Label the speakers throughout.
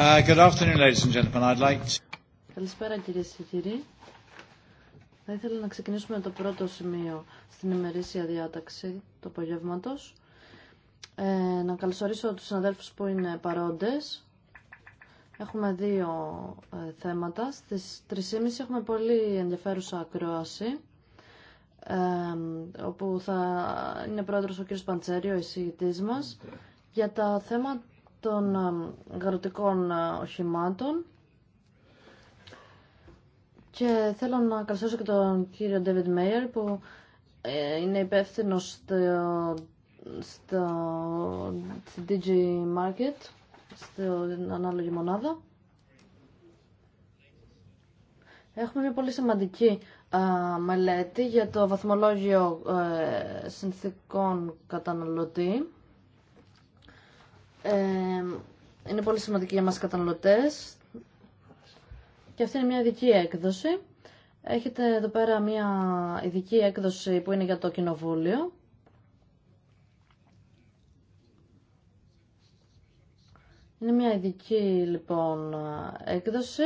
Speaker 1: Uh,
Speaker 2: Καλησπέρα κυρίε και κύριοι. Θα ήθελα να ξεκινήσουμε το πρώτο σημείο στην ημερήσια διάταξη του απογεύματο. Ε, να καλωσορίσω τους συναδέλφους που είναι παρόντες. Έχουμε δύο ε, θέματα. Στις 3.30 έχουμε πολύ ενδιαφέρουσα ακρόαση, ε, όπου θα είναι πρόεδρος ο κ. Παντσέριο, εισηγητής μας, για τα θέματα των ε, γαρωτικών ε, οχημάτων. Και θέλω να καλωσορίσω και τον κύριο David Mayer που ε, είναι υπεύθυνο στο, στο, DG Market, στην ανάλογη μονάδα. Έχουμε μια πολύ σημαντική μελέτη για το βαθμολόγιο ε, συνθήκων καταναλωτή είναι πολύ σημαντική για μας καταναλωτές και αυτή είναι μια ειδική έκδοση. Έχετε εδώ πέρα μια ειδική έκδοση που είναι για το κοινοβούλιο. Είναι μια ειδική λοιπόν έκδοση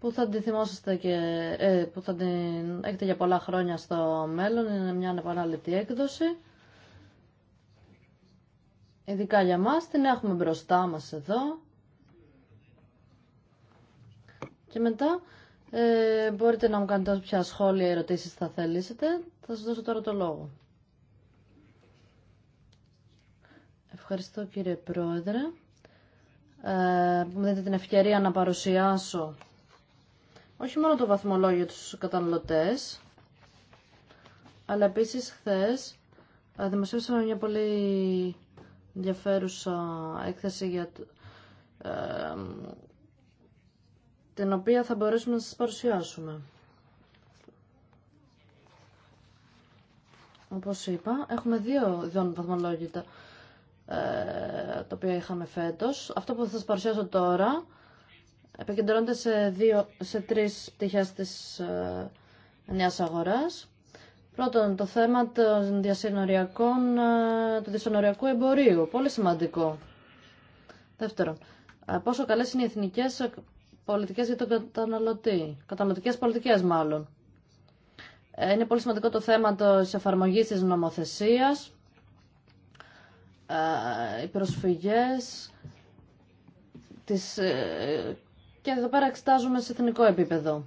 Speaker 2: που θα την και ε, που θα την έχετε για πολλά χρόνια στο μέλλον. Είναι μια ανεπανάληπτη έκδοση ειδικά για μας, την έχουμε μπροστά μας εδώ. Και μετά ε, μπορείτε να μου κάνετε όποια σχόλια, ερωτήσεις θα θέλησετε. Θα σας δώσω τώρα το λόγο. Ευχαριστώ κύριε Πρόεδρε ε, που μου δίνετε την ευκαιρία να παρουσιάσω όχι μόνο το βαθμολόγιο τους καταναλωτές, αλλά επίσης χθες ε, δημοσίευσαμε μια πολύ ενδιαφέρουσα έκθεση για ε, την οποία θα μπορέσουμε να σας παρουσιάσουμε. Όπως είπα, έχουμε δύο ειδών βαθμολόγητα ε, τα οποία είχαμε φέτος. Αυτό που θα σας παρουσιάσω τώρα επικεντρώνεται σε, δύο, σε τρεις πτυχές της ε, νέας αγοράς. Πρώτον, το θέμα των διασυνοριακών, ε, του διασυνοριακού εμπορίου. Πολύ σημαντικό. Δεύτερον, ε, πόσο καλές είναι οι εθνικέ πολιτικές για τον καταναλωτή. καταναλωτικέ πολιτικές μάλλον. Ε, είναι πολύ σημαντικό το θέμα τη εφαρμογή τη νομοθεσίας, οι προσφυγέ και εδώ πέρα εξετάζουμε σε εθνικό επίπεδο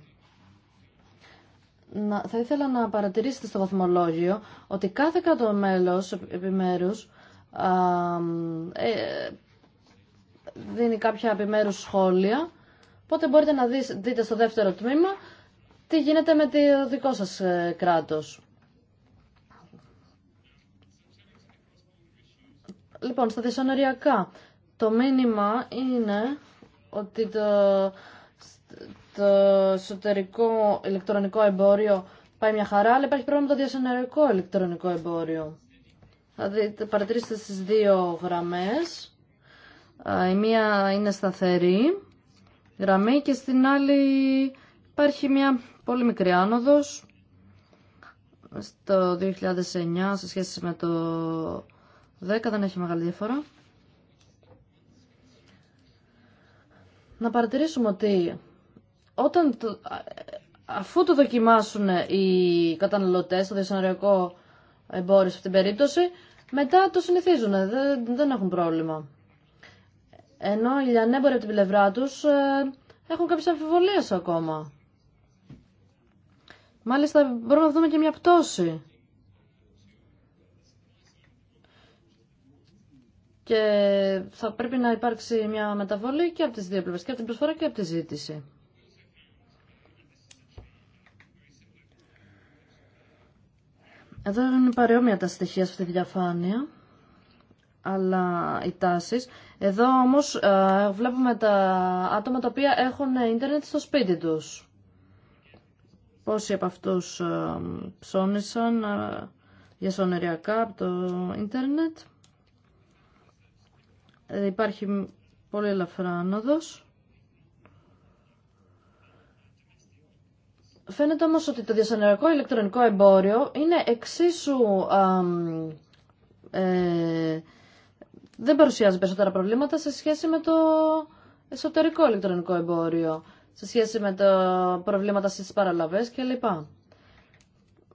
Speaker 2: θα ήθελα να παρατηρήσετε στο βαθμολόγιο ότι κάθε κάτω μέλος επιμέρους ε, δίνει κάποια επιμέρου σχόλια. Πότε μπορείτε να δείτε στο δεύτερο τμήμα τι γίνεται με το δικό σας ε, κράτος. Λοιπόν, στα δυσανοριακά, το μήνυμα είναι ότι το, το εσωτερικό ηλεκτρονικό εμπόριο πάει μια χαρά, αλλά υπάρχει πρόβλημα με το διασυνεργατικό ηλεκτρονικό εμπόριο. Θα δείτε, παρατηρήστε στις δύο γραμμές. Η μία είναι σταθερή γραμμή και στην άλλη υπάρχει μια πολύ μικρή άνοδος στο 2009 σε σχέση με το 10 δεν έχει μεγάλη διαφορά. Να παρατηρήσουμε ότι όταν το, αφού το δοκιμάσουν οι καταναλωτές το διασυνοριακό εμπόριο σε αυτήν την περίπτωση, μετά το συνηθίζουν, ε, δεν, δεν έχουν πρόβλημα. Ενώ οι λιανέμποροι από την πλευρά τους ε, έχουν κάποιες αμφιβολίες ακόμα. Μάλιστα μπορούμε να δούμε και μια πτώση. Και θα πρέπει να υπάρξει μια μεταβολή και από τις δύο πλευρές, και από την προσφορά και από τη ζήτηση. Εδώ είναι παρεόμοια τα στοιχεία στη διαφάνεια, αλλά οι τάσεις. Εδώ όμως ε, βλέπουμε τα άτομα τα οποία έχουν ίντερνετ στο σπίτι τους. Πόσοι από αυτούς ε, ψώνησαν για ε, σωνεριακά από το ίντερνετ. Υπάρχει πολύ ελαφρά άνοδος. Φαίνεται όμως ότι το διασυνοριακό ηλεκτρονικό εμπόριο είναι εξίσου... Ε, δεν παρουσιάζει περισσότερα προβλήματα σε σχέση με το εσωτερικό ηλεκτρονικό εμπόριο, σε σχέση με τα προβλήματα στις παραλαβές κλπ.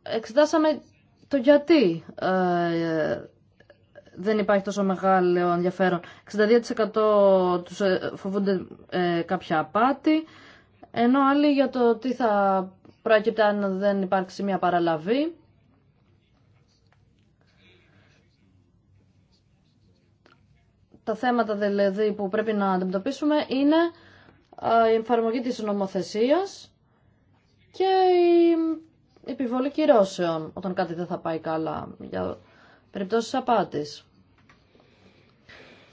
Speaker 2: Εξετάσαμε το γιατί ε, δεν υπάρχει τόσο μεγάλο ενδιαφέρον. 62% τους ε, φοβούνται ε, κάποια απάτη, ενώ άλλοι για το τι θα Πρόκειται αν δεν υπάρξει μια παραλαβή. Τα θέματα δηλαδή που πρέπει να αντιμετωπίσουμε είναι η εφαρμογή της νομοθεσίας και η επιβολή κυρώσεων όταν κάτι δεν θα πάει καλά για περιπτώσεις απάτης.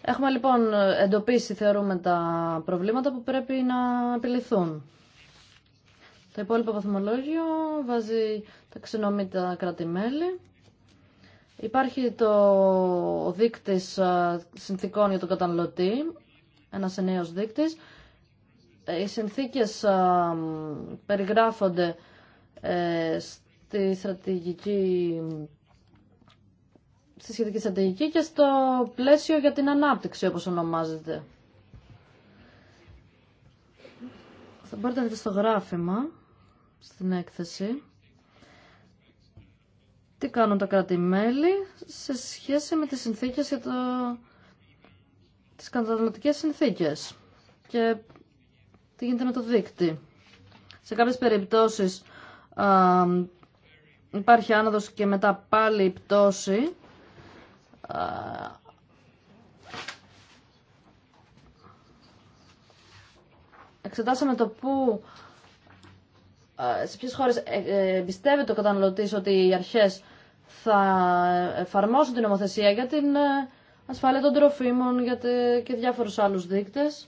Speaker 2: Έχουμε λοιπόν εντοπίσει, θεωρούμε, τα προβλήματα που πρέπει να επιληθούν. Το υπόλοιπο βαθμολόγιο βάζει τα τα κράτη-μέλη. Υπάρχει το δείκτης συνθήκων για τον καταναλωτή, ένας νέος δείκτης. Ε, οι συνθήκες περιγράφονται ε, στη στρατηγική στη σχετική στρατηγική και στο πλαίσιο για την ανάπτυξη όπως ονομάζεται. Θα μπορείτε να δείτε στο γράφημα στην έκθεση. Τι κάνουν τα κράτη-μέλη σε σχέση με τις συνθήκες για το... τις καταναλωτικές συνθήκες και τι γίνεται με το δίκτυ. Σε κάποιες περιπτώσεις α, υπάρχει άνοδος και μετά πάλι η πτώση. Α, εξετάσαμε το πού ε, σε ποιες χώρες ε, ε, εμπιστεύεται ο καταναλωτής ότι οι αρχές θα εφαρμόσουν την νομοθεσία για την ασφάλεια των τροφίμων για και διάφορους άλλους δείκτες.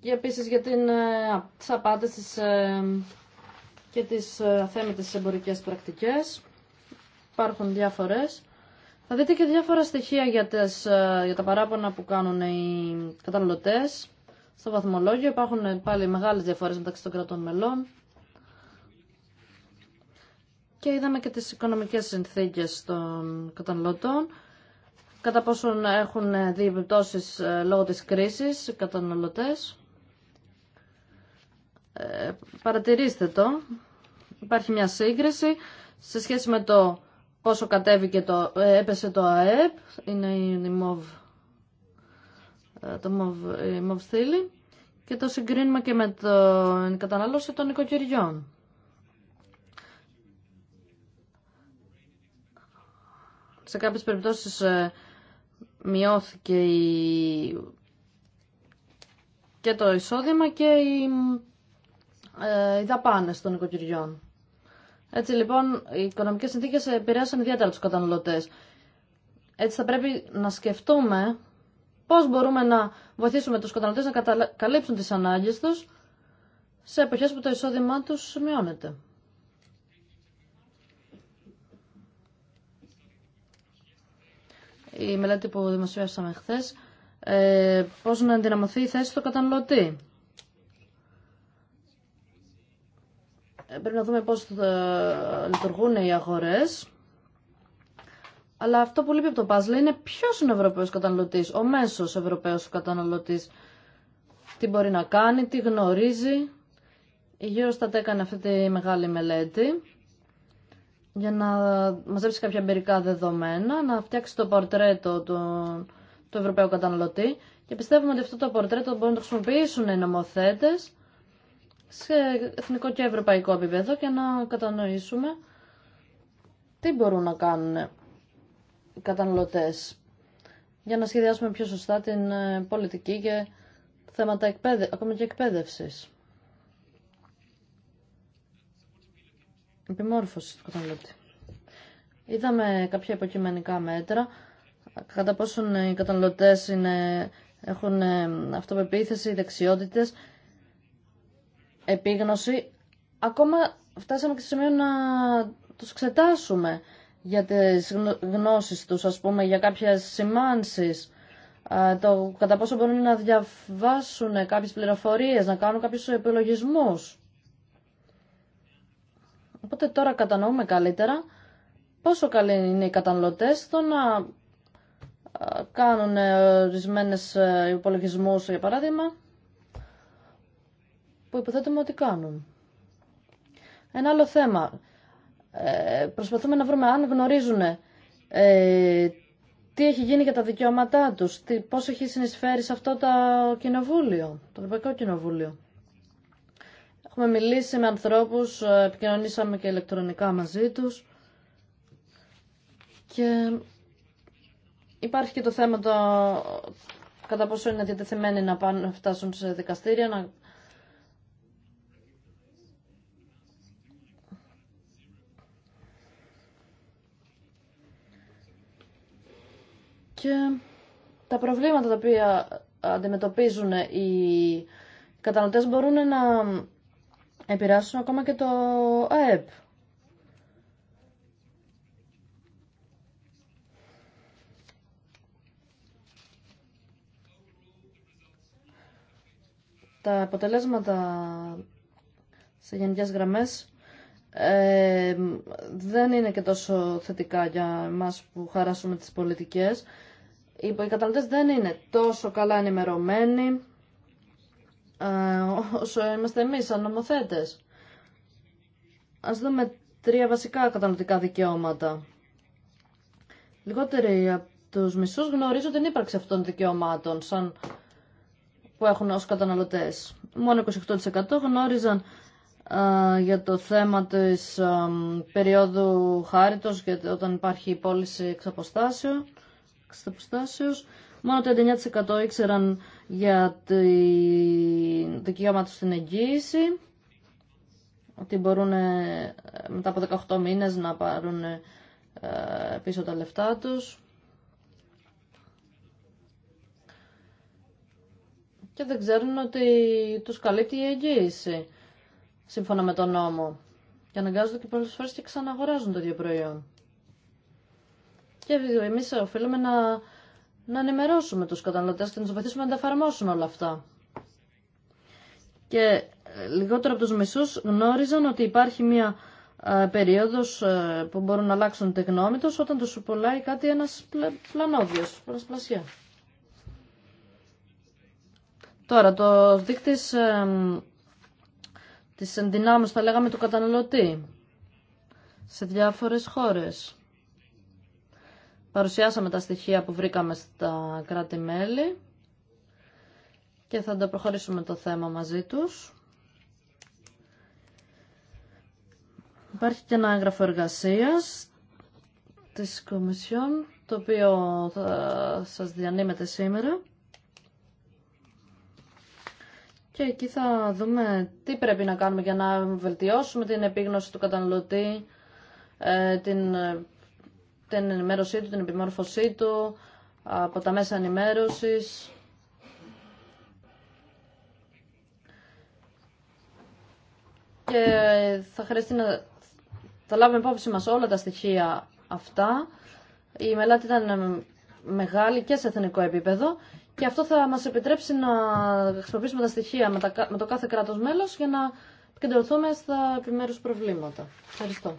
Speaker 2: Και επίσης για την, τις και τις αθέμητες εμπορικές πρακτικές. Υπάρχουν διάφορες. Θα δείτε και διάφορα στοιχεία για, για τα παράπονα που κάνουν οι καταναλωτές στο βαθμολόγιο. Υπάρχουν πάλι μεγάλες διαφορές μεταξύ των κρατών μελών. Και είδαμε και τις οικονομικές συνθήκες των καταναλωτών, κατά πόσον έχουν δει ε, λόγω της κρίσης οι καταναλωτές. Ε, παρατηρήστε το. Υπάρχει μια σύγκριση σε σχέση με το πόσο κατέβηκε το, ε, έπεσε το ΑΕΠ, είναι η MOV ε, το μοβ και το συγκρίνουμε και με την κατανάλωση των οικοκυριών. Σε κάποιες περιπτώσεις ε, μειώθηκε και το εισόδημα και ε, οι, δαπάνε των οικοκυριών. Έτσι λοιπόν οι οικονομικές συνθήκες επηρέασαν ιδιαίτερα τους καταναλωτές. Έτσι θα πρέπει να σκεφτούμε πώς μπορούμε να βοηθήσουμε τους καταναλωτέ να καλύψουν τις ανάγκες τους σε εποχές που το εισόδημά τους μειώνεται. Η μελέτη που δημοσιεύσαμε χθε ε, πώς να ενδυναμωθεί η θέση του καταναλωτή. Ε, πρέπει να δούμε πώς λειτουργούν οι αγορές αλλά αυτό που λείπει από το παζλ είναι ποιο είναι ο Ευρωπαίο καταναλωτή, ο μέσο Ευρωπαίο καταναλωτή. Τι μπορεί να κάνει, τι γνωρίζει. Η Eurostat έκανε αυτή τη μεγάλη μελέτη για να μαζέψει κάποια εμπειρικά δεδομένα, να φτιάξει το πορτρέτο του, του Ευρωπαίου καταναλωτή και πιστεύουμε ότι αυτό το πορτρέτο μπορούν να το χρησιμοποιήσουν οι νομοθέτε σε εθνικό και ευρωπαϊκό επίπεδο και να κατανοήσουμε τι μπορούν να κάνουν καταναλωτές για να σχεδιάσουμε πιο σωστά την ε, πολιτική και θέματα εκπαίδε... ακόμα και εκπαίδευσης. Επιμόρφωση του καταναλωτή. Είδαμε κάποια υποκειμενικά μέτρα, κατά πόσον οι καταναλωτές είναι, έχουν ε, αυτοπεποίθηση, δεξιότητες, επίγνωση. Ακόμα φτάσαμε και στο σημείο να τους εξετάσουμε για τις γνώσεις τους, ας πούμε, για κάποιες σημάνσεις, το κατά πόσο μπορούν να διαβάσουν κάποιες πληροφορίες, να κάνουν κάποιους επιλογισμούς. Οπότε τώρα κατανοούμε καλύτερα πόσο καλοί είναι οι καταναλωτές στο να κάνουν ε, ορισμένε ε, υπολογισμούς, για παράδειγμα, που υποθέτουμε ότι κάνουν. Ένα άλλο θέμα. Ε, προσπαθούμε να βρούμε αν γνωρίζουν ε, τι έχει γίνει για τα δικαιώματά τους, τι, πώς έχει συνεισφέρει σε αυτό το κοινοβούλιο, το Ευρωπαϊκό Κοινοβούλιο. Έχουμε μιλήσει με ανθρώπους, ε, επικοινωνήσαμε και ηλεκτρονικά μαζί τους και υπάρχει και το θέμα το κατά πόσο είναι διατεθειμένοι να πάνε, φτάσουν σε δικαστήρια, και τα προβλήματα τα οποία αντιμετωπίζουν οι κατανοτές μπορούν να επηρεάσουν ακόμα και το ΑΕΠ. Τα αποτελέσματα σε γενικές γραμμές ε, δεν είναι και τόσο θετικά για εμάς που χαράσουμε τις πολιτικές. Οι καταναλωτές δεν είναι τόσο καλά ενημερωμένοι ε, όσο είμαστε εμείς σαν νομοθέτες. Ας δούμε τρία βασικά καταναλωτικά δικαιώματα. Λιγότεροι από τους μισούς γνωρίζουν την ύπαρξη αυτών των δικαιωμάτων σαν που έχουν ως καταναλωτές. Μόνο 28% γνώριζαν ε, για το θέμα της ε, περίοδου χάριτος και όταν υπάρχει πώληση εξ εξεταποστάσεως. Μόνο το 9% ήξεραν για τη... το δικαίωμα τους στην εγγύηση, ότι μπορούν ε, μετά από 18 μήνες να πάρουν ε, πίσω τα λεφτά τους. Και δεν ξέρουν ότι τους καλύπτει η εγγύηση, σύμφωνα με τον νόμο. Και αναγκάζονται και πολλές φορές και ξαναγοράζουν το ίδιο προϊόν. Και εμείς οφείλουμε να, να ενημερώσουμε τους καταναλωτέ και να του βοηθήσουμε να τα εφαρμόσουν όλα αυτά. Και ε, λιγότερο από τους μισού γνώριζαν ότι υπάρχει μια ε, περίοδος ε, που μπορούν να αλλάξουν τη γνώμη του όταν του πουλάει κάτι ένα πλανόδιος, πλασπλασιά. Τώρα, το δείκτη ε, της ενδυνάμωσης, θα λέγαμε, του καταναλωτή σε διάφορες χώρες. Παρουσιάσαμε τα στοιχεία που βρήκαμε στα κράτη-μέλη και θα τα προχωρήσουμε το θέμα μαζί τους. Υπάρχει και ένα έγγραφο εργασίας της Κομισιόν, το οποίο θα σας διανύμεται σήμερα. Και εκεί θα δούμε τι πρέπει να κάνουμε για να βελτιώσουμε την επίγνωση του καταναλωτή, ε, την ε, την ενημέρωσή του, την επιμόρφωσή του από τα μέσα ενημέρωσης. Και θα χρειαστεί να θα λάβουμε υπόψη μας όλα τα στοιχεία αυτά. Η μελάτη ήταν μεγάλη και σε εθνικό επίπεδο και αυτό θα μας επιτρέψει να χρησιμοποιήσουμε τα στοιχεία με, το κάθε κράτος μέλος για να κεντρωθούμε στα επιμέρους προβλήματα. Ευχαριστώ.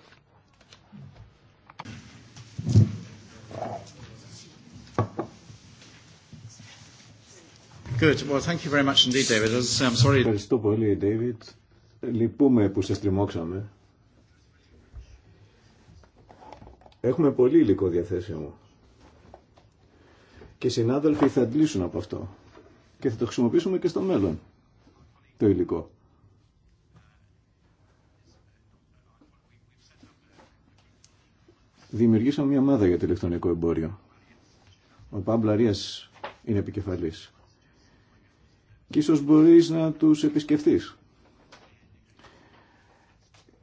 Speaker 1: Good. thank you very much indeed, David. I'm sorry. Ευχαριστώ πολύ, David. Λυπούμε που σε στριμώξαμε. Έχουμε πολύ υλικό διαθέσιμο. Και οι συνάδελφοι θα αντλήσουν από αυτό. Και θα το χρησιμοποιήσουμε και στο μέλλον. Το υλικό. Δημιουργήσαμε μια ομάδα για το ηλεκτρονικό εμπόριο. Ο Παμπλαρίας είναι επικεφαλής και ίσως μπορείς να τους επισκεφτείς.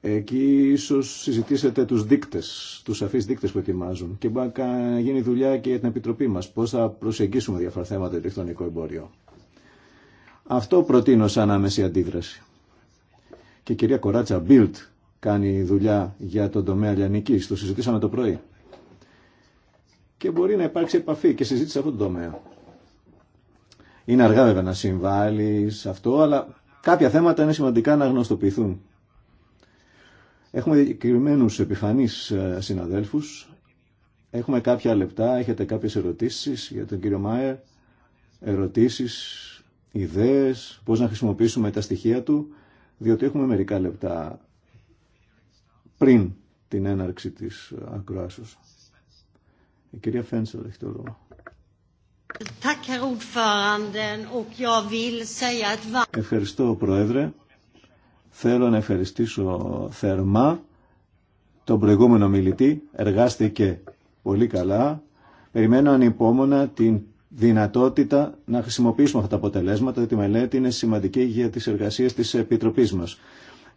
Speaker 1: Εκεί ίσως συζητήσετε τους δείκτες, τους σαφείς δείκτες που ετοιμάζουν και μπορεί να γίνει δουλειά και για την Επιτροπή μας, πώς θα προσεγγίσουμε διάφορα θέματα ηλεκτρονικό εμπόριο. Αυτό προτείνω σαν άμεση αντίδραση. Και η κυρία Κοράτσα Μπίλτ κάνει δουλειά για τον τομέα λιανικής, το συζητήσαμε το πρωί. Και μπορεί να υπάρξει επαφή και συζήτηση σε αυτό το τομέα. Είναι αργά βέβαια να συμβάλλει σε αυτό, αλλά κάποια θέματα είναι σημαντικά να γνωστοποιηθούν. Έχουμε συγκεκριμένου επιφανεί ε, συναδέλφου. Έχουμε κάποια λεπτά, έχετε κάποιες ερωτήσεις για τον κύριο Μάιερ, ερωτήσεις, ιδέες, πώς να χρησιμοποιήσουμε τα στοιχεία του, διότι έχουμε μερικά λεπτά πριν την έναρξη της ακροάσεως. Η κυρία Φένσελ έχει το λόγο. Ευχαριστώ Πρόεδρε. Θέλω να ευχαριστήσω θερμά τον προηγούμενο μιλητή. Εργάστηκε πολύ καλά. Περιμένω ανυπόμονα την δυνατότητα να χρησιμοποιήσουμε αυτά τα αποτελέσματα. Η μελέτη είναι σημαντική για τις εργασίες της Επιτροπής μας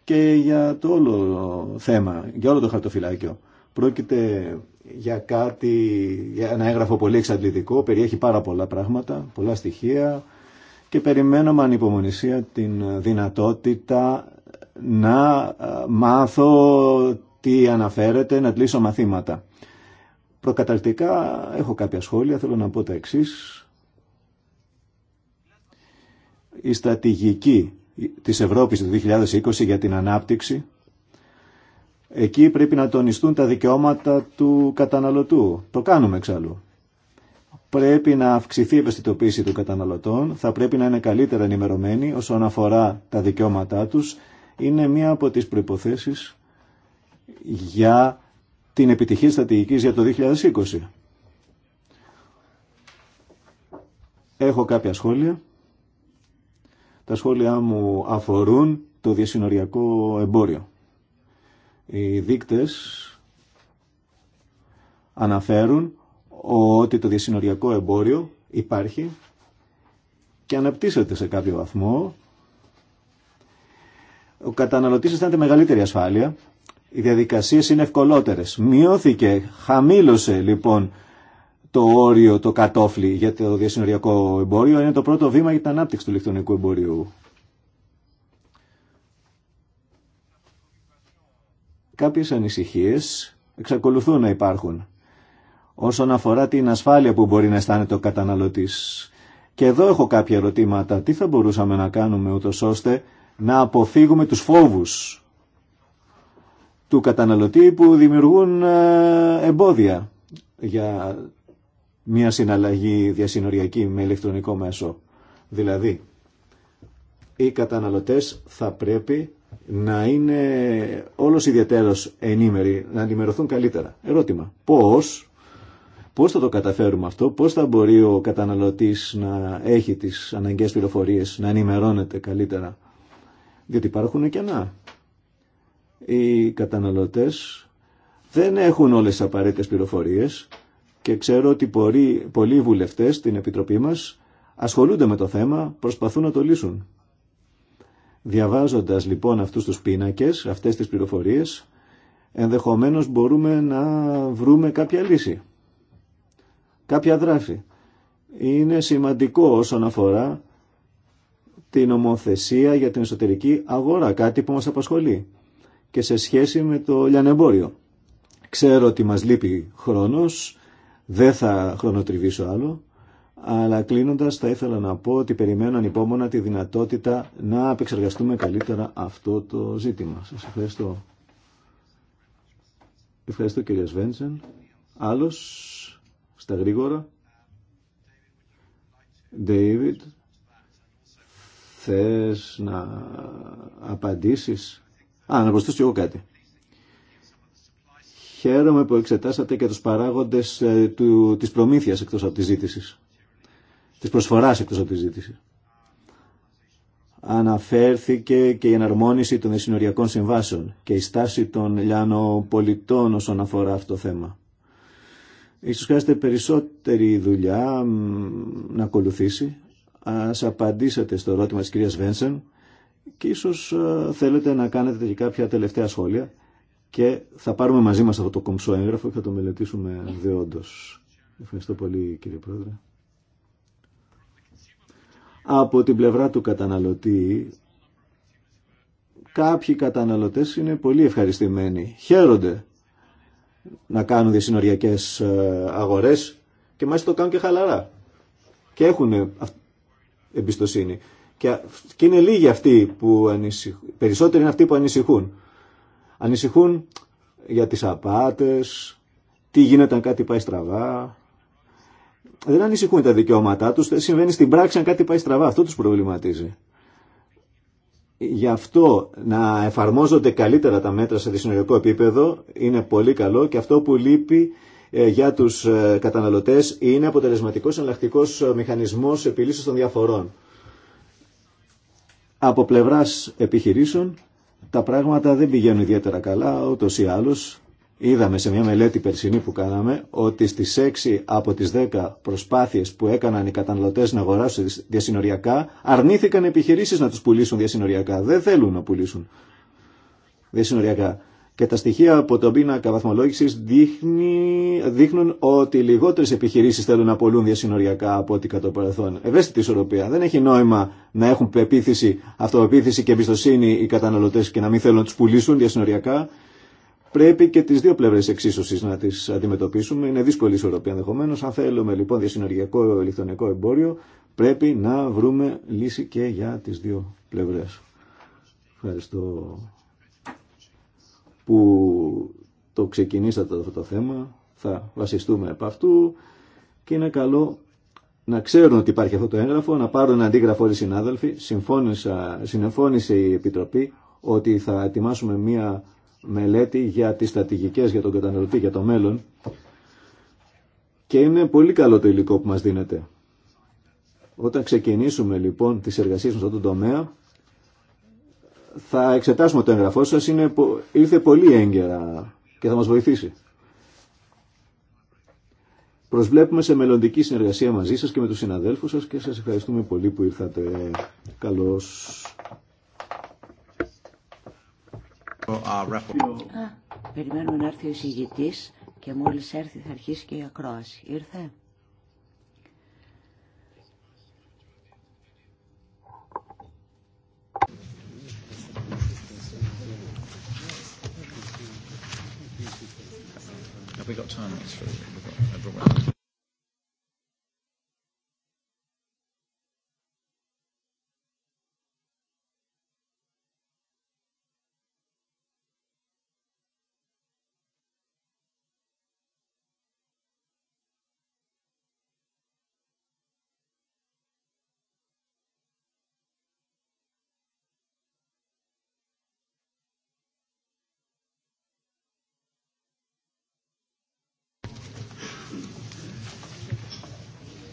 Speaker 1: και για το όλο θέμα, για όλο το χαρτοφυλάκιο. Πρόκειται για κάτι, για ένα έγγραφο πολύ εξαντλητικό, περιέχει πάρα πολλά πράγματα, πολλά στοιχεία και περιμένω με ανυπομονησία την δυνατότητα να ε, μάθω τι αναφέρεται, να τλήσω μαθήματα. Προκαταρκτικά έχω κάποια σχόλια, θέλω να πω τα εξής. Η στρατηγική της Ευρώπης του 2020 για την ανάπτυξη Εκεί πρέπει να τονιστούν τα δικαιώματα του καταναλωτού. Το κάνουμε εξάλλου. Πρέπει να αυξηθεί η ευαισθητοποίηση των καταναλωτών, θα πρέπει να είναι καλύτερα ενημερωμένοι όσον αφορά τα δικαιώματά τους. Είναι μία από τις προϋποθέσεις για την επιτυχία στρατηγικής για το 2020. Έχω κάποια σχόλια. Τα σχόλια μου αφορούν το διασυνοριακό εμπόριο. Οι δείκτες αναφέρουν ότι το διασυνοριακό εμπόριο υπάρχει και αναπτύσσεται σε κάποιο βαθμό. Ο καταναλωτής αισθάνεται μεγαλύτερη ασφάλεια. Οι διαδικασίες είναι ευκολότερες. Μειώθηκε, χαμήλωσε λοιπόν το όριο, το κατόφλι για το διασυνοριακό εμπόριο. Είναι το πρώτο βήμα για την ανάπτυξη του ηλεκτρονικού εμπορίου. Κάποιες ανησυχίες εξακολουθούν να υπάρχουν όσον αφορά την ασφάλεια που μπορεί να αισθάνεται ο καταναλωτής. Και εδώ έχω κάποια ερωτήματα. Τι θα μπορούσαμε να κάνουμε ούτως ώστε να αποφύγουμε τους φόβους του καταναλωτή που δημιουργούν ε, εμπόδια για μια συναλλαγή διασυνοριακή με ηλεκτρονικό μέσο. Δηλαδή, οι καταναλωτές θα πρέπει να είναι όλος ιδιαίτερος ενήμεροι, να ενημερωθούν καλύτερα. Ερώτημα, πώς, πώς θα το καταφέρουμε αυτό, πώς θα μπορεί ο καταναλωτής να έχει τις αναγκαίες πληροφορίες, να ενημερώνεται καλύτερα. Διότι υπάρχουν Να. Οι καταναλωτές δεν έχουν όλες τις απαραίτητες πληροφορίες και ξέρω ότι πολλοί, πολλοί βουλευτές στην Επιτροπή μας ασχολούνται με το θέμα, προσπαθούν να το λύσουν. Διαβάζοντας λοιπόν αυτούς τους πίνακες, αυτές τις πληροφορίες, ενδεχομένως μπορούμε να βρούμε κάποια λύση, κάποια δράση. Είναι σημαντικό όσον αφορά την ομοθεσία για την εσωτερική αγορά, κάτι που μας απασχολεί και σε σχέση με το λιανεμπόριο. Ξέρω ότι μας λείπει χρόνος, δεν θα χρονοτριβήσω άλλο. Αλλά κλείνοντα θα ήθελα να πω ότι περιμένω ανυπόμονα τη δυνατότητα να απεξεργαστούμε καλύτερα αυτό το ζήτημα. Σα ευχαριστώ. Ευχαριστώ κύριε Σβέντσεν. Άλλος, στα γρήγορα. David, θες να απαντήσεις. Α, να προσθέσω εγώ κάτι. Χαίρομαι που εξετάσατε και τους παράγοντες ε, του, της προμήθειας εκτός από τη ζήτησης της προσφοράς εκτός από τη ζήτηση. Αναφέρθηκε και η εναρμόνιση των συνοριακών συμβάσεων και η στάση των λιανοπολιτών όσον αφορά αυτό το θέμα. Ίσως χρειάζεται περισσότερη δουλειά να ακολουθήσει. Ας απαντήσετε στο ερώτημα της κυρίας Βένσεν και ίσως ε, θέλετε να κάνετε και κάποια τελευταία σχόλια και θα πάρουμε μαζί μας αυτό το κομψό έγγραφο και θα το μελετήσουμε δεόντως. Ευχαριστώ πολύ κύριε Πρόεδρε. Από την πλευρά του καταναλωτή, κάποιοι καταναλωτές είναι πολύ ευχαριστημένοι. Χαίρονται να κάνουν διασυνοριακές ε, αγορές και μάλιστα το κάνουν και χαλαρά. Και έχουν εμπιστοσύνη. Και είναι λίγοι αυτοί που ανησυχούν. Περισσότεροι είναι αυτοί που ανησυχούν. Ανησυχούν για τις απάτες, τι γίνεται αν κάτι πάει στραβά, δεν ανησυχούν τα δικαιώματά τους, συμβαίνει στην πράξη αν κάτι πάει στραβά, αυτό τους προβληματίζει. Γι' αυτό να εφαρμόζονται καλύτερα τα μέτρα σε δυσυνοριακό επίπεδο είναι πολύ καλό και αυτό που λείπει ε, για τους ε, καταναλωτές είναι αποτελεσματικός εναλλακτικό ε, μηχανισμός επιλύσεως των διαφορών. Από πλευράς επιχειρήσεων τα πράγματα δεν πηγαίνουν ιδιαίτερα καλά, ούτως ή άλλως Είδαμε σε μια μελέτη περσινή που κάναμε ότι στι 6 από τι 10 προσπάθειες που έκαναν οι καταναλωτέ να αγοράσουν διασυνοριακά αρνήθηκαν επιχειρήσει να του πουλήσουν διασυνοριακά. Δεν θέλουν να πουλήσουν διασυνοριακά. Και τα στοιχεία από τον πίνακα βαθμολόγηση δείχνουν ότι λιγότερε επιχειρήσει θέλουν να πουλούν διασυνοριακά από ό,τι κατά το παρελθόν. Ευαίσθητη ισορροπία. Δεν έχει νόημα να έχουν πεποίθηση, αυτοπεποίθηση και εμπιστοσύνη οι καταναλωτέ και να μην θέλουν να του πουλήσουν διασυνοριακά πρέπει και τι δύο πλευρέ εξίσωση να τι αντιμετωπίσουμε. Είναι δύσκολη η ισορροπία ενδεχομένω. Αν θέλουμε λοιπόν διασυνοριακό ηλεκτρονικό εμπόριο, πρέπει να βρούμε λύση και για τι δύο πλευρέ. Ευχαριστώ που το ξεκινήσατε αυτό το θέμα. Θα βασιστούμε από αυτού και είναι καλό να ξέρουν ότι υπάρχει αυτό το έγγραφο, να πάρουν ένα αντίγραφο όλοι οι συνάδελφοι. συνεφώνησε η Επιτροπή ότι θα ετοιμάσουμε μία μελέτη για τις στρατηγικές για τον καταναλωτή, για το μέλλον και είναι πολύ καλό το υλικό που μας δίνεται. Όταν ξεκινήσουμε λοιπόν τις εργασίες μας σε αυτό τομέα θα εξετάσουμε το εγγραφό σας, είναι, ήρθε πολύ έγκαιρα και θα μας βοηθήσει. Προσβλέπουμε σε μελλοντική συνεργασία μαζί σας και με τους συναδέλφους σας και σας ευχαριστούμε πολύ που ήρθατε. Καλώς. Uh,
Speaker 3: περιμένουμε να έρθει ο εισηγητή και μόλις έρθει θα αρχίσει και η ακρόαση. Ήρθε.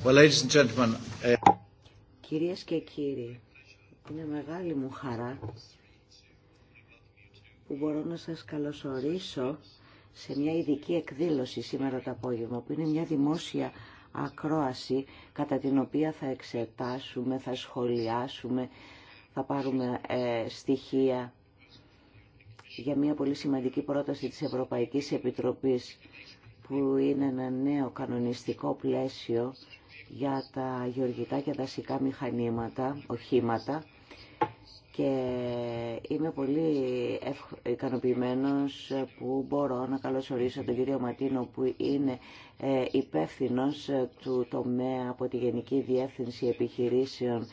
Speaker 1: Uh,
Speaker 3: Κυρίες και κύριοι, είναι μεγάλη μου χαρά που μπορώ να σας καλωσορίσω σε μια ειδική εκδήλωση σήμερα το απόγευμα, που είναι μια δημόσια ακρόαση κατά την οποία θα εξετάσουμε, θα σχολιάσουμε, θα πάρουμε ε, στοιχεία για μια πολύ σημαντική πρόταση της Ευρωπαϊκής Επιτροπής που είναι ένα νέο κανονιστικό πλαίσιο για τα γεωργικά και δασικά μηχανήματα, οχήματα και είμαι πολύ ικανοποιημένος που μπορώ να καλωσορίσω τον κύριο Ματίνο που είναι ε, υπεύθυνος του τομέα από τη Γενική Διεύθυνση Επιχειρήσεων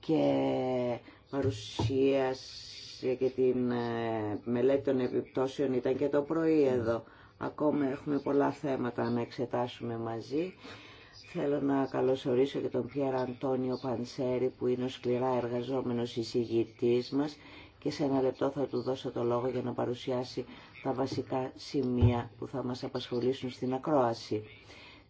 Speaker 3: και παρουσίαση και την ε, μελέτη των επιπτώσεων ήταν και το πρωί εδώ. Ακόμα έχουμε πολλά θέματα να εξετάσουμε μαζί. Θέλω να καλωσορίσω και τον Πιέρα Αντώνιο Πανσέρη που είναι ο σκληρά εργαζόμενος εισηγητής μας και σε ένα λεπτό θα του δώσω το λόγο για να παρουσιάσει τα βασικά σημεία που θα μας απασχολήσουν στην ακρόαση.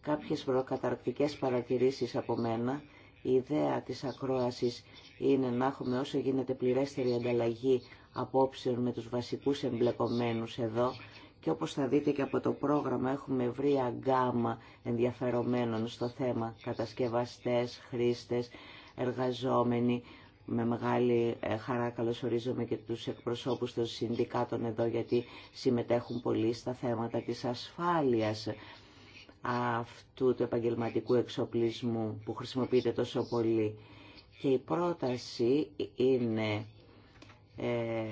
Speaker 3: Κάποιες προκαταρκτικές παρατηρήσεις από μένα. Η ιδέα της ακρόασης είναι να έχουμε όσο γίνεται πληρέστερη ανταλλαγή απόψεων με τους βασικούς εμπλεκομένους εδώ και όπως θα δείτε και από το πρόγραμμα έχουμε βρει αγκάμα ενδιαφερομένων στο θέμα, κατασκευαστές, χρήστες, εργαζόμενοι. Με μεγάλη ε, χαρά καλωσορίζομαι και τους εκπροσώπους των συνδικάτων εδώ γιατί συμμετέχουν πολύ στα θέματα της ασφάλειας αυτού του επαγγελματικού εξοπλισμού που χρησιμοποιείται τόσο πολύ. Και η πρόταση είναι ε,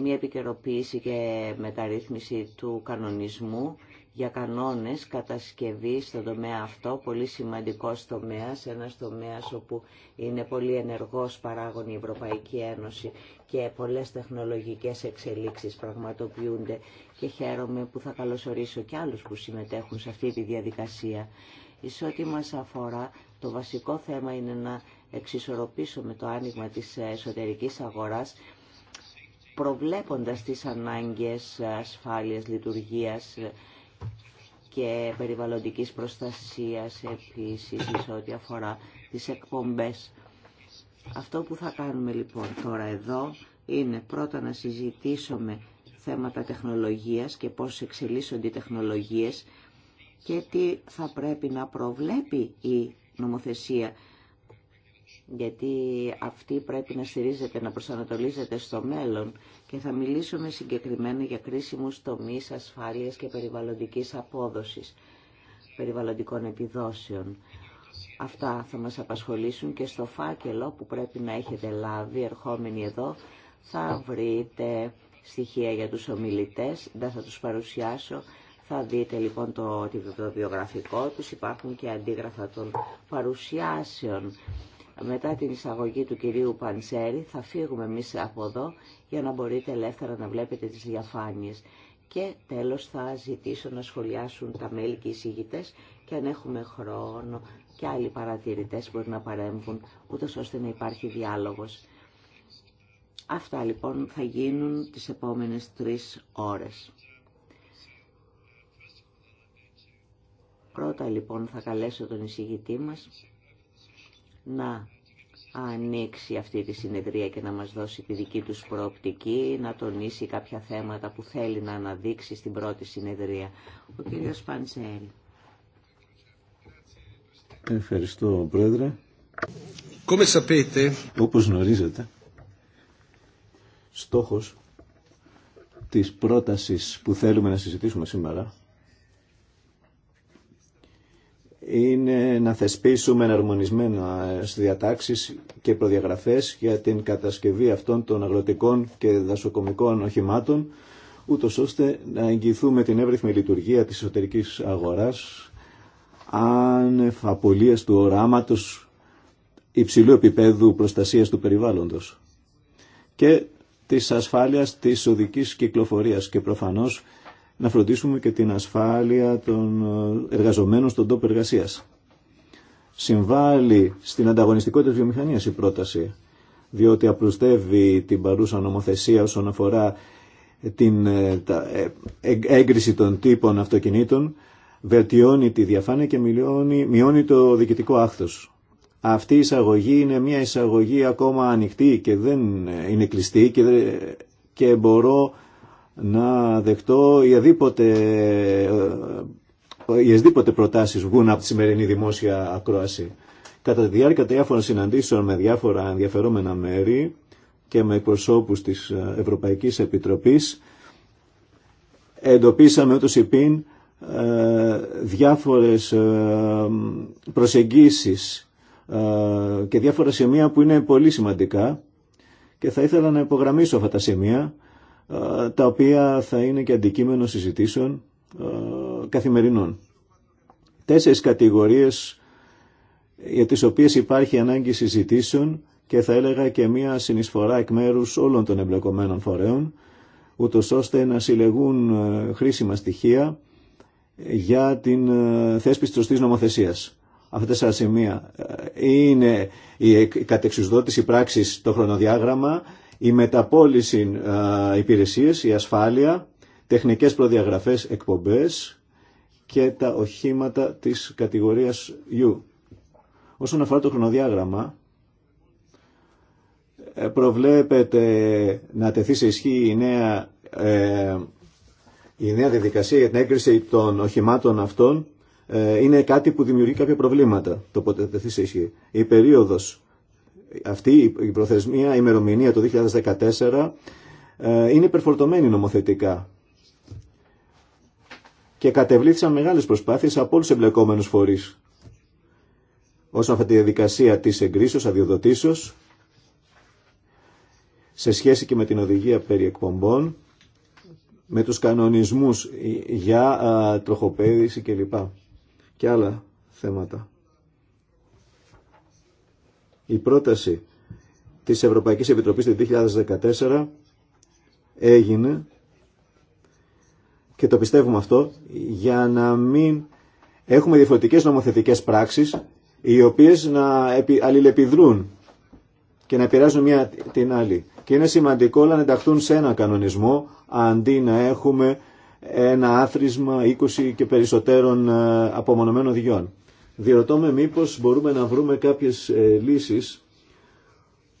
Speaker 3: μια επικαιροποίηση και μεταρρύθμιση του κανονισμού για κανόνες κατασκευή στον τομέα αυτό, πολύ σημαντικός τομέας, ένας τομέας όπου είναι πολύ ενεργός παράγων η Ευρωπαϊκή Ένωση και πολλές τεχνολογικές εξελίξεις πραγματοποιούνται και χαίρομαι που θα καλωσορίσω και άλλους που συμμετέχουν σε αυτή τη διαδικασία. Σε ό,τι μας αφορά, το βασικό θέμα είναι να εξισορροπήσουμε το άνοιγμα της εσωτερικής αγοράς προβλέποντας τις ανάγκες ασφάλειας, λειτουργίας και περιβαλλοντικής προστασίας επίσης σε ό,τι αφορά τις εκπομπές. Αυτό που θα κάνουμε λοιπόν τώρα εδώ είναι πρώτα να συζητήσουμε θέματα τεχνολογίας και πώς εξελίσσονται οι τεχνολογίες και τι θα πρέπει να προβλέπει η νομοθεσία γιατί αυτή πρέπει να στηρίζεται, να προσανατολίζεται στο μέλλον και θα μιλήσουμε συγκεκριμένα για κρίσιμους τομείς ασφάλειας και περιβαλλοντικής απόδοσης, περιβαλλοντικών επιδόσεων. Αυτά θα μας απασχολήσουν και στο φάκελο που πρέπει να έχετε λάβει ερχόμενοι εδώ θα βρείτε στοιχεία για τους ομιλητές, δεν θα τους παρουσιάσω. Θα δείτε λοιπόν το, το βιογραφικό τους, υπάρχουν και αντίγραφα των παρουσιάσεων μετά την εισαγωγή του κυρίου Πανσέρη θα φύγουμε εμεί από εδώ για να μπορείτε ελεύθερα να βλέπετε τις διαφάνειες. Και τέλος θα ζητήσω να σχολιάσουν τα μέλη και οι συγητές και αν έχουμε χρόνο και άλλοι παρατηρητές μπορεί να παρέμβουν ούτε ώστε να υπάρχει διάλογος. Αυτά λοιπόν θα γίνουν τις επόμενες τρεις ώρες. Πρώτα λοιπόν θα καλέσω τον εισηγητή μας να ανοίξει αυτή τη συνεδρία και να μας δώσει τη δική τους προοπτική, να τονίσει κάποια θέματα που θέλει να αναδείξει στην πρώτη συνεδρία. Ο κύριος Παντσέλη.
Speaker 1: Ευχαριστώ, Πρόεδρε. Όπως γνωρίζετε, στόχος της πρότασης που θέλουμε να συζητήσουμε σήμερα είναι να θεσπίσουμε εναρμονισμένα ε, διατάξεις και προδιαγραφές για την κατασκευή αυτών των αγροτικών και δασοκομικών οχημάτων, ούτω ώστε να εγγυηθούμε την εύρυθμη λειτουργία της εσωτερική αγοράς, αν του οράματος υψηλού επίπεδου προστασίας του περιβάλλοντος και της ασφάλειας της οδικής κυκλοφορίας και προφανώς να φροντίσουμε και την ασφάλεια των ε, εργαζομένων στον τόπο εργασία. Συμβάλλει στην ανταγωνιστικότητα της βιομηχανίας η πρόταση, διότι απλουστεύει την παρούσα νομοθεσία όσον αφορά την ε, ε, έγκριση των τύπων αυτοκινήτων, βελτιώνει τη διαφάνεια και μειώνει, το διοικητικό άχθος. Αυτή η εισαγωγή είναι μια εισαγωγή ακόμα ανοιχτή και δεν είναι κλειστή και, και μπορώ να δεχτώ ε, αδίποτε προτάσεις βγουν από τη σημερινή δημόσια ακρόαση. Κατά τη διάρκεια διάφορων συναντήσεων με διάφορα ενδιαφερόμενα μέρη και με εκπροσώπους της ε, Ευρωπαϊκής Επιτροπής εντοπίσαμε ούτως υπήν ε, διάφορες προσεγγίσεις και διάφορα σημεία που είναι πολύ σημαντικά και θα ήθελα να υπογραμμίσω αυτά τα σημεία ε, τα οποία θα είναι και αντικείμενο συζητήσεων ε, καθημερινών. Τέσσερις κατηγορίες για τις οποίες υπάρχει ανάγκη συζητήσεων και θα έλεγα και μία συνεισφορά εκ μέρους όλων των εμπλεκομένων φορέων, ούτω ώστε να συλλεγούν ε, χρήσιμα στοιχεία για την θέσπιση της νομοθεσίας. Αυτά τα σημεία είναι η κατεξουσδότηση πράξης το χρονοδιάγραμμα, η μεταπόληση υπηρεσίες, η ασφάλεια, τεχνικές προδιαγραφές, εκπομπές και τα οχήματα της κατηγορίας U. Όσον αφορά το χρονοδιάγραμμα, ε, προβλέπεται να τεθεί σε ισχύ η νέα, ε, η νέα διαδικασία για την έγκριση των οχημάτων αυτών ε, είναι κάτι που δημιουργεί κάποια προβλήματα το πότε τεθεί σε ισχύ. Η περίοδος αυτή η προθεσμία, η ημερομηνία το 2014 ε, είναι υπερφορτωμένη νομοθετικά. Και κατεβλήθησαν μεγάλες προσπάθειες από όλους τους εμπλεκόμενους φορείς. Όσον αφορά τη διαδικασία της εγκρίσεως, αδειοδοτήσεως, σε σχέση και με την οδηγία περί εκπομπών, με τους κανονισμούς για ε, τροχοπέδηση κλπ. Και άλλα θέματα η πρόταση της Ευρωπαϊκής Επιτροπής του 2014 έγινε και το πιστεύουμε αυτό για να μην έχουμε διαφορετικές νομοθετικές πράξεις οι οποίες να αλληλεπιδρούν και να επηρεάζουν μία την άλλη. Και είναι σημαντικό όλα να ενταχθούν σε ένα κανονισμό αντί να έχουμε ένα άθροισμα 20 και περισσότερων ε, απομονωμένων διών. Διερωτώ με μήπως μπορούμε να βρούμε κάποιες ε, λύσεις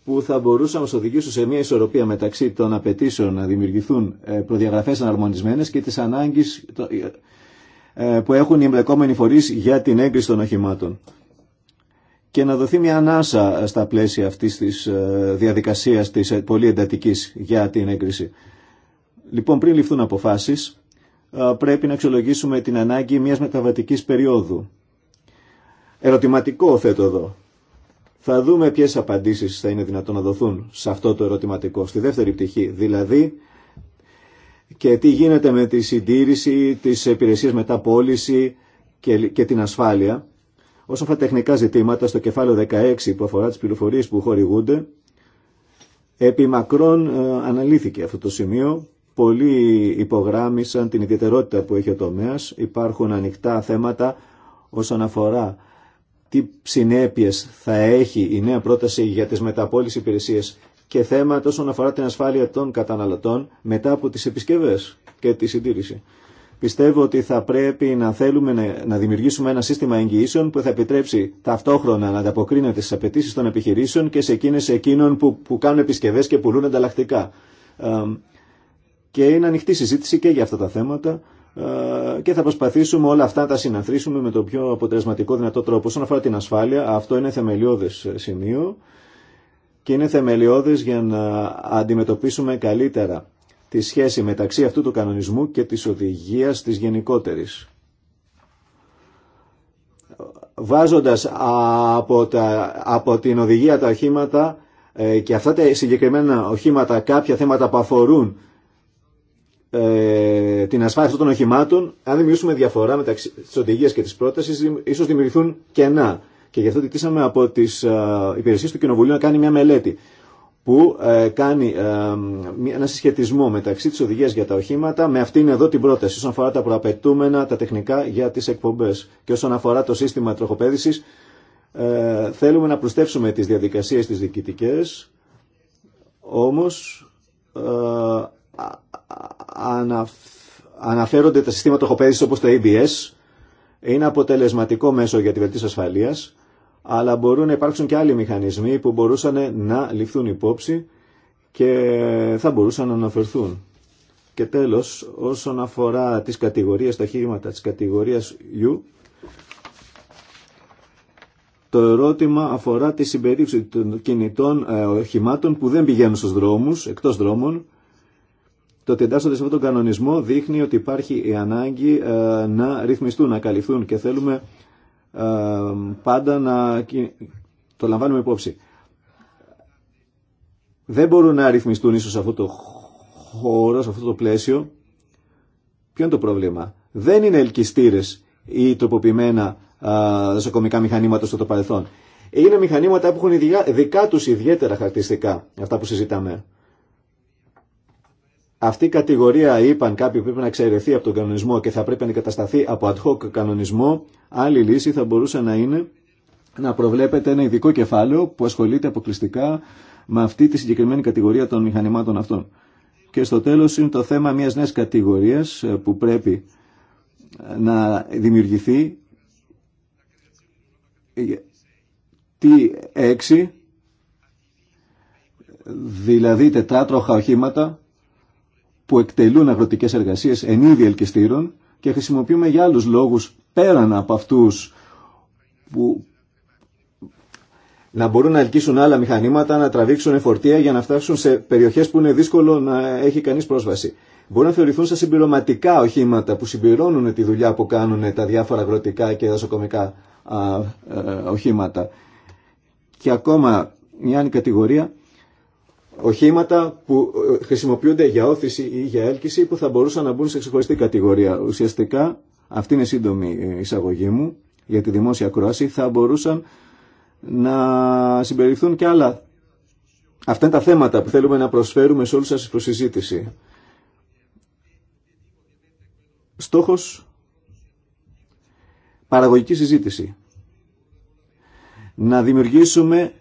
Speaker 1: που θα μπορούσαν να μας οδηγήσουν σε μια ισορροπία μεταξύ των απαιτήσεων να δημιουργηθούν ε, προδιαγραφές αναρμονισμένες και της ανάγκης ε, που έχουν οι εμπλεκόμενοι φορείς για την έγκριση των οχημάτων. Και να δοθεί μια ανάσα στα πλαίσια αυτής της διαδικασίας της πολύ εντατικής για την έγκριση. Λοιπόν, πριν ληφθούν αποφάσεις, πρέπει να αξιολογήσουμε την ανάγκη μιας μεταβατικής περίοδου Ερωτηματικό θέτω εδώ. Θα δούμε ποιε απαντήσει θα είναι δυνατόν να δοθούν σε αυτό το ερωτηματικό, στη δεύτερη πτυχή. Δηλαδή, και τι γίνεται με τη συντήρηση τη υπηρεσία μετά πώληση και, και την ασφάλεια. Όσον αφορά τεχνικά ζητήματα, στο κεφάλαιο 16 που αφορά τι πληροφορίε που χορηγούνται, επί μακρόν ε, αναλύθηκε αυτό το σημείο. Πολλοί υπογράμμισαν την ιδιαιτερότητα που έχει ο τομέα. Υπάρχουν ανοιχτά θέματα όσον αφορά τι συνέπειε θα έχει η νέα πρόταση για τι μεταπόλεις υπηρεσίε και θέματα όσον αφορά την ασφάλεια των καταναλωτών μετά από τι επισκευέ και τη συντήρηση. Πιστεύω ότι θα πρέπει να θέλουμε να δημιουργήσουμε ένα σύστημα εγγυήσεων που θα επιτρέψει ταυτόχρονα να ανταποκρίνεται στι απαιτήσει των επιχειρήσεων και σε εκείνε εκείνων που, που κάνουν επισκευέ και πουλούν ανταλλακτικά. Και είναι ανοιχτή συζήτηση και για αυτά τα θέματα ε, και θα προσπαθήσουμε όλα αυτά να τα συναθρήσουμε με τον πιο αποτελεσματικό δυνατό τρόπο. Όσον αφορά την ασφάλεια, αυτό είναι θεμελιώδες σημείο και είναι θεμελιώδες για να αντιμετωπίσουμε καλύτερα τη σχέση μεταξύ αυτού του κανονισμού και της οδηγίας της γενικότερης. Βάζοντας από, τα, από την οδηγία τα οχήματα ε, και αυτά τα συγκεκριμένα οχήματα κάποια θέματα που αφορούν ε, την ασφάλεια αυτών των οχημάτων, αν δημιουργήσουμε διαφορά μεταξύ τη οδηγία και τη πρόταση, ίσω δημιουργηθούν κενά. Και γι' αυτό ζητήσαμε από τι ε, υπηρεσίε του Κοινοβουλίου να κάνει μια μελέτη που ε, κάνει ε, ένα συσχετισμό μεταξύ τη οδηγία για τα οχήματα με αυτήν εδώ την πρόταση όσον αφορά τα προαπαιτούμενα, τα τεχνικά για τι εκπομπέ. Και όσον αφορά το σύστημα τροχοπαίδηση, ε, θέλουμε να προσθέσουμε τι διαδικασίε τι διοικητικέ, όμω αναφέρονται τα συστήματα οχοπαίδησης όπως το ABS, είναι αποτελεσματικό μέσο για τη βελτίωση ασφαλείας, αλλά μπορούν να υπάρξουν και άλλοι μηχανισμοί που μπορούσαν να ληφθούν υπόψη και θα μπορούσαν να αναφερθούν. Και τέλος, όσον αφορά τις κατηγορίες, τα χείρηματα της κατηγορίας U, το ερώτημα αφορά τη συμπερίληψη των κινητών ε, οχημάτων που δεν πηγαίνουν στους δρόμους, εκτός δρόμων, το ότι εντάσσονται σε αυτόν τον κανονισμό δείχνει ότι υπάρχει η ανάγκη ε, να ρυθμιστούν, να καλυφθούν και θέλουμε ε, πάντα να το λαμβάνουμε υπόψη. Δεν μπορούν να ρυθμιστούν ίσως σε αυτό το χώρο, σε αυτό το πλαίσιο. Ποιο είναι το πρόβλημα. Δεν είναι ελκυστήρες ή τροποποιημένα δασοκομικά ε, μηχανήματα στο το παρελθόν. Είναι μηχανήματα που έχουν δικά τους ιδιαίτερα χαρακτηριστικά, αυτά που συζητάμε. Αυτή η κατηγορία είπαν κάποιοι πρέπει να εξαιρεθεί από τον κανονισμό και θα πρέπει να κατασταθεί από ad hoc κανονισμό. Άλλη λύση θα μπορούσε να είναι να προβλέπετε ένα ειδικό κεφάλαιο που ασχολείται αποκλειστικά με αυτή τη συγκεκριμένη κατηγορία των μηχανημάτων αυτών. Και στο τέλος είναι το θέμα μιας νέας κατηγορίας ε, που πρέπει ε, να δημιουργηθεί T6 ε, δηλαδή τετράτροχα οχήματα που εκτελούν αγροτικές εργασίες εν είδη ελκυστήρων και χρησιμοποιούμε για άλλου λόγους πέραν από αυτούς που να μπορούν να ελκύσουν άλλα μηχανήματα, να τραβήξουν εφορτία για να φτάσουν σε περιοχές που είναι δύσκολο να έχει κανείς πρόσβαση. Μπορούν να θεωρηθούν σαν συμπληρωματικά οχήματα που συμπληρώνουν τη δουλειά που κάνουν τα διάφορα αγροτικά και δασοκομικά ε, οχήματα. Και ακόμα μια άλλη κατηγορία οχήματα που ε, χρησιμοποιούνται για όθηση ή για έλκυση που θα μπορούσαν να μπουν σε ξεχωριστή κατηγορία. Ουσιαστικά, αυτή είναι σύντομη ε, εισαγωγή μου για τη δημόσια ακρόαση, θα μπορούσαν να συμπεριληφθούν και άλλα. Αυτά είναι τα θέματα που θέλουμε να προσφέρουμε σε όλους σας συζήτηση. Στόχος παραγωγική συζήτηση. Να δημιουργήσουμε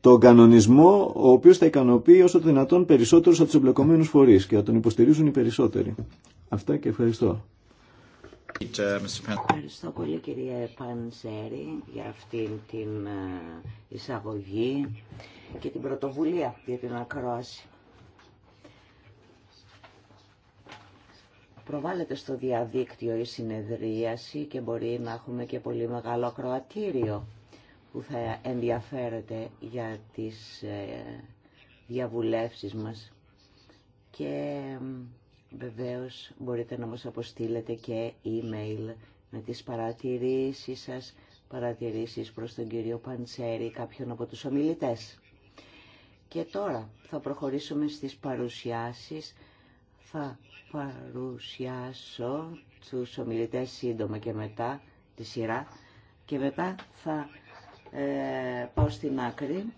Speaker 1: τον κανονισμό ο οποίος θα ικανοποιεί όσο το δυνατόν περισσότερου από του εμπλεκομένου φορεί και θα τον υποστηρίζουν οι περισσότεροι. Αυτά και ευχαριστώ. Ευχαριστώ πολύ
Speaker 3: κυρία Παντζέρη για αυτήν την ε, εισαγωγή και την πρωτοβουλία για την ακρόαση. Προβάλλεται στο διαδίκτυο η συνεδρίαση και μπορεί να έχουμε και πολύ μεγάλο ακροατήριο που θα ενδιαφέρεται για τις ε, διαβουλεύσεις μας και βεβαίως μπορείτε να μας αποστείλετε και email με τις παρατηρήσεις σας, παρατηρήσεις προς τον κύριο Παντσέρη, κάποιον από τους ομιλητές. Και τώρα θα προχωρήσουμε στις παρουσιάσεις. Θα παρουσιάσω τους ομιλητές σύντομα και μετά τη σειρά και μετά θα ε, πάω στην άκρη.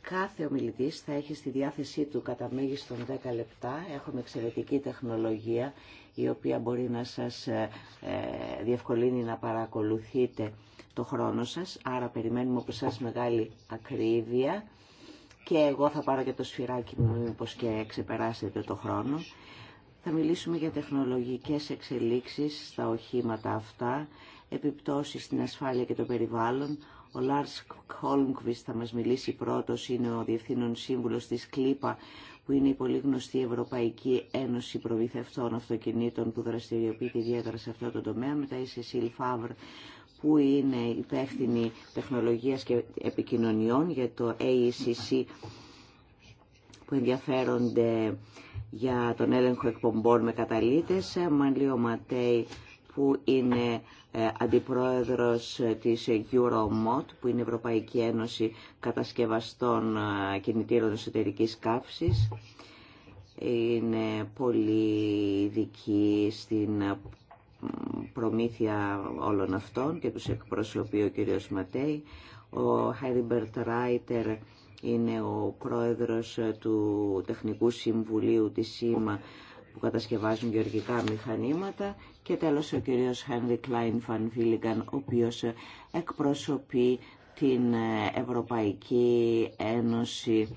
Speaker 3: Κάθε ομιλητής θα έχει στη διάθεσή του κατά μέγιστον 10 λεπτά. Έχουμε εξαιρετική τεχνολογία η οποία μπορεί να σας ε, ε, διευκολύνει να παρακολουθείτε το χρόνο σας. Άρα περιμένουμε από σας μεγάλη ακρίβεια. Και εγώ θα πάρω και το σφυράκι μου μήπως και ξεπεράσετε το χρόνο. Θα μιλήσουμε για τεχνολογικές εξελίξεις στα οχήματα αυτά, επιπτώσεις στην ασφάλεια και το περιβάλλον, ο Λάρς Χόλμκβις θα μας μιλήσει πρώτος, είναι ο Διευθύνων Σύμβουλος της ΚΛΙΠΑ, που είναι η πολύ γνωστή Ευρωπαϊκή Ένωση Προμηθευτών Αυτοκινήτων που δραστηριοποιείται ιδιαίτερα σε αυτό το τομέα. Μετά η Σεσίλ Φάβρ, που είναι υπεύθυνη τεχνολογίας και επικοινωνιών για το AECC, που ενδιαφέρονται για τον έλεγχο εκπομπών με καταλήτες. Μαλίο που είναι ε, αντιπρόεδρος της Euromod, που είναι η Ευρωπαϊκή Ένωση Κατασκευαστών ε, Κινητήρων Εσωτερικής Καύσης. Είναι πολύ ειδική στην ε, προμήθεια όλων αυτών και τους εκπροσωπεί ο κ. Ματέη. Ο Χάιριμπερτ Ράιτερ είναι ο πρόεδρος του Τεχνικού Συμβουλίου της ΣΥΜΑ που κατασκευάζουν γεωργικά μηχανήματα και τέλος ο κύριος Χένρι Κλάιν Βίλιγκαν, ο οποίος εκπροσωπεί την ε, Ευρωπαϊκή Ένωση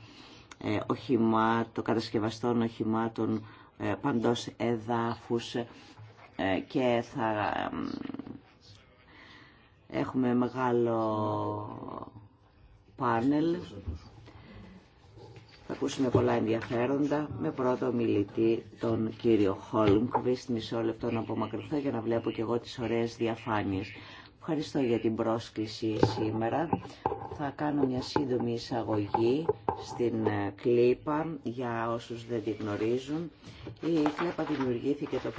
Speaker 3: ε, οχημάτων, κατασκευαστών οχημάτων ε, παντός εδάφους και θα έχουμε μεγάλο πάνελ θα ακούσουμε πολλά ενδιαφέροντα με πρώτο μιλητή τον κύριο Χόλμκβιστ. Μισό λεπτό να απομακρυνθώ για να βλέπω και εγώ τις ωραίες διαφάνειες. Ευχαριστώ για την πρόσκληση σήμερα. Θα κάνω μια σύντομη εισαγωγή στην ε, κλίπα για όσους δεν τη γνωρίζουν. Η κλίπα δημιουργήθηκε το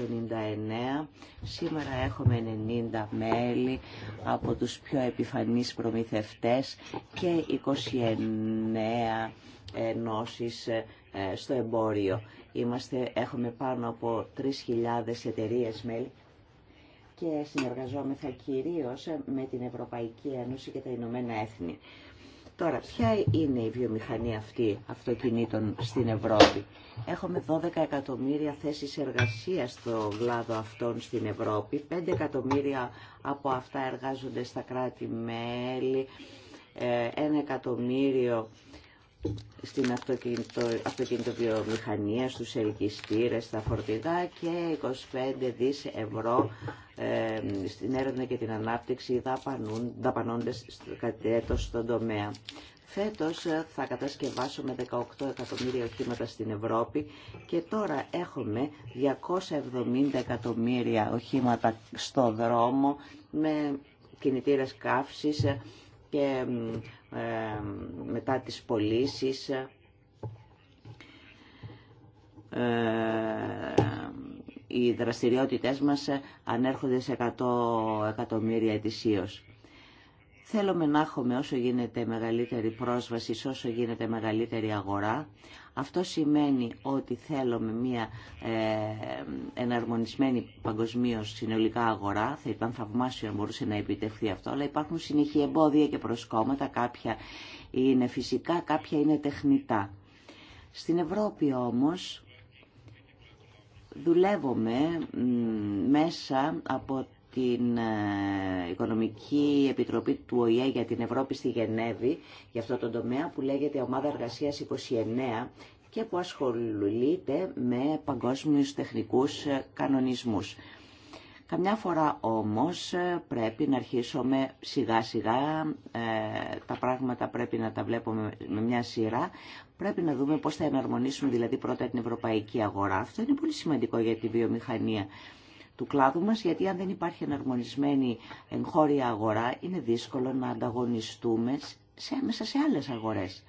Speaker 3: 59. Σήμερα έχουμε 90 μέλη από τους πιο επιφανείς προμηθευτές και 29 ενώσεις ε, ε, στο εμπόριο. Είμαστε, έχουμε πάνω από 3.000 εταιρείες μέλη και συνεργαζόμεθα κυρίως με την Ευρωπαϊκή Ένωση και τα Ηνωμένα Έθνη. Τώρα, ποια είναι η βιομηχανία αυτή αυτοκινήτων στην Ευρώπη. Έχουμε 12 εκατομμύρια θέσεις εργασίας στο βλάδο αυτών στην Ευρώπη. 5 εκατομμύρια από αυτά εργάζονται στα κράτη-μέλη. 1 ε, εκατομμύριο στην αυτοκίνητο, αυτοκινητοβιομηχανία, στους ελκυστήρες, στα φορτηγά και 25 δις ευρώ ε, στην έρευνα και την ανάπτυξη δαπανούν, κατ' κατέτος στον τομέα. Φέτος ε, θα κατασκευάσουμε 18 εκατομμύρια οχήματα στην Ευρώπη και τώρα έχουμε 270 εκατομμύρια οχήματα στο δρόμο με κινητήρες καύσης, ε, και ε, μετά τις πωλήσει. Ε, οι δραστηριότητες μας ανέρχονται σε 100 εκατομμύρια ετησίως. Θέλουμε να έχουμε όσο γίνεται μεγαλύτερη πρόσβαση, όσο γίνεται μεγαλύτερη αγορά, αυτό σημαίνει ότι θέλουμε μια ε, εναρμονισμένη παγκοσμίω συνολικά αγορά. Θα ήταν θαυμάσιο αν μπορούσε να επιτευχθεί αυτό, αλλά υπάρχουν συνεχή εμπόδια και προσκόμματα. Κάποια είναι φυσικά, κάποια είναι τεχνητά. Στην Ευρώπη όμως δουλεύουμε μέσα από την ε, Οικονομική Επιτροπή του ΟΗΕ για την Ευρώπη στη Γενέβη για αυτό το τομέα που λέγεται Ομάδα Εργασίας 29 και που ασχολείται με παγκόσμιους τεχνικούς κανονισμούς. Καμιά φορά όμως πρέπει να αρχίσουμε σιγά σιγά, ε, τα πράγματα πρέπει να τα βλέπουμε με μια σειρά, πρέπει να δούμε πώς θα εναρμονίσουμε δηλαδή πρώτα την ευρωπαϊκή αγορά. Αυτό είναι πολύ σημαντικό για τη βιομηχανία του κλάδου μας, γιατί αν δεν υπάρχει εναρμονισμένη εγχώρια αγορά, είναι δύσκολο να ανταγωνιστούμε σε, μέσα σε άλλες αγορές.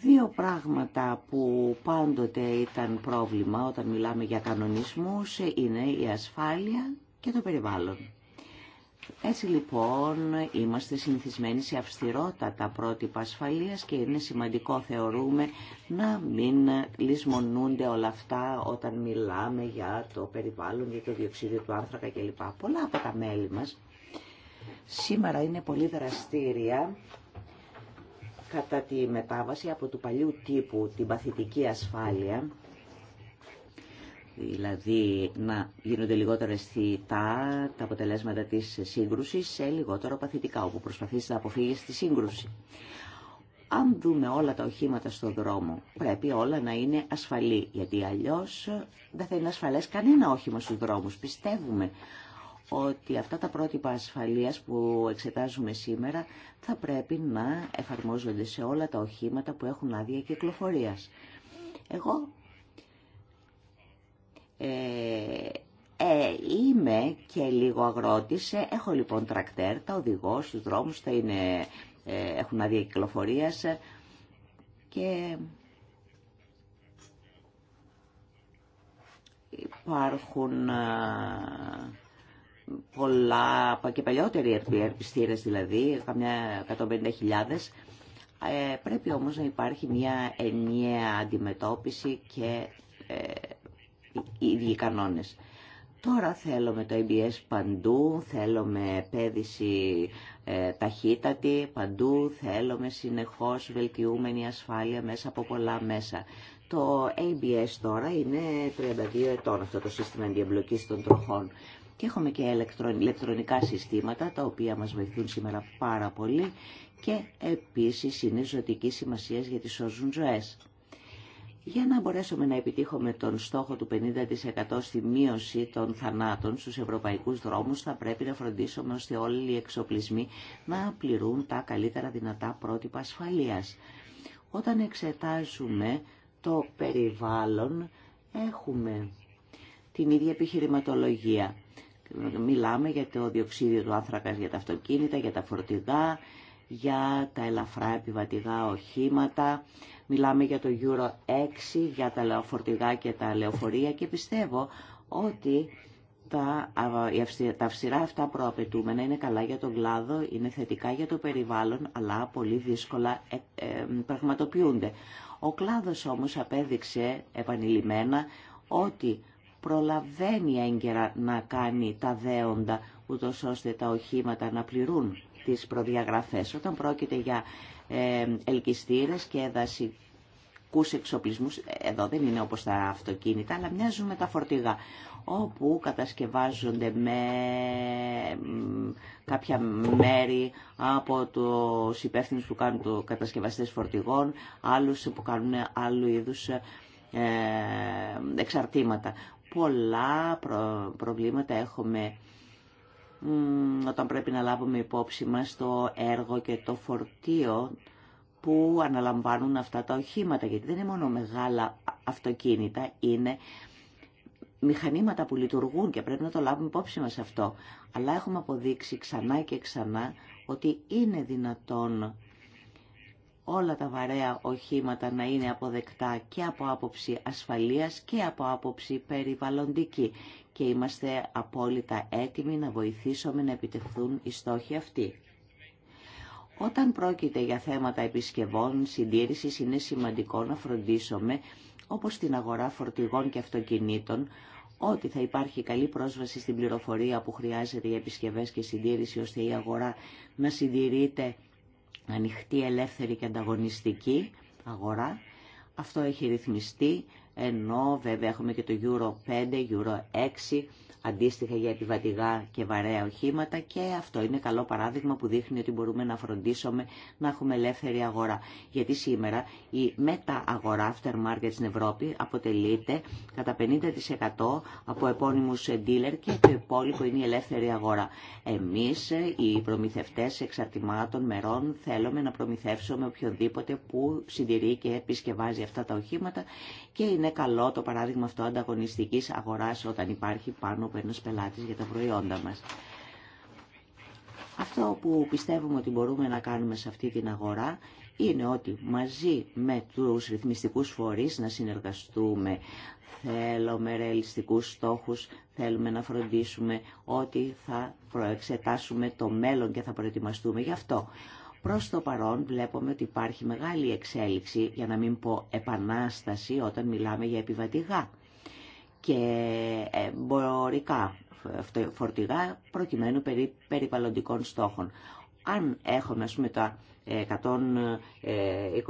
Speaker 3: Δύο πράγματα που πάντοτε ήταν πρόβλημα όταν μιλάμε για κανονισμούς είναι η ασφάλεια και το περιβάλλον. Έτσι λοιπόν είμαστε συνηθισμένοι σε αυστηρότατα πρότυπα ασφαλείας και είναι σημαντικό θεωρούμε να μην λησμονούνται όλα αυτά όταν μιλάμε για το περιβάλλον, για το διοξίδιο του άνθρακα κλπ. Πολλά από τα μέλη μας σήμερα είναι πολύ δραστήρια κατά τη μετάβαση από του παλιού τύπου την παθητική ασφάλεια δηλαδή να γίνονται λιγότερο αισθητά τα αποτελέσματα της σύγκρουσης σε λιγότερο παθητικά, όπου προσπαθείς να αποφύγεις τη σύγκρουση. Αν δούμε όλα τα οχήματα στον δρόμο, πρέπει όλα να είναι ασφαλή, γιατί αλλιώς δεν θα είναι ασφαλές κανένα όχημα στους δρόμους. Πιστεύουμε ότι αυτά τα πρότυπα ασφαλείας που εξετάζουμε σήμερα θα πρέπει να εφαρμόζονται σε όλα τα οχήματα που έχουν άδεια κυκλοφορίας. Εγώ ε, ε, είμαι και λίγο αγρότης, ε, έχω λοιπόν τρακτέρ, τα οδηγώ στους δρόμους, τα είναι, ε, έχουν άδεια και υπάρχουν πολλά, και παλιότεροι ερπιστήρες δηλαδή, καμιά 150.000, ε, πρέπει όμως να υπάρχει μια ενιαία αντιμετώπιση και οι ίδιοι Τώρα θέλουμε το ABS παντού, θέλουμε επέδυση ε, ταχύτατη παντού, θέλουμε συνεχώς βελτιούμενη ασφάλεια μέσα από πολλά μέσα. Το ABS τώρα είναι 32 ετών αυτό το σύστημα αντιεμπλοκής των τροχών. Και έχουμε και ηλεκτρονικά συστήματα τα οποία μας βοηθούν σήμερα πάρα πολύ και επίσης είναι ζωτική σημασία γιατί σώζουν ζωές. Για να μπορέσουμε να επιτύχουμε τον στόχο του 50% στη μείωση των θανάτων στους ευρωπαϊκούς δρόμους, θα πρέπει να φροντίσουμε ώστε όλοι οι εξοπλισμοί να πληρούν τα καλύτερα δυνατά πρότυπα ασφαλείας. Όταν εξετάζουμε το περιβάλλον, έχουμε την ίδια επιχειρηματολογία. Μιλάμε για το διοξίδιο του άνθρακα για τα αυτοκίνητα, για τα φορτηγά, για τα ελαφρά επιβατηγά οχήματα, μιλάμε για το Euro 6, για τα λεωφορτηγά και τα λεωφορεία και πιστεύω ότι τα, τα αυστηρά αυτά προαπαιτούμενα είναι καλά για τον κλάδο, είναι θετικά για το περιβάλλον, αλλά πολύ δύσκολα ε, ε, πραγματοποιούνται. Ο κλάδος όμως απέδειξε επανειλημμένα ότι προλαβαίνει έγκαιρα να κάνει τα δέοντα, ούτως ώστε τα οχήματα να πληρούν τις προδιαγραφές. Όταν πρόκειται για ε, ελκυστήρες και δασικού εξοπλισμούς, εδώ δεν είναι όπως τα αυτοκίνητα, αλλά μοιάζουν με τα φορτηγά, όπου κατασκευάζονται με κάποια μέρη από τους υπεύθυνου που κάνουν του κατασκευαστές φορτηγών, άλλους που κάνουν άλλου είδους ε, εξαρτήματα. Πολλά προβλήματα έχουμε όταν πρέπει να λάβουμε υπόψη μας το έργο και το φορτίο που αναλαμβάνουν αυτά τα οχήματα, γιατί δεν είναι μόνο μεγάλα αυτοκίνητα, είναι μηχανήματα που λειτουργούν και πρέπει να το λάβουμε υπόψη μας αυτό. Αλλά έχουμε αποδείξει ξανά και ξανά ότι είναι δυνατόν όλα τα βαρέα οχήματα να είναι αποδεκτά και από άποψη ασφαλείας και από άποψη περιβαλλοντική και είμαστε απόλυτα έτοιμοι να βοηθήσουμε να επιτευχθούν οι στόχοι αυτοί. Όταν πρόκειται για θέματα επισκευών, συντήρησης είναι σημαντικό να φροντίσουμε, όπως στην αγορά φορτηγών και αυτοκινήτων, ότι θα υπάρχει καλή πρόσβαση στην πληροφορία που χρειάζεται για επισκευές και συντήρηση, ώστε η αγορά να συντηρείται ανοιχτή, ελεύθερη και ανταγωνιστική αγορά. Αυτό έχει ρυθμιστεί ενώ βέβαια έχουμε και το Euro 5, Euro 6 αντίστοιχα για επιβατηγά και βαρέα οχήματα και αυτό είναι καλό παράδειγμα που δείχνει ότι μπορούμε να φροντίσουμε να έχουμε ελεύθερη αγορά. Γιατί σήμερα η μετααγορά aftermarket στην Ευρώπη αποτελείται κατά 50% από επώνυμους dealer και το υπόλοιπο είναι η ελεύθερη αγορά. Εμείς οι προμηθευτές εξαρτημάτων μερών θέλουμε να προμηθεύσουμε οποιοδήποτε που συντηρεί και επισκευάζει αυτά τα οχήματα και είναι καλό το παράδειγμα αυτό ανταγωνιστικής αγοράς όταν υπάρχει πάνω από ένας πελάτης για τα προϊόντα μας. Αυτό που πιστεύουμε ότι μπορούμε να κάνουμε σε αυτή την αγορά είναι ότι μαζί με τους ρυθμιστικούς φορείς να συνεργαστούμε. Θέλουμε ρεαλιστικούς στόχους, θέλουμε να φροντίσουμε ότι θα προεξετάσουμε το μέλλον και θα προετοιμαστούμε γι' αυτό. Προς το παρόν βλέπουμε ότι υπάρχει μεγάλη εξέλιξη, για να μην πω επανάσταση, όταν μιλάμε για επιβατηγά και εμπορικά φορτηγά προκειμένου περί περιβαλλοντικών στόχων. Αν έχουμε ας πούμε τα 120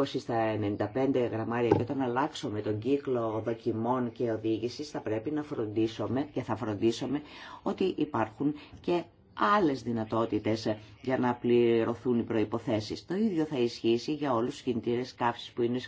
Speaker 3: στα 95 γραμμάρια και όταν αλλάξουμε τον κύκλο δοκιμών και οδήγησης θα πρέπει να φροντίσουμε και θα φροντίσουμε ότι υπάρχουν και άλλες δυνατότητες για να πληρωθούν οι προϋποθέσεις. Το ίδιο θα ισχύσει για όλους τους κινητήρες καύσης που είναι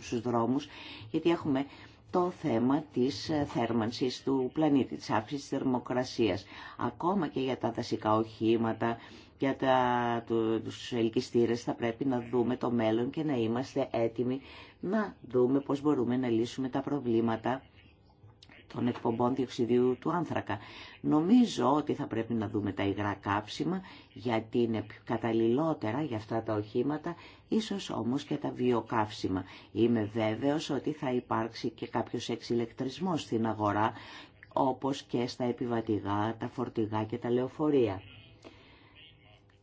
Speaker 3: στους δρόμους, γιατί έχουμε το θέμα της ε, θέρμανσης του πλανήτη, της αύξησης της θερμοκρασίας. Ακόμα και για τα δασικά οχήματα, για τα, τους ελκυστήρες θα πρέπει να δούμε το μέλλον και να είμαστε έτοιμοι να δούμε πώς μπορούμε να λύσουμε τα προβλήματα των εκπομπών διοξιδίου του άνθρακα. Νομίζω ότι θα πρέπει να δούμε τα υγρά κάψιμα γιατί είναι καταλληλότερα για αυτά τα οχήματα, ίσως όμως και τα βιοκαύσιμα. Είμαι βέβαιος ότι θα υπάρξει και κάποιος εξηλεκτρισμός στην αγορά όπως και στα επιβατηγά, τα φορτηγά και τα λεωφορεία.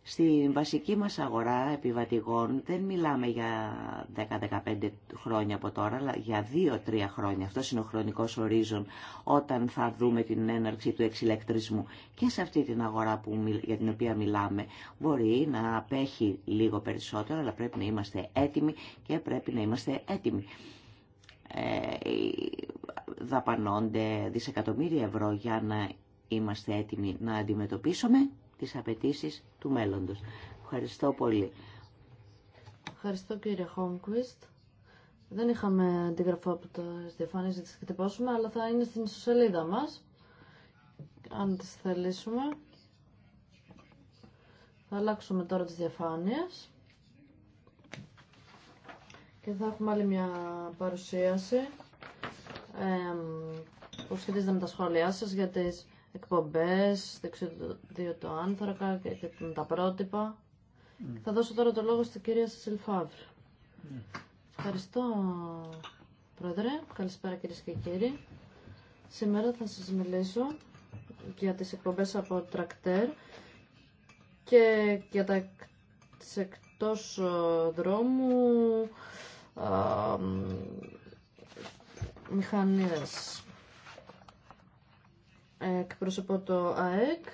Speaker 3: Στην βασική μας αγορά επιβατηγών δεν μιλάμε για 10-15 χρόνια από τώρα, αλλά για 2-3 χρόνια. Αυτό είναι ο χρονικός ορίζον όταν θα δούμε την έναρξη του εξηλεκτρισμού. Και σε αυτή την αγορά που, για την οποία μιλάμε μπορεί να απέχει λίγο περισσότερο, αλλά πρέπει να είμαστε έτοιμοι και πρέπει να είμαστε έτοιμοι. Ε, δαπανώνται δισεκατομμύρια ευρώ για να είμαστε έτοιμοι να αντιμετωπίσουμε τις απαιτήσει του μέλλοντος. Ευχαριστώ πολύ.
Speaker 2: Ευχαριστώ κύριε Χόμκουιστ. Δεν είχαμε αντίγραφο από το διαφάνειες να τις εκτυπώσουμε, αλλά θα είναι στην ιστοσελίδα μας, αν τις θελήσουμε. Θα αλλάξουμε τώρα τις διαφάνειες και θα έχουμε άλλη μια παρουσίαση που σχετίζεται με τα σχόλιά σας για τις εκπομπές, δεξιδίου το άνθρακα και τα πρότυπα. Mm. Θα δώσω τώρα το λόγο στην κυρία Σιλφάβρ. Mm. Ευχαριστώ, Πρόεδρε. Καλησπέρα κυρίες και κύριοι. Σήμερα θα σας μιλήσω για τις εκπομπές από τρακτέρ και για τα εκτός ε, δρόμου ε, α, εκπροσωπώ το ΑΕΚ.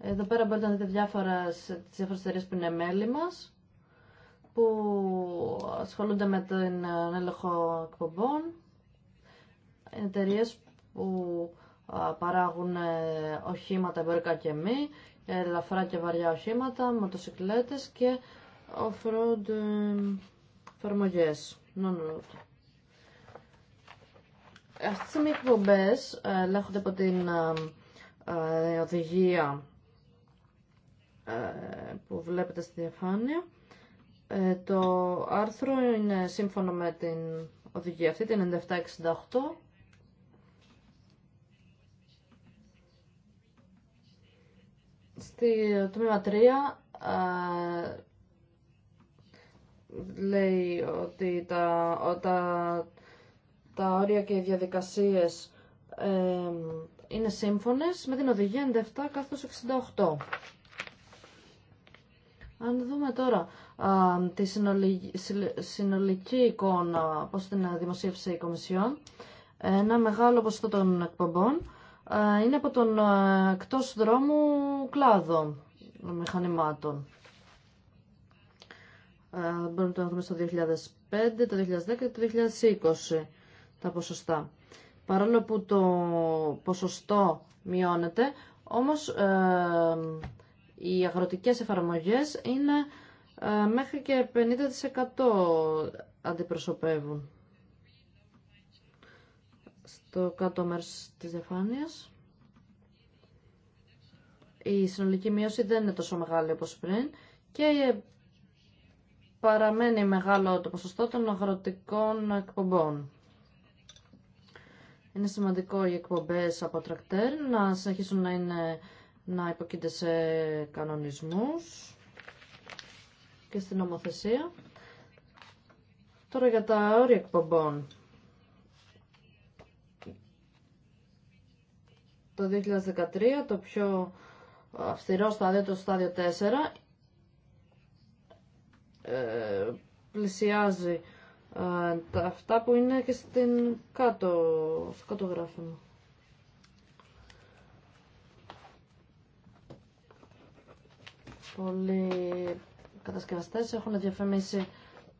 Speaker 2: Εδώ πέρα μπορείτε να δείτε διάφορα, τις διάφορες εταιρείες που είναι μέλη μας, που ασχολούνται με ε, τον έλεγχο εκπομπών. Είναι εταιρείε που ε, παράγουν ε, οχήματα εμπορικά και μη, ελαφρά και βαριά οχήματα, μοτοσυκλέτες και off-road εφαρμογές. Αυτή οι εκπομπέ ε, ελέγχονται από την ε, ε, οδηγία που βλέπετε στη διαφάνεια. Το άρθρο είναι σύμφωνο με την οδηγία αυτή, την 9768. Στη τμήμα 3 λέει ότι τα, τα όρια και οι διαδικασίες είναι σύμφωνες με την οδηγία 97 68. Αν δούμε τώρα α, τη συνολική, συνολική εικόνα πώς την δημοσίευσε η Κομισιόν, ένα μεγάλο ποσοστό των εκπομπών είναι από τον α, εκτός δρόμου κλάδο μηχανημάτων. Μπορούμε να το δούμε στο 2005, το 2010 και το 2020 τα ποσοστά. Παρόλο που το ποσοστό μειώνεται, όμως ε, οι αγροτικές εφαρμογές είναι ε, μέχρι και 50% αντιπροσωπεύουν στο κάτω μέρος της διαφάνειας. Η συνολική μείωση δεν είναι τόσο μεγάλη όπως πριν και παραμένει μεγάλο το ποσοστό των αγροτικών εκπομπών. Είναι σημαντικό οι εκπομπές από τρακτέρ να συνεχίσουν να, είναι, να υποκείται σε κανονισμούς και στην νομοθεσία. Τώρα για τα όρια εκπομπών. Το 2013 το πιο αυστηρό στάδιο, το στάδιο 4, ε, πλησιάζει αυτά που είναι και στην κάτω, στο κάτω γράφημα. Πολλοί κατασκευαστές έχουν διαφημίσει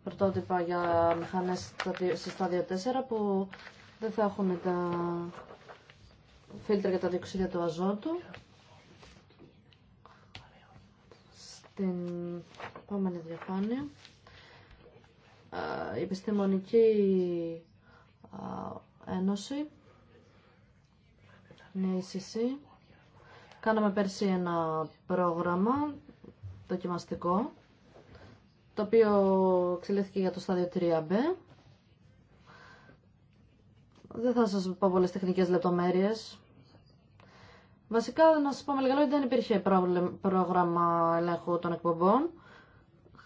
Speaker 2: πρωτότυπα για μηχανές σε στάδιο 4 που δεν θα έχουν τα φίλτρα για τα διοξίδια του αζότου. Στην επόμενη διαφάνεια η Επιστημονική Ένωση, η κάναμε πέρσι ένα πρόγραμμα δοκιμαστικό, το οποίο εξελίχθηκε για το στάδιο 3B. Δεν θα σας πω πολλές τεχνικές λεπτομέρειες. Βασικά, να σας πω με λίγα δεν υπήρχε πρόγραμμα ελέγχου των εκπομπών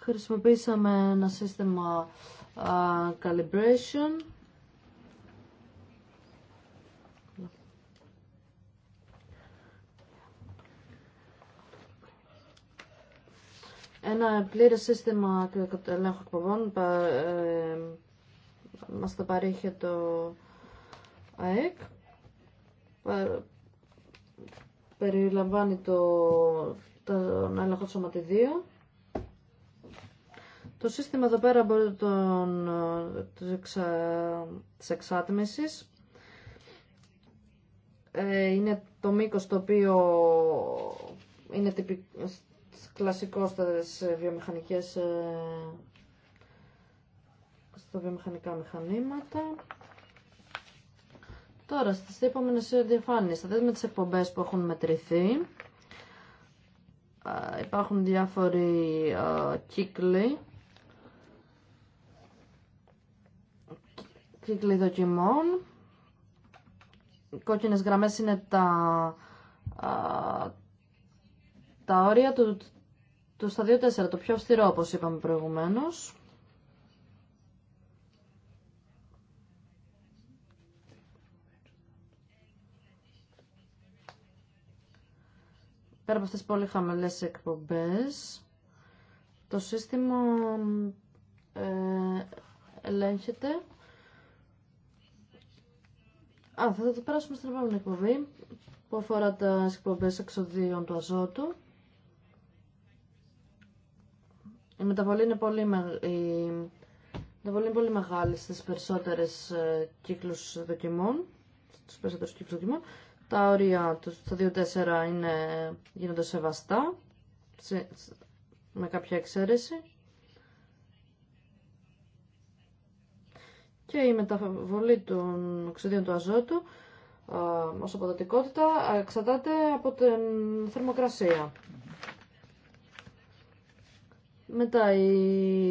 Speaker 2: χρησιμοποίησαμε ένα σύστημα calibration Ένα πλήρες σύστημα ελέγχου εκπομπών ε, μας το παρέχει το ΑΕΚ. Περιλαμβάνει το, τον έλεγχο του σωματιδίου. Το σύστημα εδώ πέρα μπορεί τον, της, εξα, ε, είναι το μήκος το οποίο είναι κλασικό στις βιομηχανικές ε, στα βιομηχανικά μηχανήματα. Τώρα, στις επόμενες διαφάνειες, θα με τις εκπομπές που έχουν μετρηθεί. Ε, υπάρχουν διάφοροι κύκλοι κύκλοι δοκιμών. Οι κόκκινες γραμμές είναι τα, τα όρια του, του σταδίου 4, το πιο αυστηρό όπως είπαμε προηγουμένως. Πέρα από αυτές τις πολύ χαμελές εκπομπές, το σύστημα ε, ελέγχεται Α, θα το περάσουμε στην επόμενη εκπομπή που αφορά τα εκπομπέ εξοδίων του αζότου. Η μεταβολή είναι πολύ, με... η... είναι πολύ μεγάλη στις περισσότερες ε, κύκλους δοκιμών, στους περισσότερους κύκλους δοκιμών. Τα όρια του 2-4 είναι... γίνονται σεβαστά, με κάποια εξαίρεση. και η μεταβολή των οξυδίων του αζότου ως αποδοτικότητα εξαρτάται από την θερμοκρασία. Μετά η,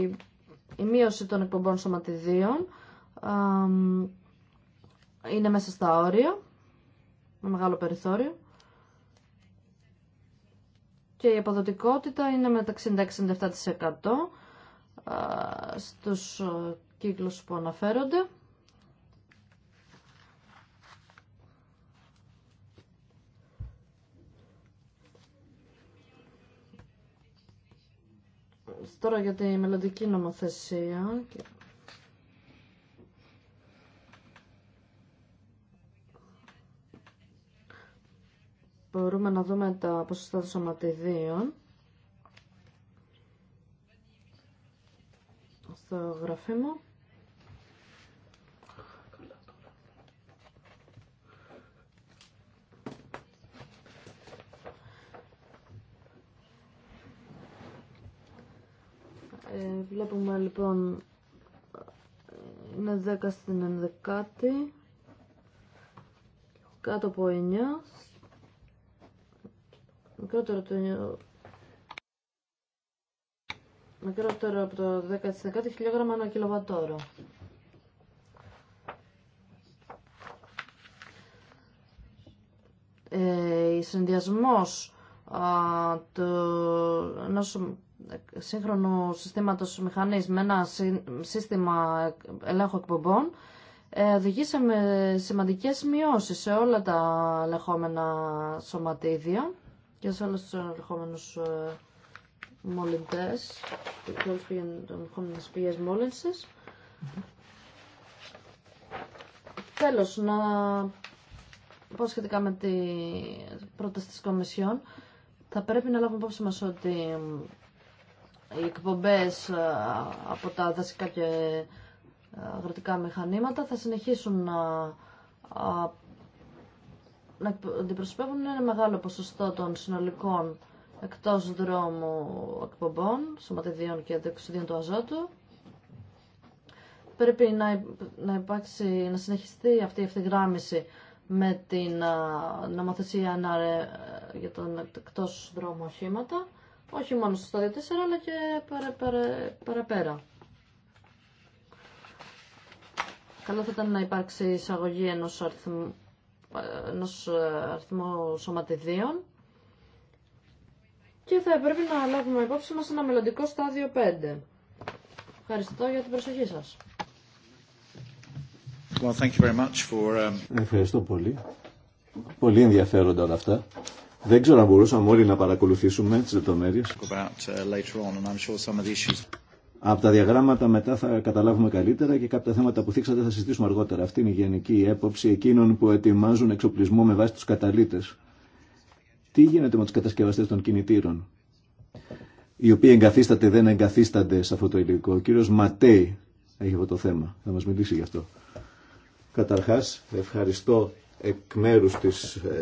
Speaker 2: η μείωση των εκπομπών σωματιδίων είναι μέσα στα όρια, με μεγάλο περιθώριο. Και η αποδοτικότητα είναι μεταξύ 60-67% στους κύκλους που αναφέρονται. Τώρα για τη μελλοντική νομοθεσία. Μπορούμε να δούμε τα ποσοστά των σωματιδίων. στο γραφείο μου. Ε, βλέπουμε λοιπόν είναι 10 στην 11η κάτω από 9 μικρότερο το 9 μικρότερο από το 10% χιλιόγραμμα ένα κιλοβατόρο. Ε, η συνδυασμός σύγχρονου συστήματος μηχανής με ένα σύστημα ελέγχου εκπομπών ε, οδηγήσαμε σημαντικές μειώσεις σε όλα τα ελεγχόμενα σωματίδια και σε όλους τους ελεγχόμενους ε, μολυντές και τις ελεγχόμενες πηγές μόλυνσης. Τέλος, να πω σχετικά με την πρόταση της Κομισιόν, θα πρέπει να λάβουμε υπόψη μας ότι οι εκπομπές ε, από τα δασικά και ε, αγροτικά μηχανήματα θα συνεχίσουν να, να αντιπροσωπεύουν ένα μεγάλο ποσοστό των συνολικών εκτός δρόμου εκπομπών, σωματιδίων και διοξιδίων του αζότου. Πρέπει να, να, υπάρξει, να συνεχιστεί αυτή η ευθυγράμμιση με την ε, νομοθεσία για τον εκτός δρόμου οχήματα όχι μόνο στο στάδιο 4 αλλά και παρα, παρα, παραπέρα. Καλό θα ήταν να υπάρξει εισαγωγή ενός αριθμού, ενός ε, σωματιδίων και θα έπρεπε να λάβουμε υπόψη μας ένα μελλοντικό στάδιο 5. Ευχαριστώ για την προσοχή σας.
Speaker 1: Well, thank you very much for... Um, Ευχαριστώ πολύ. Πολύ ενδιαφέροντα όλα αυτά. Δεν ξέρω αν μπορούσαμε όλοι να παρακολουθήσουμε τις λεπτομέρειες. Uh, Από τα διαγράμματα μετά θα καταλάβουμε καλύτερα και κάποια θέματα που θίξατε θα συζητήσουμε αργότερα. Αυτή είναι η γενική έποψη εκείνων που ετοιμάζουν εξοπλισμό με βάση τους καταλήτες. Τι γίνεται με τους κατασκευαστές των κινητήρων, οι οποίοι εγκαθίσταται δεν εγκαθίστανται σε αυτό το υλικό. Ο κύριος Ματέι έχει αυτό το θέμα, θα μας μιλήσει γι' αυτό. Καταρχάς, ευχαριστώ εκ μέρου τη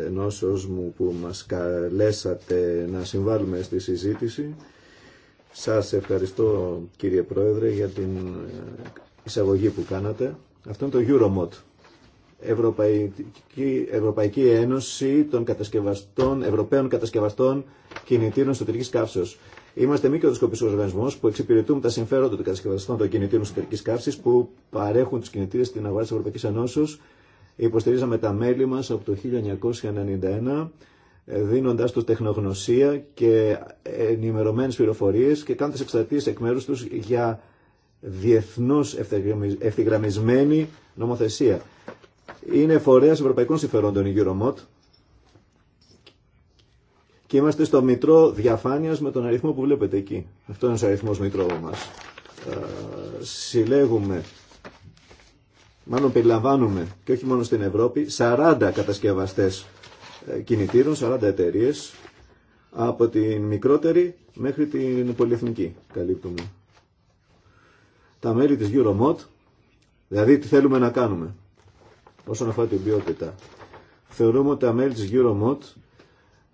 Speaker 1: ενώσεω μου που μα καλέσατε να συμβάλλουμε στη συζήτηση. Σα ευχαριστώ κύριε Πρόεδρε για την εισαγωγή που κάνατε. Αυτό είναι το Euromod. Ευρωπαϊκή, Ευρωπαϊκή Ένωση των κατασκευαστών, Ευρωπαίων Κατασκευαστών Κινητήρων Σωτερικής Καύσεως. Είμαστε μη κερδοσκοπικό οργανισμό που εξυπηρετούμε τα συμφέροντα των κατασκευαστών των κινητήρων εσωτερική καύση που παρέχουν του κινητήρε στην αγορά τη Ευρωπαϊκή Ενώσεω Υποστηρίζαμε τα μέλη μας από το 1991 ε, δίνοντας τους τεχνογνωσία και ενημερωμένες πληροφορίες και κάνοντας εξαρτήσεις εκ μέρους τους για διεθνώς ευθυγραμμισμένη νομοθεσία. Είναι φορέας ευρωπαϊκών συμφερόντων η Euromod και είμαστε στο μητρό διαφάνειας με τον αριθμό που βλέπετε εκεί. Αυτό είναι ο αριθμός μητρό μας. Ε, συλλέγουμε μάλλον περιλαμβάνουμε και όχι μόνο στην Ευρώπη, 40 κατασκευαστές ε, κινητήρων, 40 εταιρείε από την μικρότερη μέχρι την πολυεθνική καλύπτουμε. Τα μέλη της Euromod, δηλαδή τι θέλουμε να κάνουμε όσον αφορά την ποιότητα. Θεωρούμε ότι τα μέλη της Euromod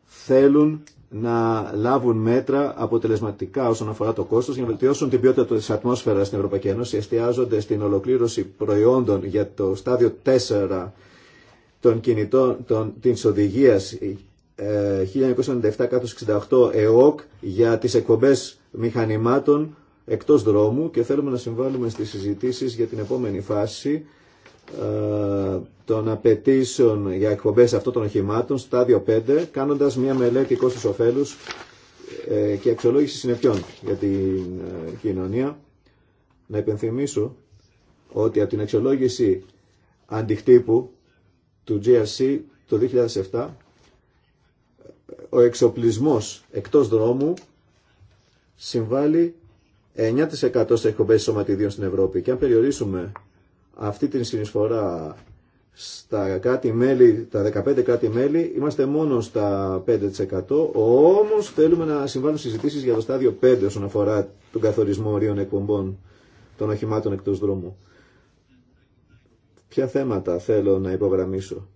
Speaker 1: θέλουν να λάβουν μέτρα αποτελεσματικά όσον αφορά το κόστος για να βελτιώσουν την ποιότητα της ατμόσφαιρας στην Ευρωπαϊκή Ένωση εστιάζονται στην ολοκλήρωση προϊόντων για το στάδιο 4 των κινητών των, της οδηγίας 1997-68 ε, ΕΟΚ για τις εκπομπές μηχανημάτων εκτός δρόμου και θέλουμε να συμβάλλουμε στις συζητήσεις για την επόμενη φάση ε, των απαιτήσεων για εκπομπές αυτών των οχημάτων, στάδιο 5, κάνοντας μια μελέτη κόστος ωφέλους ε, και αξιολόγηση συνεπιών για την ε, κοινωνία. Να υπενθυμίσω ότι από την αξιολόγηση αντιχτύπου του GRC το 2007 ο εξοπλισμός εκτός δρόμου συμβάλλει 9% σε εκπομπές σωματιδίων στην Ευρώπη και αν περιορίσουμε αυτή την συνεισφορά στα κάτι μέλη, τα 15 κάτι μέλη, είμαστε μόνο στα 5%, όμως θέλουμε να συμβάλλουν συζητήσεις για το στάδιο 5 όσον αφορά τον καθορισμό ορίων εκπομπών των οχημάτων εκτός δρόμου. Ποια θέματα θέλω να υπογραμμίσω.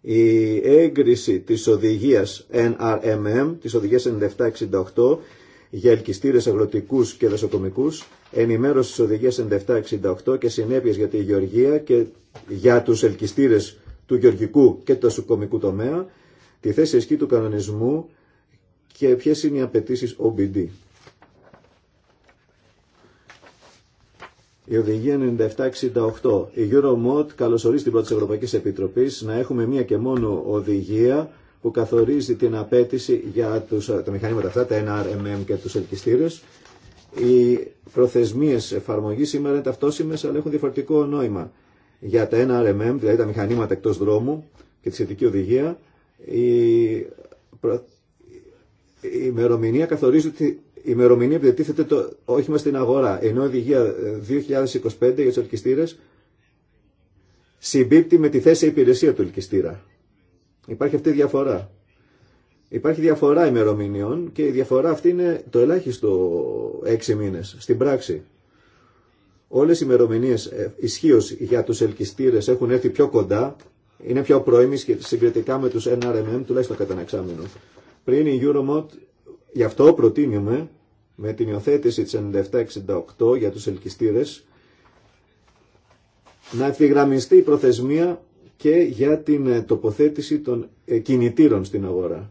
Speaker 1: Η έγκριση της οδηγίας NRMM, της οδηγίας 9768, για ελκυστήρε αγροτικού και δασοκομικού, ενημέρωση τη οδηγία 97-68 και συνέπειε για τη γεωργία και για του ελκυστήρε του γεωργικού και του δασοκομικού τομέα, τη θέση ισχύ του κανονισμού και ποιε είναι οι απαιτήσει OBD. Η οδηγία 9768. Η Euromod καλωσορίζει την πρώτη Ευρωπαϊκή Επιτροπή να έχουμε μία και μόνο οδηγία που καθορίζει την απέτηση για τους, τα μηχανήματα αυτά, τα NRMM και τους ελκυστήρες. Οι προθεσμίες εφαρμογή σήμερα είναι ταυτόσιμες αλλά έχουν διαφορετικό νόημα. Για τα NRMM, δηλαδή τα μηχανήματα εκτός δρόμου και τη σχετική οδηγία, η, η ημερομηνία καθορίζει ότι η ημερομηνία επιτίθεται το όχημα στην αγορά, ενώ η οδηγία 2025 για τους ελκυστήρε συμπίπτει με τη θέση υπηρεσία του ελκυστήρα. Υπάρχει αυτή η διαφορά. Υπάρχει διαφορά ημερομηνιών και η διαφορά αυτή είναι το ελάχιστο έξι μήνες στην πράξη. Όλες οι ημερομηνίε ε, ισχύω για τους ελκυστήρες έχουν έρθει πιο κοντά, είναι πιο πρώιμοι συγκριτικά με τους NRMM, τουλάχιστον κατά ένα εξάμεινο. Πριν η Euromod, γι' αυτό προτείνουμε με την υιοθέτηση της 9768 για τους ελκυστήρες να ευθυγραμμιστεί η προθεσμία και για την ε, τοποθέτηση των ε, κινητήρων στην αγορά.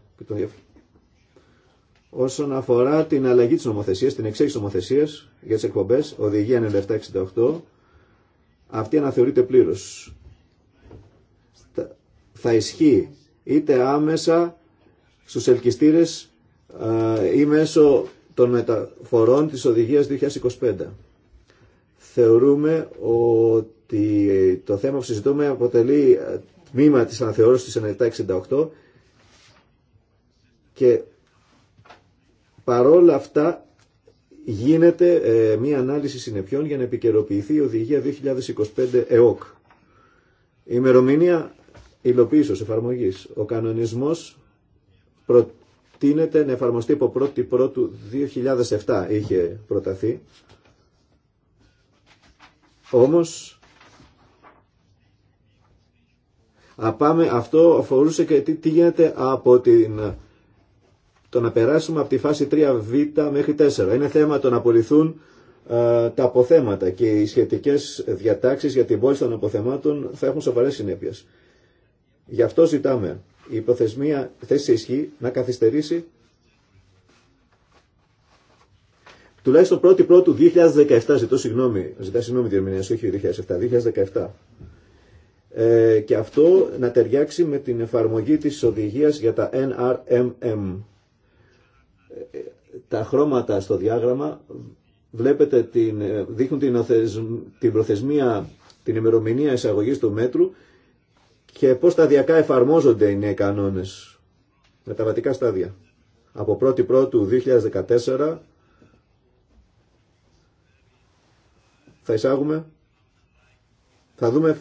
Speaker 1: Όσον αφορά την αλλαγή της νομοθεσίας, την εξέλιξη της νομοθεσίας για τις εκπομπές, οδηγία 9768, αυτή αναθεωρείται πλήρως. Θα ισχύει είτε άμεσα στους ελκυστήρες ή μέσω των μεταφορών της οδηγίας 2025. Θεωρούμε ότι το θέμα που συζητούμε αποτελεί τμήμα της αναθεώρησης της 68 και παρόλα αυτά γίνεται ε, μία ανάλυση συνεπιών για να επικαιροποιηθεί η οδηγία 2025 ΕΟΚ. Η ημερομηνία υλοποίησης εφαρμογής. Ο κανονισμός προτείνεται να εφαρμοστεί από 1η Πρώτου 2007 είχε προταθεί. Όμως Απάμε, αυτό αφορούσε και τι, τι γίνεται από την, το να περάσουμε από τη φάση 3β μέχρι 4. Είναι θέμα το να απολυθούν ε, τα αποθέματα και οι σχετικές διατάξεις για την πόλη των αποθεμάτων θα έχουν σοβαρές συνέπειες. Γι' αυτό ζητάμε η υποθεσμία θέση ισχύ να καθυστερήσει τουλάχιστον 1η Πρώτου 2017, ζητώ συγγνώμη, ζητά συγγνώμη διερμηνία, όχι 2007, 2017. Ε, και αυτό να ταιριάξει με την εφαρμογή της οδηγίας για τα NRMM. Ε, τα χρώματα στο διάγραμμα βλέπετε την, ε, δείχνουν την, την προθεσμία, την ημερομηνία εισαγωγής του μέτρου και πώς σταδιακά εφαρμόζονται οι νέοι κανόνες. Μεταβατικά στάδια. Από 1η Πρώτου 2014 θα εισάγουμε, θα δούμε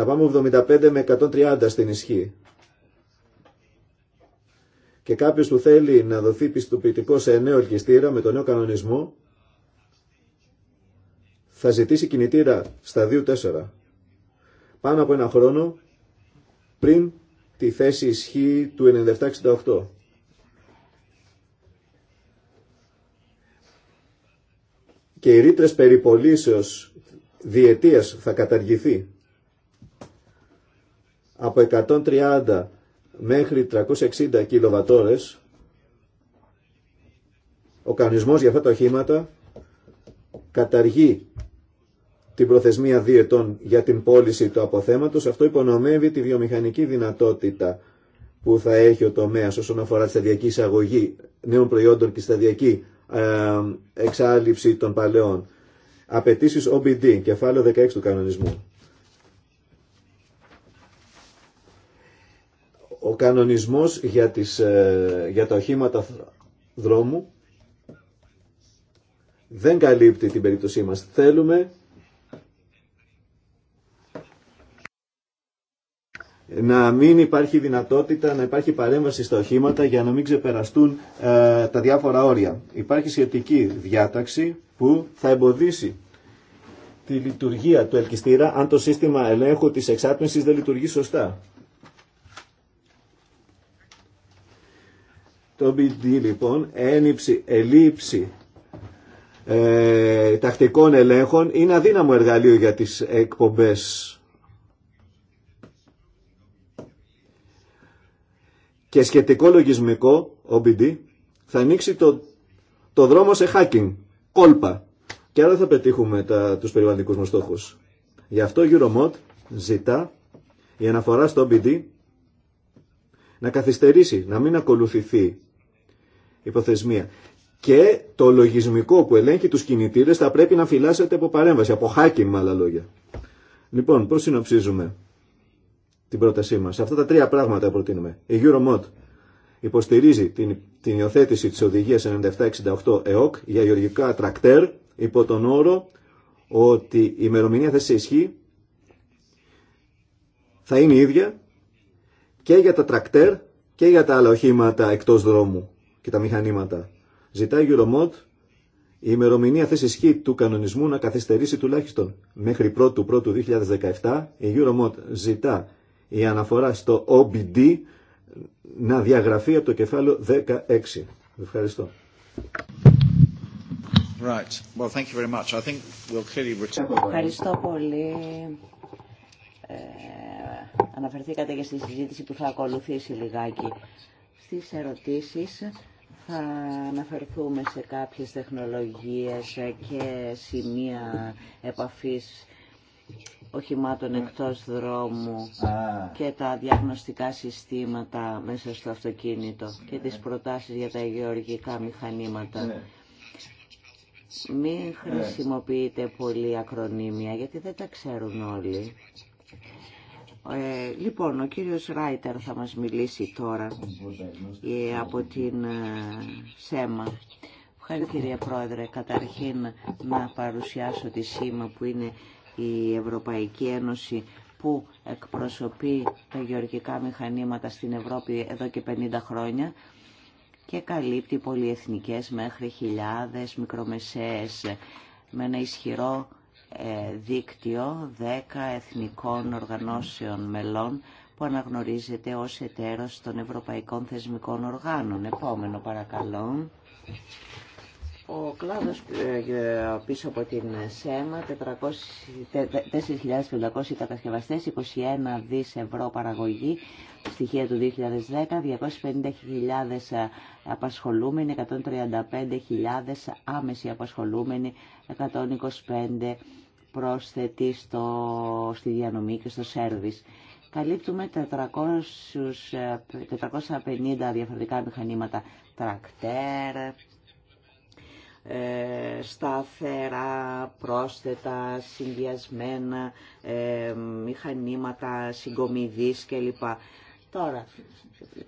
Speaker 1: θα πάμε 75 με 130 στην ισχύ. Και κάποιο που θέλει να δοθεί πιστοποιητικό σε νέο ελκυστήρα με τον νέο κανονισμό θα ζητήσει κινητήρα στα 2-4 πάνω από ένα χρόνο πριν τη θέση ισχύ του 97-68. Και οι ρήτρες περιπολίσεως διετίας θα καταργηθεί από 130 μέχρι 360 κιλοβατόρες ο κανονισμός για αυτά τα οχήματα καταργεί την προθεσμία διετών για την πώληση του αποθέματος. Αυτό υπονομεύει τη βιομηχανική δυνατότητα που θα έχει ο τομέας όσον αφορά τη σταδιακή εισαγωγή νέων προϊόντων και σταδιακή ε, εξάλληψη των παλαιών. Απαιτήσει OBD, κεφάλαιο 16 του κανονισμού. ο κανονισμός για, τις, ε, για τα οχήματα δρόμου δεν καλύπτει την περίπτωσή μας. Θέλουμε να μην υπάρχει δυνατότητα να υπάρχει παρέμβαση στα οχήματα για να μην ξεπεραστούν ε, τα διάφορα όρια. Υπάρχει σχετική διάταξη που θα εμποδίσει τη λειτουργία του ελκυστήρα αν το σύστημα ελέγχου της εξάτμισης δεν λειτουργεί σωστά. Το BD λοιπόν, ένυψη, ελήψη ε, τακτικών ελέγχων είναι αδύναμο εργαλείο για τις εκπομπές. Και σχετικό λογισμικό, OBD, θα ανοίξει το, το δρόμο σε hacking, κόλπα. Και άρα θα πετύχουμε τα, τους περιβαλλοντικούς μας στόχους. Γι' αυτό Euromod ζητά η αναφορά στο OBD να καθυστερήσει, να μην ακολουθηθεί Υποθεσμία. Και το λογισμικό που ελέγχει τους κινητήρες θα πρέπει να φυλάσσεται από παρέμβαση, από hacking με άλλα λόγια. Λοιπόν, πώ συνοψίζουμε την πρότασή μας. Αυτά τα τρία πράγματα προτείνουμε. Η Euromod υποστηρίζει την, την υιοθέτηση της οδηγίας 9768 ΕΟΚ για γεωργικά τρακτέρ υπό τον όρο ότι η ημερομηνία θέση ισχύ θα είναι η ίδια και για τα τρακτέρ και για τα άλλα οχήματα εκτός δρόμου και τα μηχανήματα. Ζητάει η Euromod η ημερομηνία θέση ισχύ του κανονισμού να καθυστερήσει τουλάχιστον μέχρι 1ου 1ου 2017. Η Euromod ζητά η αναφορά στο OBD να διαγραφεί από το κεφάλαιο 16. Ευχαριστώ. Right. Well, thank you very much. I think we'll clearly return.
Speaker 3: Ευχαριστώ πολύ. Ε, αναφερθήκατε και στη συζήτηση που θα ακολουθήσει λιγάκι στις ερωτήσεις θα αναφερθούμε σε κάποιες τεχνολογίες και σημεία επαφής οχημάτων εκτός δρόμου και τα διαγνωστικά συστήματα μέσα στο αυτοκίνητο και τις ναι. προτάσεις για τα γεωργικά μηχανήματα. Ναι. Μην ναι. χρησιμοποιείτε πολύ ακρονίμια γιατί δεν τα ξέρουν όλοι. Ε, λοιπόν, ο κύριος Ράιτερ θα μας μιλήσει τώρα ε, από την ε, ΣΕΜΑ. Ευχαριστώ κύριε Πρόεδρε. Καταρχήν να παρουσιάσω τη ΣΥΜΑ που είναι η Ευρωπαϊκή Ένωση που εκπροσωπεί τα γεωργικά μηχανήματα στην Ευρώπη εδώ και 50 χρόνια και καλύπτει πολυεθνικές μέχρι χιλιάδες μικρομεσαίες με ένα ισχυρό ε, δίκτυο 10 εθνικών οργανώσεων μελών που αναγνωρίζεται ως εταίρος των ευρωπαϊκών θεσμικών οργάνων. Επόμενο παρακαλώ. Ο κλάδος ε, πίσω από την ΣΕΜΑ, 4.500 κατασκευαστές, 21 δις ευρώ παραγωγή, στοιχεία του 2010, 250.000 απασχολούμενοι 135.000, άμεση απασχολούμενοι 125 πρόσθετοι στο, στη διανομή και στο σέρβις. Καλύπτουμε 400, 450 ε, διαφορετικά μηχανήματα, τρακτέρ, ε, σταθερά, πρόσθετα, συνδυασμένα, ε, μηχανήματα, συγκομιδής κλπ. Τώρα,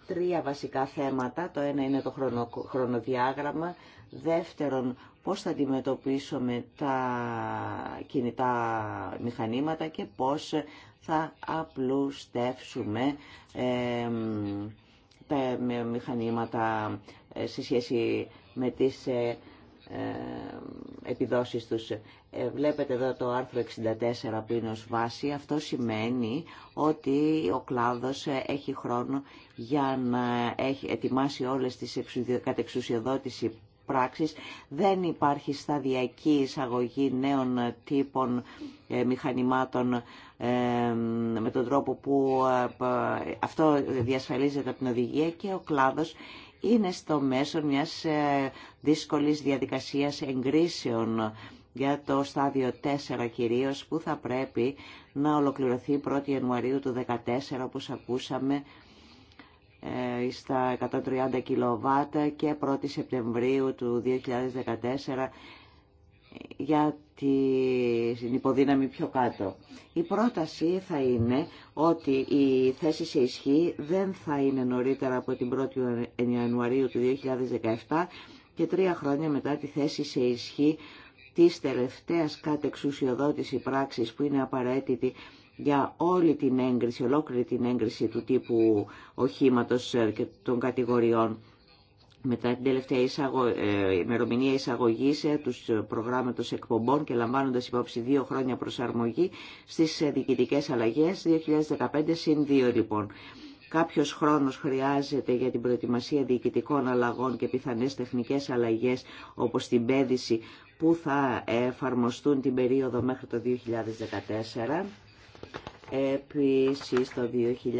Speaker 3: τρία βασικά θέματα. Το ένα είναι το χρονοδιάγραμμα. Δεύτερον, πώς θα αντιμετωπίσουμε τα κινητά μηχανήματα και πώς θα απλουστεύσουμε τα μηχανήματα ε, σε σχέση με τις ε, ε, επιδόσεις τους. Ε, βλέπετε εδώ το άρθρο 64 που είναι βάση. Αυτό σημαίνει ότι ο κλάδος ε, έχει χρόνο για να έχει ετοιμάσει όλες τις κατεξουσιοδότηση πράξεις. Δεν υπάρχει σταδιακή εισαγωγή νέων τύπων ε, μηχανημάτων με τον τρόπο που αυτό διασφαλίζεται από την οδηγία και ο κλάδος είναι στο μέσο μιας δύσκολης διαδικασίας εγκρίσεων για το στάδιο 4 κυρίως που θα πρέπει να ολοκληρωθεί 1η Ιανουαρίου του 2014 όπως ακούσαμε ε, στα 130 κιλοβάτα και 1η Σεπτεμβρίου του 2014 για την υποδύναμη πιο κάτω. Η πρόταση θα είναι ότι η θέση σε ισχύ δεν θα είναι νωρίτερα από την 1η Ιανουαρίου του 2017 και τρία χρόνια μετά τη θέση σε ισχύ της τελευταίας κατεξουσιοδότηση πράξης που είναι απαραίτητη για όλη την έγκριση, ολόκληρη την έγκριση του τύπου οχήματο ε, και των κατηγοριών μετά την τελευταία εισαγω... Ε, ημερομηνία εισαγωγή ε, του προγράμματο εκπομπών και λαμβάνοντα υπόψη δύο χρόνια προσαρμογή στι διοικητικέ αλλαγέ 2015 συν 2 λοιπόν. Κάποιος χρόνος χρειάζεται για την προετοιμασία διοικητικών αλλαγών και πιθανές τεχνικές αλλαγές όπως την πέδηση που θα εφαρμοστούν την περίοδο μέχρι το 2014. Επίσης το 2014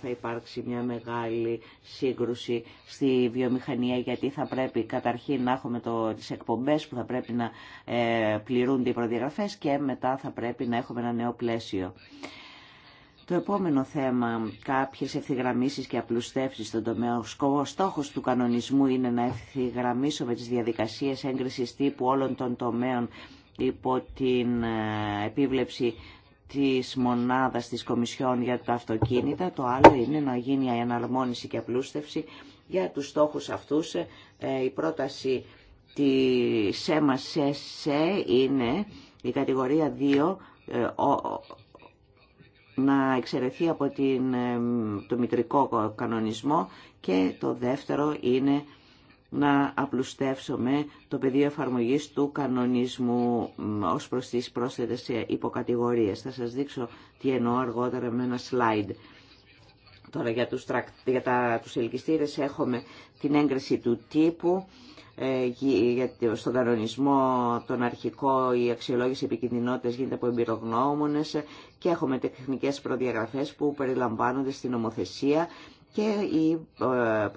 Speaker 3: θα υπάρξει μια μεγάλη σύγκρουση στη βιομηχανία γιατί θα πρέπει καταρχήν να έχουμε το, τις εκπομπές που θα πρέπει να ε, πληρούνται οι προδιαγραφές και μετά θα πρέπει να έχουμε ένα νέο πλαίσιο. Το επόμενο θέμα, κάποιες ευθυγραμμίσεις και απλουστεύσεις στον τομέα. Ο στόχος του κανονισμού είναι να ευθυγραμμίσουμε τις διαδικασίες έγκρισης τύπου όλων των τομέων υπό την ε, επίβλεψη της μονάδας της Κομισιόν για τα αυτοκίνητα. Το άλλο είναι να γίνει η αναρμόνιση και απλούστευση για τους στόχους αυτούς. Ε, η πρόταση της ΕΜΑΣΕΣΕ είναι η κατηγορία 2 να εξαιρεθεί από την, το μητρικό κανονισμό και το δεύτερο είναι να απλουστεύσουμε το πεδίο εφαρμογής του κανονισμού ως προς τις πρόσθετες ε, υποκατηγορίες. Θα σας δείξω τι εννοώ αργότερα με ένα slide. Τώρα για τους, για τα, τους ελκυστήρες έχουμε την έγκριση του τύπου, ε, στον κανονισμό τον αρχικό η αξιολόγηση επικινδυνότητας γίνεται από εμπειρογνώμονες και έχουμε τεχνικές προδιαγραφές που περιλαμβάνονται στην νομοθεσία και η, ε, ο ε,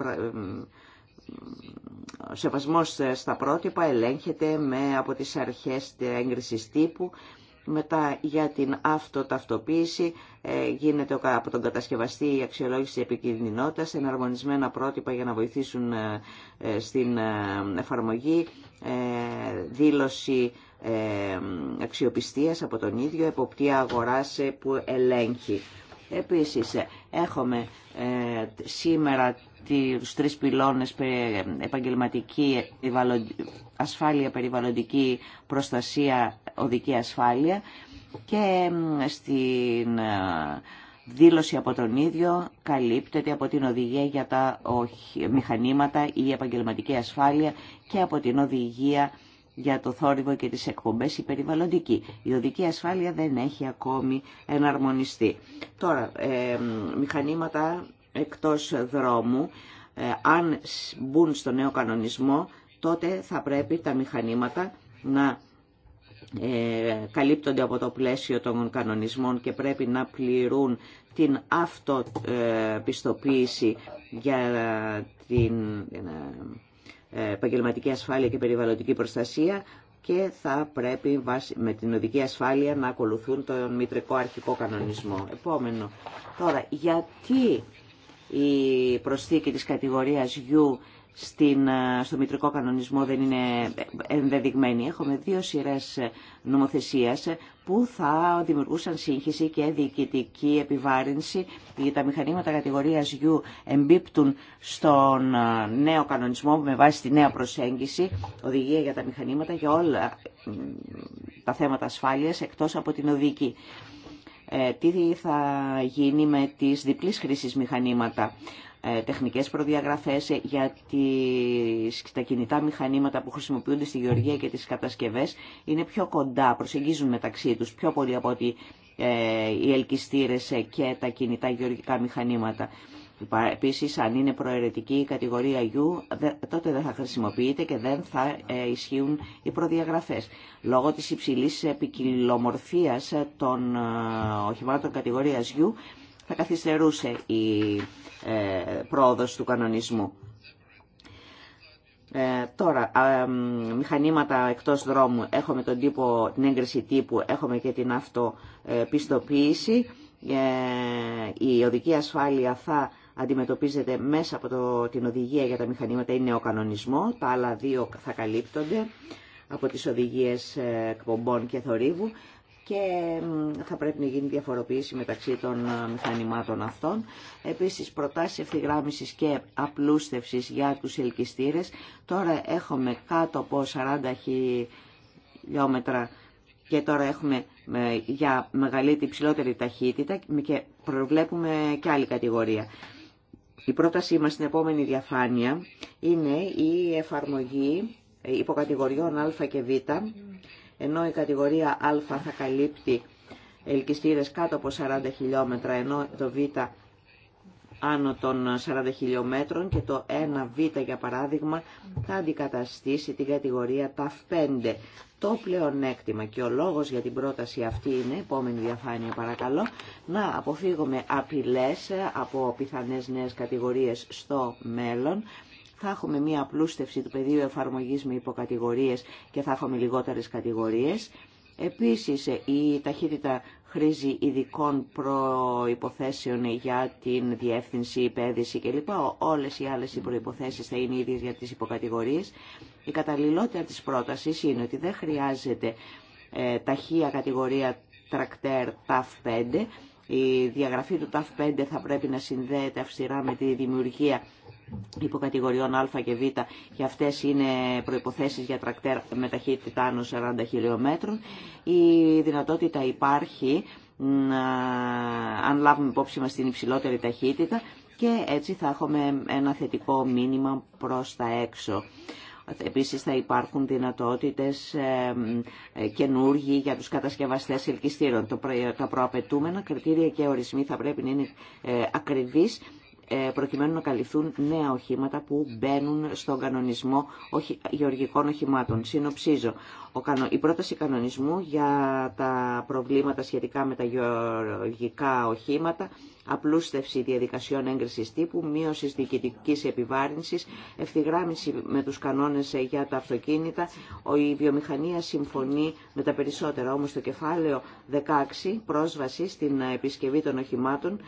Speaker 3: σεβασμός στα πρότυπα ελέγχεται με, από τις αρχές έγκρισης τύπου μετά για την αυτοταυτοποίηση ε, γίνεται από τον κατασκευαστή η αξιολόγηση επικίνδυνοτητας, εναρμονισμένα πρότυπα για να βοηθήσουν ε, ε, στην εφαρμογή, δήλωση αξιοπιστίας από τον ίδιο, εποπτεία αγοράς που ελέγχει. Επίσης, έχουμε σήμερα τους τρεις πυλώνες επαγγελματική ασφάλεια περιβαλλοντική προστασία οδική ασφάλεια και στην ε, δήλωση από τον ίδιο καλύπτεται από την οδηγία για τα μηχανήματα ή επαγγελματική ασφάλεια και από την οδηγία για το θόρυβο και τις εκπομπές η περιβαλλοντική. Η οδική ασφάλεια δεν έχει ακόμη εναρμονιστεί. Τώρα, ε, μηχανήματα εκτός δρόμου, ε, αν μπουν στο νέο κανονισμό, τότε θα πρέπει τα μηχανήματα να ε, καλύπτονται από το πλαίσιο των κανονισμών και πρέπει να πληρούν την αυτοπιστοποίηση ε, για την ε, επαγγελματική ασφάλεια και περιβαλλοντική προστασία και θα πρέπει με την οδική ασφάλεια να ακολουθούν τον μητρικό αρχικό κανονισμό. Επόμενο. Τώρα, γιατί η προσθήκη της κατηγορίας U στην, ε, στο μητρικό κανονισμό δεν είναι ενδεδειγμένη. Έχουμε δύο σειρές ε, νομοθεσίας ε, που θα δημιουργούσαν σύγχυση και διοικητική επιβάρυνση. Τα μηχανήματα κατηγορίας U εμπίπτουν στον νέο κανονισμό με βάση τη νέα προσέγγιση, οδηγία για τα μηχανήματα και όλα τα θέματα ασφάλειας εκτός από την οδική. τι θα γίνει με τις διπλής χρήσης μηχανήματα. Ε, τεχνικές προδιαγραφές ε, για τις, τα κινητά μηχανήματα που χρησιμοποιούνται στη γεωργία και τις κατασκευές είναι πιο κοντά, προσεγγίζουν μεταξύ τους πιο πολύ από ότι ε, οι ελκυστήρες και τα κινητά γεωργικά μηχανήματα. Επίση, αν είναι προαιρετική η κατηγορία U, τότε δεν θα χρησιμοποιείται και δεν θα ισχύουν οι προδιαγραφές. Λόγω της υψηλή ποικιλομορφία των οχημάτων κατηγορία U, θα καθυστερούσε η ε, πρόοδος του κανονισμού. Ε, τώρα, μηχανήματα εκτός δρόμου, έχουμε τον τύπο, την έγκριση τύπου, έχουμε και την αυτοπιστοποίηση. Ε, η οδική ασφάλεια θα αντιμετωπίζεται μέσα από το, την οδηγία για τα μηχανήματα, είναι ο κανονισμό, τα άλλα δύο θα καλύπτονται από τις οδηγίες ε, εκπομπών και θορύβου και θα πρέπει να γίνει διαφοροποίηση μεταξύ των ε, μηχανημάτων αυτών. Επίσης προτάσεις ευθυγράμμισης και απλούστευσης για τους ελκυστήρες. Τώρα έχουμε κάτω από 40 χιλιόμετρα και τώρα έχουμε ε, για μεγαλύτερη υψηλότερη ταχύτητα και προβλέπουμε και άλλη κατηγορία. Η πρότασή μας στην επόμενη διαφάνεια είναι η εφαρμογή υποκατηγοριών α και β ενώ η κατηγορία Α θα καλύπτει ελκυστήρες κάτω από 40 χιλιόμετρα, ενώ το Β άνω των 40 χιλιόμετρων και το 1Β για παράδειγμα θα αντικαταστήσει την κατηγορία ΤΑΦ5. Το πλεονέκτημα και ο λόγος για την πρόταση αυτή είναι, επόμενη διαφάνεια παρακαλώ, να αποφύγουμε απειλές από πιθανές νέες κατηγορίες στο μέλλον θα έχουμε μία απλούστευση του πεδίου εφαρμογής με υποκατηγορίες και θα έχουμε λιγότερες κατηγορίες. Επίσης, η ταχύτητα χρήση ειδικών προϋποθέσεων για την διεύθυνση, υπέδηση κλπ. Όλες οι άλλες οι προϋποθέσεις θα είναι ίδιες για τις υποκατηγορίες. Η καταλληλότητα της πρότασης είναι ότι δεν χρειάζεται ε, ταχεία κατηγορία τρακτέρ TAF5. Η διαγραφή του TAF5 θα πρέπει να συνδέεται αυστηρά με τη δημιουργία υποκατηγοριών Α και Β και αυτές είναι προϋποθέσεις για τρακτέρ με ταχύτητα άνω 40 χιλιόμετρων. Η δυνατότητα υπάρχει, αν λάβουμε υπόψη μας την υψηλότερη ταχύτητα και έτσι θα έχουμε ένα θετικό μήνυμα προς τα έξω. Επίσης θα υπάρχουν δυνατότητες ε, ε, καινούργιοι για τους κατασκευαστές ελκυστήρων. Τα προαπαιτούμενα κριτήρια και ορισμοί θα πρέπει να είναι ε, ακριβείς ε, προκειμένου να καλυφθούν νέα οχήματα που μπαίνουν στον κανονισμό γεωργικών οχημάτων. Συνοψίζω, η πρόταση κανονισμού για τα προβλήματα σχετικά με τα γεωργικά οχήματα, απλούστευση διαδικασιών έγκρισης τύπου, μείωση διοικητικής επιβάρυνσης, ευθυγράμμιση με τους κανόνες για τα αυτοκίνητα. Η βιομηχανία συμφωνεί με τα περισσότερα, όμως το κεφάλαιο 16, πρόσβαση στην επισκευή των οχημάτων,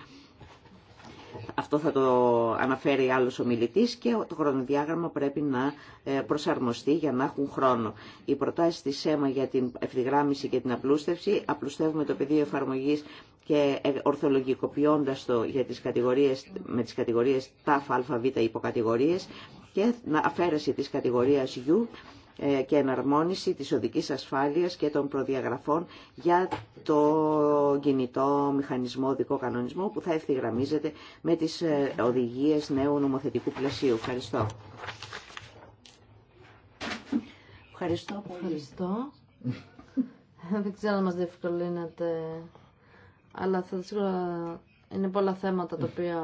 Speaker 3: αυτό θα το αναφέρει άλλος ομιλητής και το χρονοδιάγραμμα πρέπει να ε, προσαρμοστεί για να έχουν χρόνο. Οι προτάσει τη ΣΕΜΑ για την ευθυγράμμιση και την απλούστευση απλουστεύουμε το πεδίο εφαρμογή και ε, ορθολογικοποιώντας το για τις κατηγορίες, με τις κατηγορίες ΤΑΦ, ΑΒ, υποκατηγορίες και αφαίρεση της κατηγορία U ε, και εναρμόνιση της οδικής ασφάλειας και των προδιαγραφών για το κινητό μηχανισμό οδικό κανονισμό που θα ευθυγραμμίζεται με τις ε, οδηγίες νέου νομοθετικού πλαισίου. Ευχαριστώ.
Speaker 2: Ευχαριστώ πολύ. Ευχαριστώ. Δεν ξέρω αν μας διευκολύνεται, αλλά θα είναι πολλά θέματα τα οποία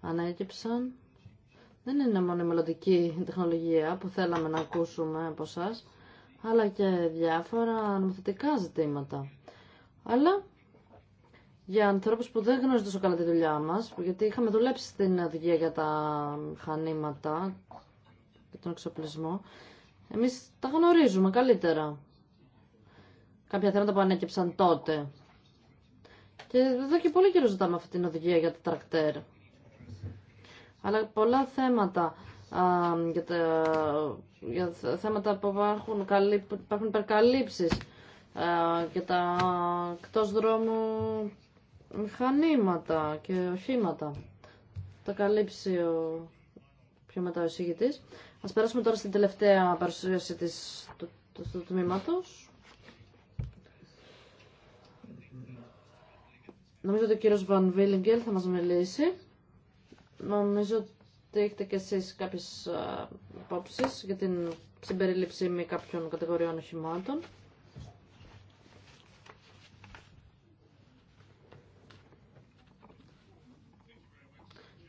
Speaker 2: ανέκυψαν δεν είναι μόνο η μελλοντική τεχνολογία που θέλαμε να ακούσουμε από εσά, αλλά και διάφορα νομοθετικά ζητήματα. Αλλά για ανθρώπους που δεν γνωρίζουν τόσο καλά τη δουλειά μας, γιατί είχαμε δουλέψει στην οδηγία για τα χανήματα και τον εξοπλισμό, εμείς τα γνωρίζουμε καλύτερα. Κάποια θέματα που ανέκυψαν τότε. Και εδώ και πολύ καιρό ζητάμε αυτή την οδηγία για τα τρακτέρ αλλά πολλά θέματα για, θέματα που υπάρχουν, υπάρχουν υπερκαλύψεις για τα εκτό δρόμου μηχανήματα και οχήματα. Τα καλύψει ο πιο μετά ο εισηγητής. Ας περάσουμε τώρα στην τελευταία παρουσίαση της, του, του, του τμήματος. Νομίζω ότι ο κύριος Βαν Βίλιγκελ θα μας μιλήσει. Νομίζω ότι έχετε και εσείς κάποιες υπόψεις για την συμπερίληψη με κάποιων κατηγοριών οχημάτων.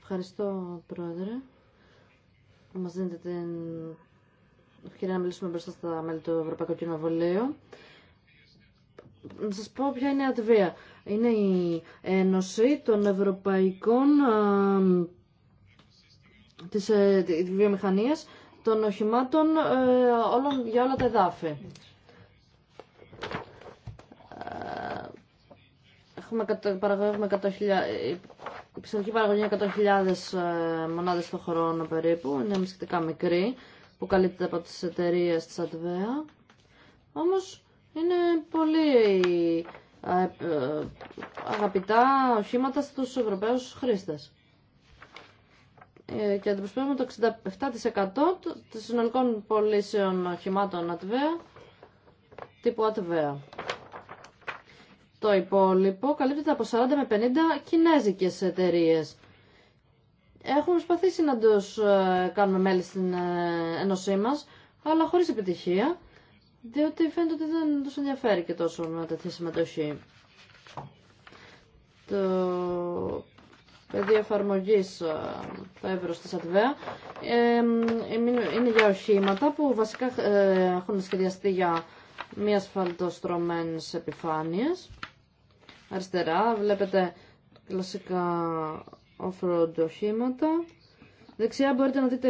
Speaker 2: Ευχαριστώ, Πρόεδρε, που δίνετε την ευκαιρία να μιλήσουμε μπροστά στα μέλη του Ευρωπαϊκού Κοινοβουλίου. Να σα πω ποια είναι η ΑΤΒΕΑ. Είναι η Ένωση των Ευρωπαϊκών της, ε, βιομηχανίας των οχημάτων ε, για όλα τα εδάφη. Ε, έχουμε, παραγωγή ψυχική ε, παραγωγή 100.000 ε, μονάδες το χρόνο περίπου, είναι μυστικά μικρή, που καλύπτεται από τις εταιρείε της ΑΤΒΕΑ. Όμως είναι πολύ ε, ε αγαπητά οχήματα στους Ευρωπαίους χρήστες. Ε, και αντιπροσωπεύουμε το 67% των συνολικών πωλήσεων χημάτων ΑΤΒΕΑ, τύπου ΑΤΒΕΑ. Το υπόλοιπο καλύπτεται από 40 με 50 κινέζικες εταιρείε. Έχουμε προσπαθήσει να του ε, κάνουμε μέλη στην ενωσή μα, αλλά χωρίς επιτυχία, διότι φαίνεται ότι δεν του ενδιαφέρει και τόσο με τέτοια συμμετοχή. Το πεδίο εφαρμογή ε, το εύρο τη ΑΤΒΕΑ ε, είναι για οχήματα που βασικά ε, έχουν σχεδιαστεί για μη ασφαλτοστρωμένε επιφάνειες. Αριστερά βλέπετε κλασικά off-road οχήματα. Δεξιά μπορείτε να δείτε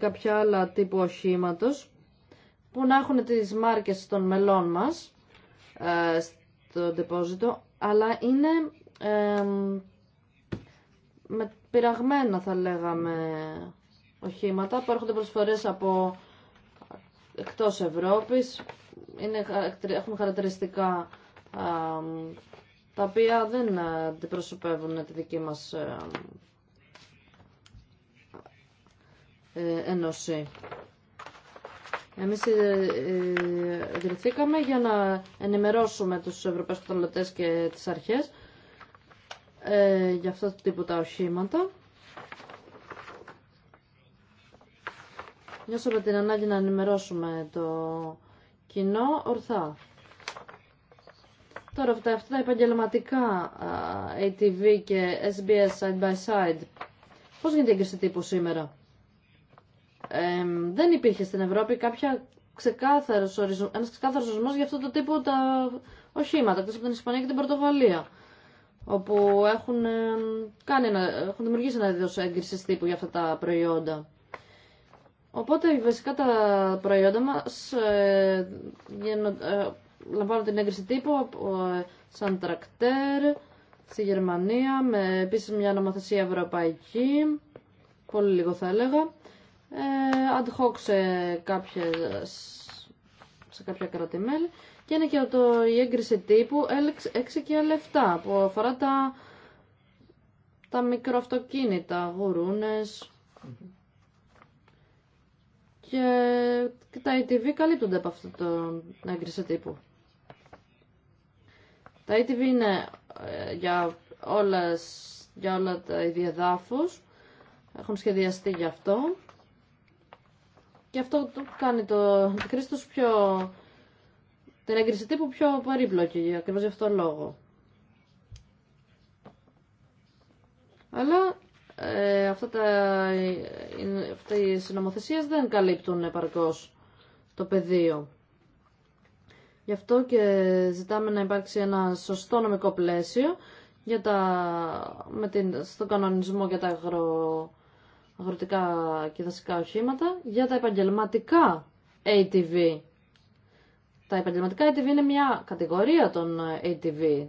Speaker 2: κάποια άλλα τύπου οχήματο, που να έχουν τις μάρκες των μελών μας στο ντεπόζιτο, αλλά είναι με πειραγμένα θα λέγαμε οχήματα που έρχονται προσφορές από εκτός Ευρώπης είναι, έχουν χαρακτηριστικά τα οποία δεν αντιπροσωπεύουν τη δική μας α, ε, ενώση. Εμείς ε, ε, ιδρυθήκαμε για να ενημερώσουμε τους Ευρωπαίους καταναλωτές και τις αρχές ε, για αυτά τα τίποτα οχήματα. Νιώσαμε την ανάγκη να ενημερώσουμε το κοινό ορθά. Τώρα αυτά, αυτά τα επαγγελματικά ATV και SBS side by side, πώς γίνεται η έγκριση τύπου σήμερα. Ε, δεν υπήρχε στην Ευρώπη κάποια ξεκάθαρος ορισμός, ένας ξεκάθαρος ορισμός για αυτό το τύπο τα οχήματα, τόσο από την Ισπανία και την Πορτογαλία όπου έχουν, ε, κάνει έχουν δημιουργήσει ένα είδο έγκριση τύπου για αυτά τα προϊόντα. Οπότε βασικά τα προϊόντα μα ε, ε, λαμβάνουν την έγκριση τύπου ε, σαν τρακτέρ στη Γερμανία, με επίσης μια νομοθεσία ευρωπαϊκή, πολύ λίγο θα έλεγα, ad hoc σε, κάποιες, σε κάποια και είναι και το, η έγκριση L6 και 7 που αφορά τα, τα μικροαυτοκίνητα, γουρούνες και, τα ETV καλύπτονται από αυτό το έγκριση τύπου. Τα ETV είναι ε, για, όλες, για όλα τα ίδια έχουν σχεδιαστεί γι' αυτό και αυτό το κάνει το, το πιο την εγκρισιτή τύπου πιο παρήπλοκη, ακριβώς γι' αυτόν λόγο. Αλλά ε, αυτά τα, ε, οι συνομοθεσίες δεν καλύπτουν επαρκώς το πεδίο. Γι' αυτό και ζητάμε να υπάρξει ένα σωστό νομικό πλαίσιο για τα, με την, στον κανονισμό για τα αγρο, αγροτικά και δασικά οχήματα, για τα επαγγελματικά ATV τα επαγγελματικά ATV είναι μια κατηγορία των ATV.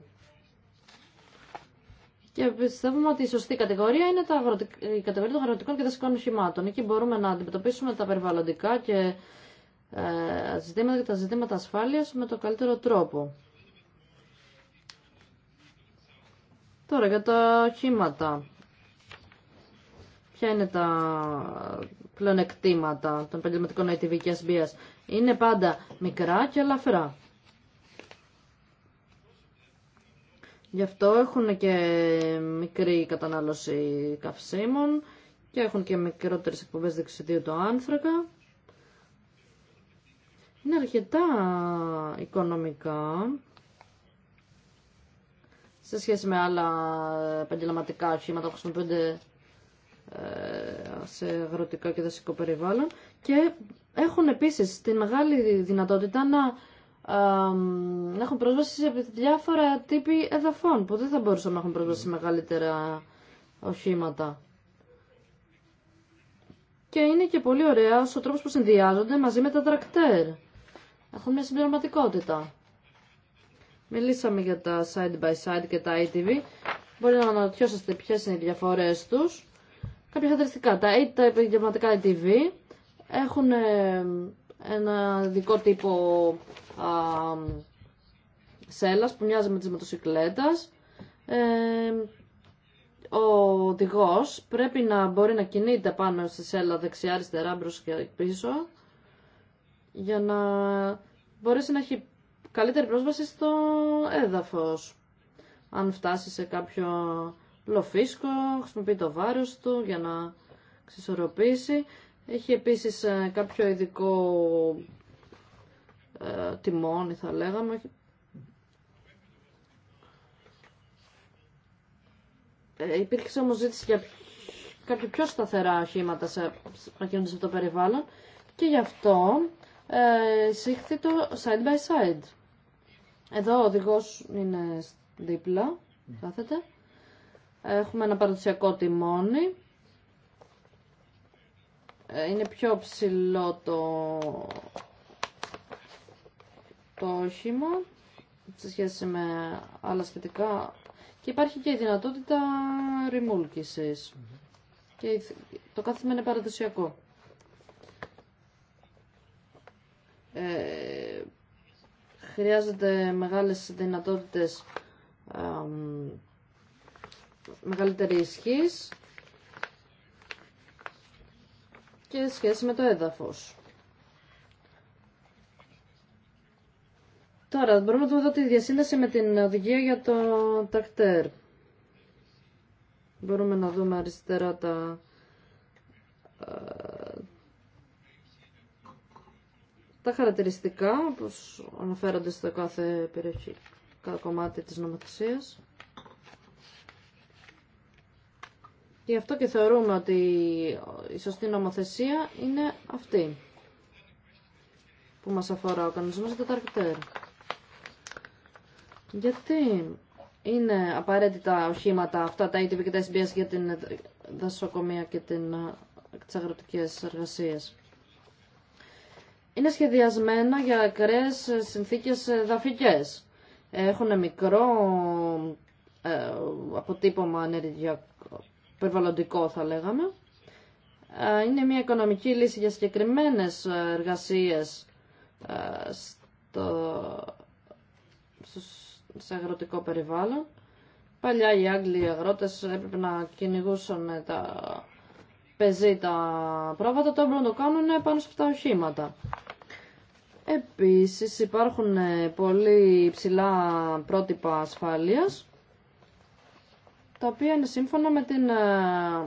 Speaker 2: Και πιστεύουμε ότι η σωστή κατηγορία είναι τα αγροτικ... η κατηγορία των αγροτικών και δασικών οχημάτων. Εκεί μπορούμε να αντιμετωπίσουμε τα περιβαλλοντικά και ε, ζητήματα και τα ζητήματα ασφάλειας με το καλύτερο τρόπο. Τώρα για τα οχήματα. Ποια είναι τα πλεονεκτήματα των επαγγελματικών ATV και SBS είναι πάντα μικρά και ελαφρα. Γι' αυτό έχουν και μικρή κατανάλωση καυσίμων και έχουν και μικρότερες εκπομπές δεξιδίου το άνθρακα. Είναι αρκετά οικονομικά σε σχέση με άλλα επαγγελματικά οχήματα που χρησιμοποιούνται σε αγροτικό και δασικό περιβάλλον και έχουν επίσης τη μεγάλη δυνατότητα να, έχουν πρόσβαση σε διάφορα τύποι εδαφών που δεν θα μπορούσαν να έχουν πρόσβαση σε μεγαλύτερα οχήματα. Και είναι και πολύ ωραία ο τρόπος που συνδυάζονται μαζί με τα τρακτέρ. Έχουν μια συμπληρωματικότητα. Μιλήσαμε για τα side by side και τα ATV. E Μπορεί να αναρωτιόσαστε ποιες είναι οι διαφορές τους κάποια χαρακτηριστικά. Τα, τα επαγγελματικά ETV έχουν ε, ένα δικό τύπο α, σέλας που μοιάζει με τις μοτοσυκλέτας. Ε, ο οδηγό πρέπει να μπορεί να κινείται πάνω στη σέλα δεξιά, αριστερά, μπρος και πίσω για να μπορέσει να έχει καλύτερη πρόσβαση στο έδαφος αν φτάσει σε κάποιο λοφίσκο, χρησιμοποιεί το βάρος του για να ξεσορροπήσει. Έχει επίσης ε, κάποιο ειδικό ε, τιμόνι θα λέγαμε. Ε, υπήρχε όμως ζήτηση για κάποια πιο σταθερά οχήματα σε, να σε αυτό το περιβάλλον και γι' αυτό ε, το side by side. Εδώ ο οδηγός είναι δίπλα, κάθεται. Έχουμε ένα παραδοσιακό τιμόνι. Ε, είναι πιο ψηλό το, το όχημα σε σχέση με άλλα σχετικά και υπάρχει και η δυνατότητα ρημούλκησης. Και το κάθισμα είναι παραδοσιακό. Ε, χρειάζεται μεγάλες δυνατότητες μεγαλύτερη ισχύ και σχέση με το έδαφος. Τώρα, μπορούμε να δούμε εδώ τη διασύνδεση με την οδηγία για το τακτέρ. Μπορούμε να δούμε αριστερά τα... Ε, τα χαρακτηριστικά, όπως αναφέρονται στο κάθε περιοχή, κάθε κομμάτι της νομοθεσίας. Γι' αυτό και θεωρούμε ότι η σωστή νομοθεσία είναι αυτή που μας αφορά ο κανονισμός τεταρκτέρ. Γιατί είναι απαραίτητα οχήματα αυτά τα ATV e και τα SBS για την δασοκομεία και την, ε, τις αγροτικές εργασίες. Είναι σχεδιασμένα για ακραίες συνθήκες δαφικές. Έχουν μικρό ε, αποτύπωμα ενεργειακό περιβαλλοντικό θα λέγαμε. Ε, είναι μια οικονομική λύση για συγκεκριμένες εργασίες ε, στο, σε αγροτικό περιβάλλον. Παλιά οι Άγγλοι αγρότες έπρεπε να κυνηγούσαν τα πεζή τα πρόβατα, τώρα μπορούν να το κάνουν πάνω σε αυτά τα οχήματα. Επίσης υπάρχουν ε, πολύ ψηλά πρότυπα ασφάλειας τα οποία είναι σύμφωνα με την ε,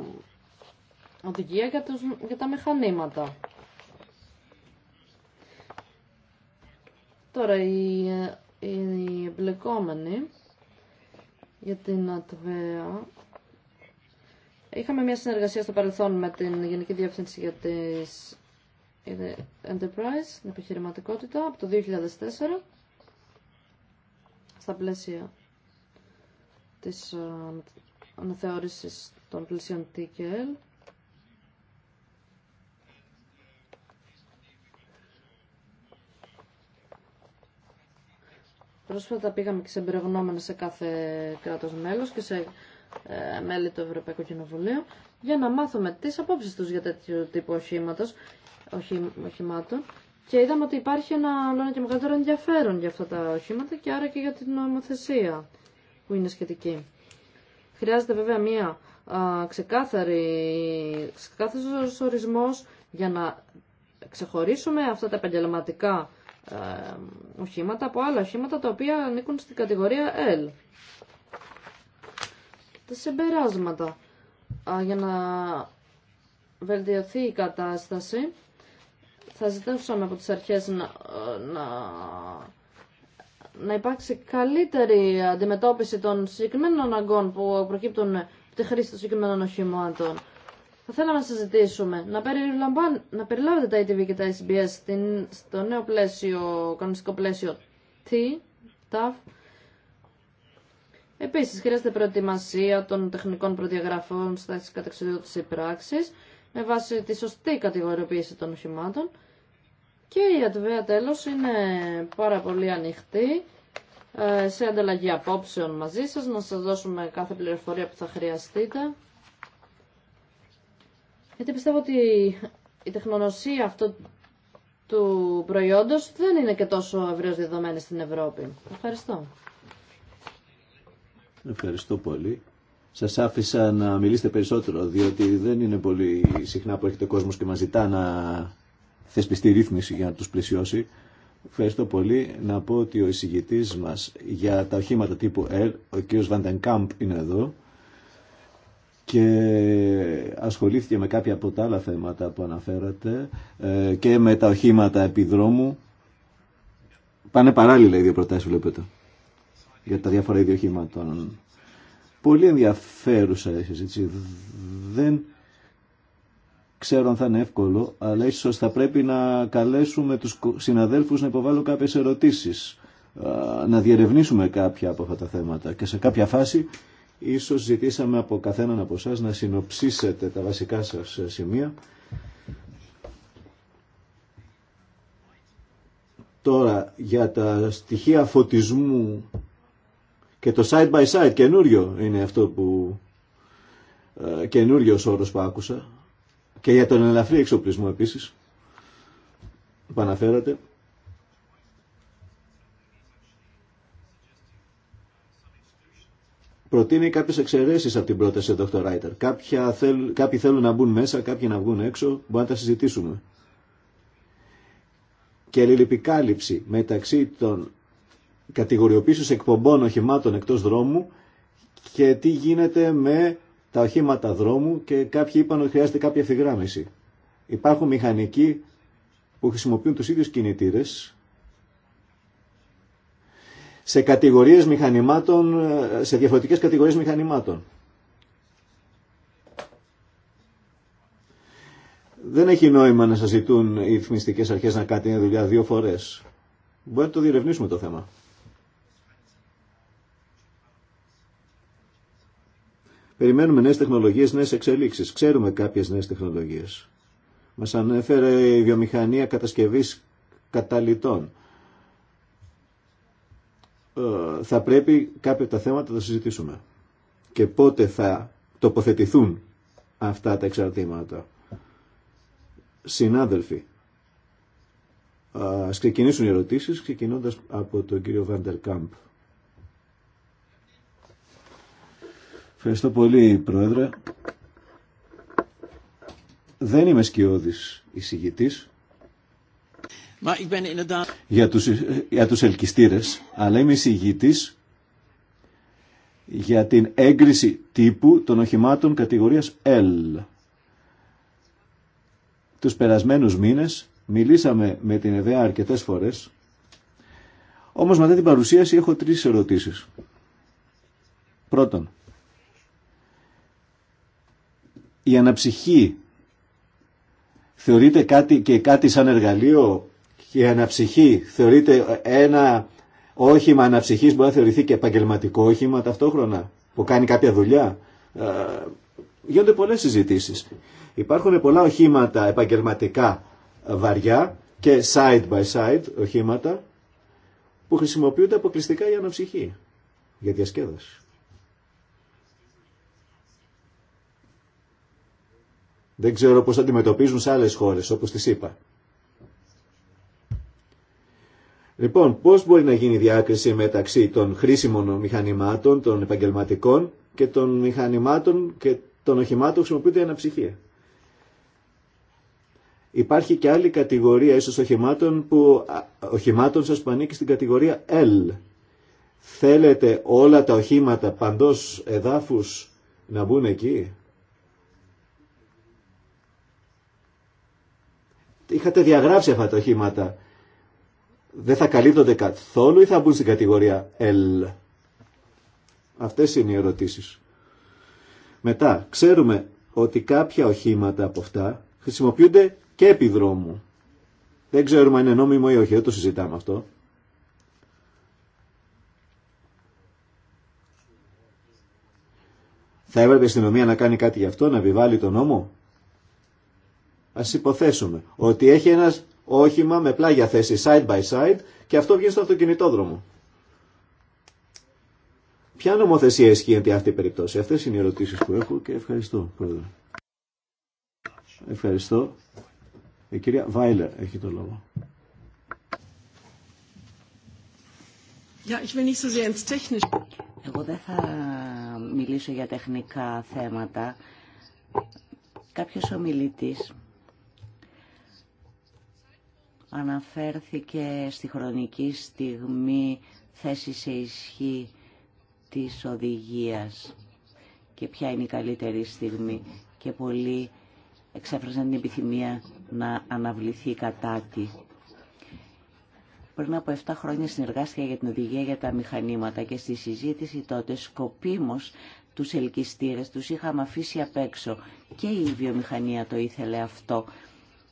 Speaker 2: οδηγία για, τους, για τα μηχανήματα. Τώρα, οι, ε, οι εμπλεκόμενοι για την ΑΤΒΕΑ είχαμε μια συνεργασία στο παρελθόν με την Γενική Διεύθυνση για τις ε, Enterprise, την επιχειρηματικότητα, από το 2004, στα πλαίσια της αναθεώρησης των πλησίων TKL. Πρόσφατα πήγαμε και σε εμπειρογνώμενα σε κάθε κράτος μέλος και σε ε, μέλη του Ευρωπαϊκού Κοινοβουλίου για να μάθουμε τις απόψεις τους για τέτοιου τύπου οχήματος, οχημάτων και είδαμε ότι υπάρχει ένα όλο και μεγαλύτερο ενδιαφέρον για αυτά τα οχήματα και άρα και για την νομοθεσία που είναι σχετική. Χρειάζεται βέβαια μία ξεκάθαρη, ξεκάθαρης ορισμός για να ξεχωρίσουμε αυτά τα επαγγελματικά ε, οχήματα από άλλα οχήματα τα οποία ανήκουν στην κατηγορία L. Τα συμπεράσματα για να βελτιωθεί η κατάσταση θα ζητήσουμε από τις αρχές να να υπάρξει καλύτερη αντιμετώπιση των συγκεκριμένων αναγκών που προκύπτουν από τη χρήση των συγκεκριμένων οχημάτων. Θα θέλαμε να συζητήσουμε να, περιλαμβάν, να περιλάβετε τα ITV και τα SBS στην, στο νέο πλαίσιο, κανονιστικό πλαίσιο T, TAF. Επίσης, χρειάζεται προετοιμασία των τεχνικών προδιαγραφών στα κατεξοδίου της πράξης, με βάση τη σωστή κατηγοριοποίηση των οχημάτων και η Ατβέα τέλος είναι πάρα πολύ ανοιχτή ε, σε ανταλλαγή απόψεων μαζί σας, να σας δώσουμε κάθε πληροφορία που θα χρειαστείτε. Γιατί πιστεύω ότι η τεχνονοσία αυτού του προϊόντος δεν είναι και τόσο ευρέως δεδομένη στην Ευρώπη. Ευχαριστώ.
Speaker 1: Ευχαριστώ πολύ. Σας άφησα να μιλήσετε περισσότερο, διότι δεν είναι πολύ συχνά που έρχεται κόσμο κόσμος και μας ζητά να θεσπιστή ρύθμιση για να τους πλησιώσει. Ευχαριστώ πολύ. Να πω ότι ο εισηγητής μας για τα οχήματα τύπου L, ο κ. Βαντενκάμπ είναι εδώ και ασχολήθηκε με κάποια από τα άλλα θέματα που αναφέρατε ε, και με τα οχήματα επιδρόμου. Πάνε παράλληλα οι δύο προτάσεις βλέπετε για τα διάφορα ίδια οχήματων. Πολύ ενδιαφέρουσα η συζήτηση. Δεν ξέρω αν θα είναι εύκολο, αλλά ίσω θα πρέπει να καλέσουμε του συναδέλφους να υποβάλουν κάποιες ερωτήσεις, να διερευνήσουμε κάποια από αυτά τα θέματα και σε κάποια φάση ίσως ζητήσαμε από καθέναν από εσά να συνοψίσετε τα βασικά σας σημεία. Τώρα για τα στοιχεία φωτισμού και το side by side καινούριο είναι αυτό που ε, καινούριο όρος που άκουσα και για τον ελαφρύ εξοπλισμό επίσης που αναφέρατε. Προτείνει κάποιες εξαιρέσεις από την πρόταση του Dr. Ράιτερ. κάποιοι θέλουν να μπουν μέσα, κάποιοι να βγουν έξω, μπορεί να τα συζητήσουμε. Και αλληλεπικάλυψη μεταξύ των κατηγοριοποίησεως εκπομπών οχημάτων εκτός δρόμου και τι γίνεται με τα οχήματα δρόμου και κάποιοι είπαν ότι χρειάζεται κάποια ευθυγράμμιση. Υπάρχουν μηχανικοί που χρησιμοποιούν τους ίδιους κινητήρες σε κατηγορίες μηχανημάτων, σε διαφορετικές κατηγορίες μηχανημάτων. Δεν έχει νόημα να σας ζητούν οι ρυθμιστικές αρχές να μια δουλειά δύο φορές. Μπορεί να το διερευνήσουμε το θέμα. Περιμένουμε νέες τεχνολογίες, νέες εξελίξεις. Ξέρουμε κάποιες νέες τεχνολογίες. Μας ανέφερε η βιομηχανία κατασκευής καταλυτών. Ε, θα πρέπει κάποια από τα θέματα να τα συζητήσουμε. Και πότε θα τοποθετηθούν αυτά τα εξαρτήματα. Συνάδελφοι, ας ξεκινήσουν οι ερωτήσεις, ξεκινώντας από τον κύριο Βαντερ Κάμπ. Ευχαριστώ πολύ, Πρόεδρε. Δεν είμαι σκιώδης εισηγητής για τους, για τους ελκυστήρες, αλλά είμαι εισηγητής για την έγκριση τύπου των οχημάτων κατηγορίας L. Τους περασμένους μήνες μιλήσαμε με την ΕΔΕΑ αρκετές φορές, όμως μετά την παρουσίαση έχω τρεις ερωτήσεις. Πρώτον, η αναψυχή θεωρείται κάτι και κάτι σαν εργαλείο η αναψυχή θεωρείται ένα όχημα αναψυχής μπορεί να θεωρηθεί και επαγγελματικό όχημα ταυτόχρονα που κάνει κάποια δουλειά. Ε, γίνονται πολλές συζητήσεις. Υπάρχουν πολλά οχήματα επαγγελματικά βαριά και side by side οχήματα που χρησιμοποιούνται αποκλειστικά για αναψυχή, για διασκέδαση. Δεν ξέρω πώς αντιμετωπίζουν σε άλλες χώρες, όπως τις είπα. Λοιπόν, πώς μπορεί να γίνει η διάκριση μεταξύ των χρήσιμων μηχανημάτων, των επαγγελματικών και των μηχανημάτων και των οχημάτων που χρησιμοποιούνται για αναψυχία. Υπάρχει και άλλη κατηγορία ίσως οχημάτων που, οχημάτων σας που στην κατηγορία L. Θέλετε όλα τα οχήματα παντός εδάφους να μπουν εκεί. είχατε διαγράψει αυτά τα οχήματα. Δεν θα καλύπτονται καθόλου ή θα μπουν στην κατηγορία L. Αυτές είναι οι ερωτήσεις. Μετά, ξέρουμε ότι κάποια οχήματα από αυτά χρησιμοποιούνται και επί δρόμου. Δεν ξέρουμε αν είναι νόμιμο ή όχι, δεν το συζητάμε αυτό. Θα έπρεπε η αστυνομία να κάνει κάτι γι' αυτό, να επιβάλλει τον νόμο. Ας υποθέσουμε ότι έχει ένα όχημα με πλάγια θέση side by side και αυτό βγαίνει στο αυτοκινητόδρομο. Ποια νομοθεσία ισχύει για αυτή η περίπτωση. Αυτές είναι οι ερωτήσεις που έχω και ευχαριστώ. Ευχαριστώ. Η κυρία Βάιλερ έχει το λόγο. Εγώ
Speaker 3: δεν θα μιλήσω για τεχνικά θέματα. Κάποιος ομιλητής αναφέρθηκε στη χρονική στιγμή θέση σε ισχύ της οδηγίας και ποια είναι η καλύτερη στιγμή και πολλοί εξέφρασαν την επιθυμία να αναβληθεί η τη. Πριν από 7 χρόνια συνεργάστηκα για την οδηγία για τα μηχανήματα και στη συζήτηση τότε σκοπίμως τους ελκυστήρες τους είχαμε αφήσει απ' έξω και η βιομηχανία το ήθελε αυτό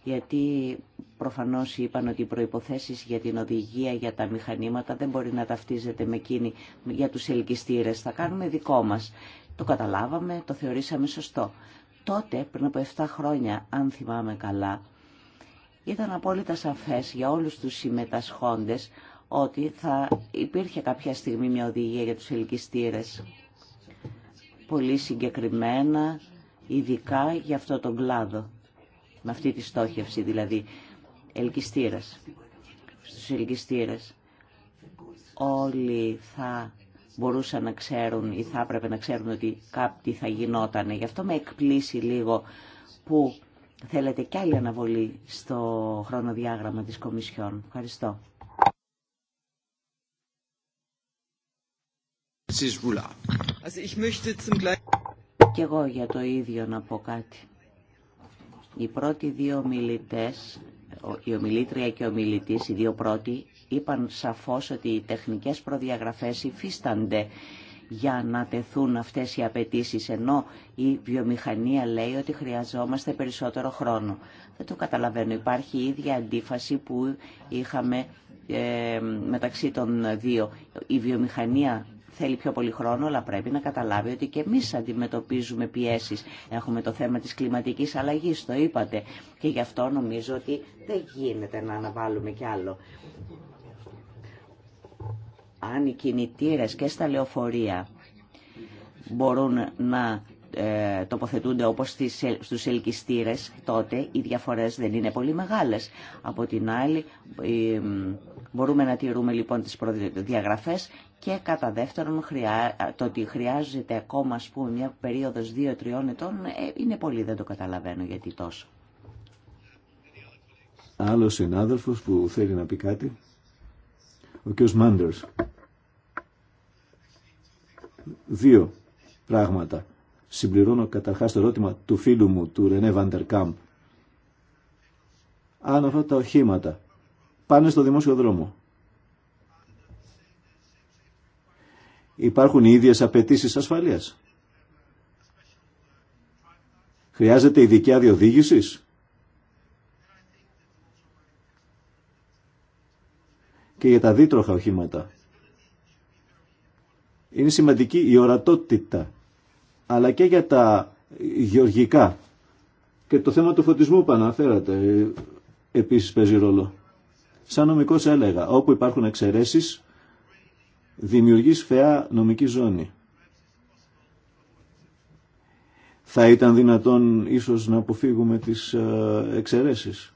Speaker 3: γιατί προφανώς είπαν ότι οι προϋποθέσεις για την οδηγία για τα μηχανήματα δεν μπορεί να ταυτίζεται με εκείνη για τους ελκυστήρες. Θα κάνουμε δικό μας. Το καταλάβαμε, το θεωρήσαμε σωστό. Τότε, πριν από 7 χρόνια, αν θυμάμαι καλά, ήταν απόλυτα σαφές για όλους τους συμμετασχόντες ότι θα υπήρχε κάποια στιγμή μια οδηγία για τους ελκυστήρες. Πολύ συγκεκριμένα, ειδικά για αυτό τον κλάδο με αυτή τη στόχευση δηλαδή ελκυστήρας. Στους ελκυστήρες όλοι θα μπορούσαν να ξέρουν ή θα έπρεπε να ξέρουν ότι κάτι θα γινόταν. Γι' αυτό με εκπλήσει λίγο που θέλετε κι άλλη αναβολή στο χρονοδιάγραμμα της Κομισιόν. Ευχαριστώ. Κι εγώ για το ίδιο να πω κάτι. Οι πρώτοι δύο ομιλητές, η ομιλήτρια και ο ομιλητής, οι δύο πρώτοι, είπαν σαφώς ότι οι τεχνικές προδιαγραφές υφίστανται για να τεθούν αυτές οι απαιτήσει, ενώ η βιομηχανία λέει ότι χρειαζόμαστε περισσότερο χρόνο. Δεν το καταλαβαίνω. Υπάρχει η ίδια αντίφαση που είχαμε ε, μεταξύ των δύο. Η βιομηχανία θέλει πιο πολύ χρόνο, αλλά πρέπει να καταλάβει ότι και εμείς αντιμετωπίζουμε πιέσεις. Έχουμε το θέμα της κλιματικής αλλαγής, το είπατε, και γι' αυτό νομίζω ότι δεν γίνεται να αναβάλουμε κι άλλο. Αν οι κινητήρες και στα λεωφορεία μπορούν να ε, τοποθετούνται όπως στους ελκυστήρες, τότε οι διαφορές δεν είναι πολύ μεγάλες. Από την άλλη, μπορούμε να τηρούμε λοιπόν τις προδιαγραφές και κατά δεύτερον το ότι χρειάζεται ακόμα ας πούμε, μια περίοδος 2-3 ετών ε, είναι πολύ, δεν το καταλαβαίνω γιατί τόσο.
Speaker 1: Άλλος συνάδελφος που θέλει να πει κάτι, ο κ. Μάντερς. Δύο πράγματα. Συμπληρώνω καταρχάς το ερώτημα του φίλου μου, του Ρενέ Βαντερκάμπ. Αν αυτά τα οχήματα πάνε στο δημόσιο δρόμο υπάρχουν οι ίδιες απαιτήσει ασφαλείας. Χρειάζεται ειδική αδειοδήγηση. Και για τα δίτροχα οχήματα. Είναι σημαντική η ορατότητα, αλλά και για τα γεωργικά. Και το θέμα του φωτισμού που αναφέρατε ε, επίσης παίζει ρόλο. Σαν νομικός έλεγα, όπου υπάρχουν εξαιρέσεις, δημιουργεί σφαιά νομική ζώνη. Θα ήταν δυνατόν ίσως να αποφύγουμε τις ε, εξαιρέσεις.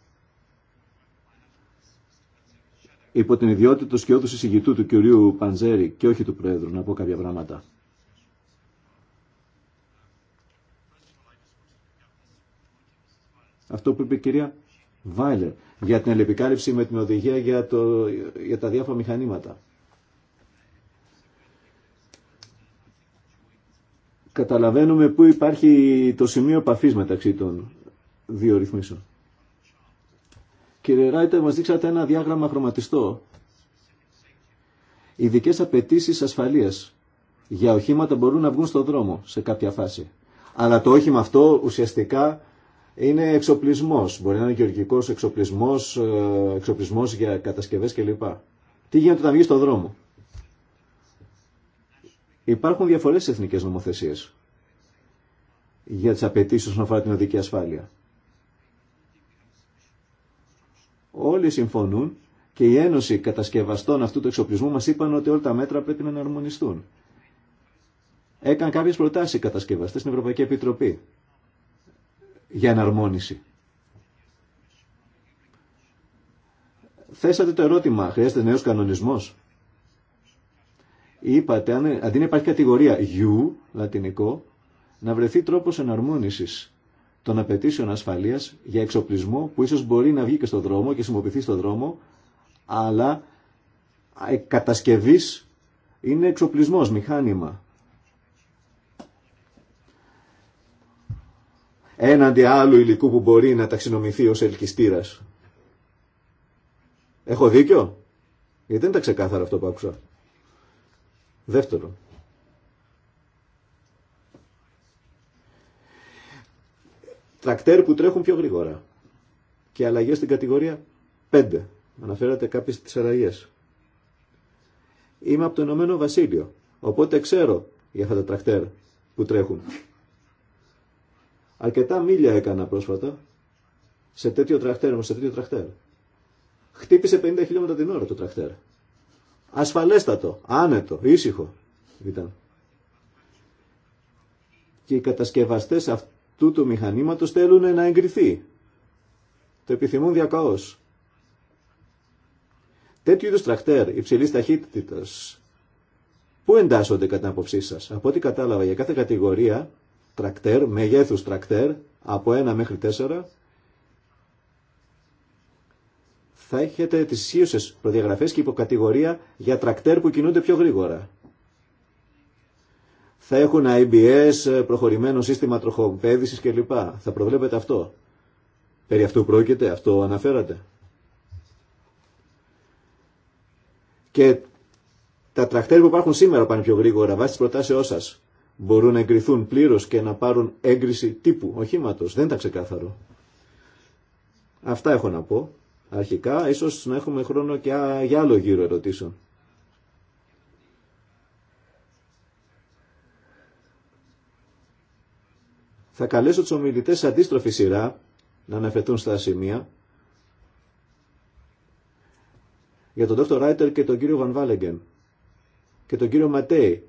Speaker 1: Υπό την ιδιότητα του σκιώδου συζητητού του κυρίου Παντζέρη και όχι του Πρόεδρου να πω κάποια πράγματα. Αυτό που είπε η κυρία Βάιλερ για την ελεπικάλυψη με την οδηγία για, το, για τα διάφορα μηχανήματα. καταλαβαίνουμε πού υπάρχει το σημείο επαφή μεταξύ των δύο ρυθμίσεων. Κύριε Ράιτερ, μας δείξατε ένα διάγραμμα χρωματιστό. Ειδικέ απαιτήσει ασφαλεία για οχήματα μπορούν να βγουν στον δρόμο σε κάποια φάση. Αλλά το όχημα αυτό ουσιαστικά είναι εξοπλισμός. Μπορεί να είναι γεωργικός εξοπλισμός, ε, εξοπλισμό για κατασκευέ κλπ. Τι γίνεται όταν βγει στον δρόμο. Υπάρχουν διαφορέ στι εθνικές νομοθεσίες για τις απαιτήσει όσον αφορά την οδική ασφάλεια. Όλοι συμφωνούν και η Ένωση Κατασκευαστών αυτού του εξοπλισμού μας είπαν ότι όλα τα μέτρα πρέπει να εναρμονιστούν. Έκανε κάποιες προτάσεις οι κατασκευαστές στην Ευρωπαϊκή Επιτροπή για εναρμόνιση. Θέσατε το ερώτημα, χρειάζεται νέο κανονισμό είπατε, αν, αντί να υπάρχει κατηγορία you λατινικό, να βρεθεί τρόπο εναρμόνισης των απαιτήσεων ασφαλείας για εξοπλισμό που ίσως μπορεί να βγει και στον δρόμο και χρησιμοποιηθεί στον δρόμο, αλλά ε, κατασκευή είναι εξοπλισμός, μηχάνημα. Έναντι άλλου υλικού που μπορεί να ταξινομηθεί ως ελκυστήρας. Έχω δίκιο? Γιατί δεν ήταν ξεκάθαρο αυτό που άκουσα. Δεύτερον, τρακτέρ που τρέχουν πιο γρήγορα και αλλαγέ στην κατηγορία 5. Αναφέρατε κάποιε τι αλλαγέ. Είμαι από το Ηνωμένο Βασίλειο, οπότε ξέρω για αυτά τα τρακτέρ που τρέχουν. Αρκετά μίλια έκανα πρόσφατα σε τέτοιο τρακτέρ, όμως σε τέτοιο τρακτέρ. Χτύπησε 50 χιλιόμετρα την ώρα το τρακτέρ ασφαλέστατο, άνετο, ήσυχο ήταν. Και οι κατασκευαστές αυτού του μηχανήματος θέλουν να εγκριθεί. Το επιθυμούν διακαώς. Τέτοιου είδους τρακτέρ υψηλής ταχύτητας, πού εντάσσονται κατά άποψή σα, Από ό,τι κατάλαβα για κάθε κατηγορία, τρακτέρ, μεγέθου τρακτέρ, από ένα μέχρι τέσσερα θα έχετε τις ισχύουσες προδιαγραφές και υποκατηγορία για τρακτέρ που κινούνται πιο γρήγορα. Θα έχουν IBS, προχωρημένο σύστημα τροχοπαίδησης κλπ. Θα προβλέπετε αυτό. Περί αυτού πρόκειται, αυτό αναφέρατε. Και τα τρακτέρ που υπάρχουν σήμερα πάνε πιο γρήγορα βάσει τη προτάσεώ σα. Μπορούν να εγκριθούν πλήρω και να πάρουν έγκριση τύπου οχήματο. Δεν τα ξεκάθαρο. Αυτά έχω να πω αρχικά, ίσως να έχουμε χρόνο και για άλλο γύρο ερωτήσεων. Θα καλέσω τους ομιλητές σε αντίστροφη σειρά να αναφερθούν στα σημεία. Για τον Dr. Ράιτερ και τον κύριο Βαν Βάλεγκεν και τον κύριο Ματέι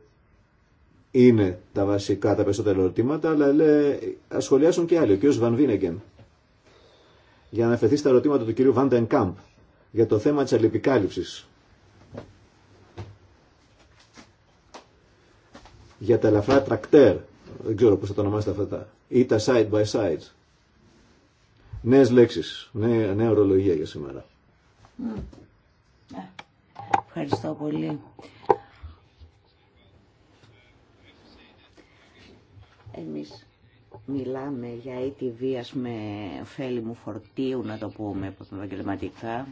Speaker 1: είναι τα βασικά τα περισσότερα ερωτήματα, αλλά λέει ασχολιάσουν και άλλοι, ο κύριος Βαν Βίνεγκεν για να αναφερθεί στα ερωτήματα του κυρίου Βάντεν Κάμπ για το θέμα της αλληλεπικάλυψης. Για τα ελαφρά τρακτέρ, δεν ξέρω πώς θα το ονομάσετε αυτά ή τα side by side. Νέες λέξεις, νέα, νέα ορολογία για σήμερα.
Speaker 3: Ε, ευχαριστώ πολύ. Εμείς μιλάμε για η βίας με φέλη μου φορτίου, να το πούμε επαγγελματικά,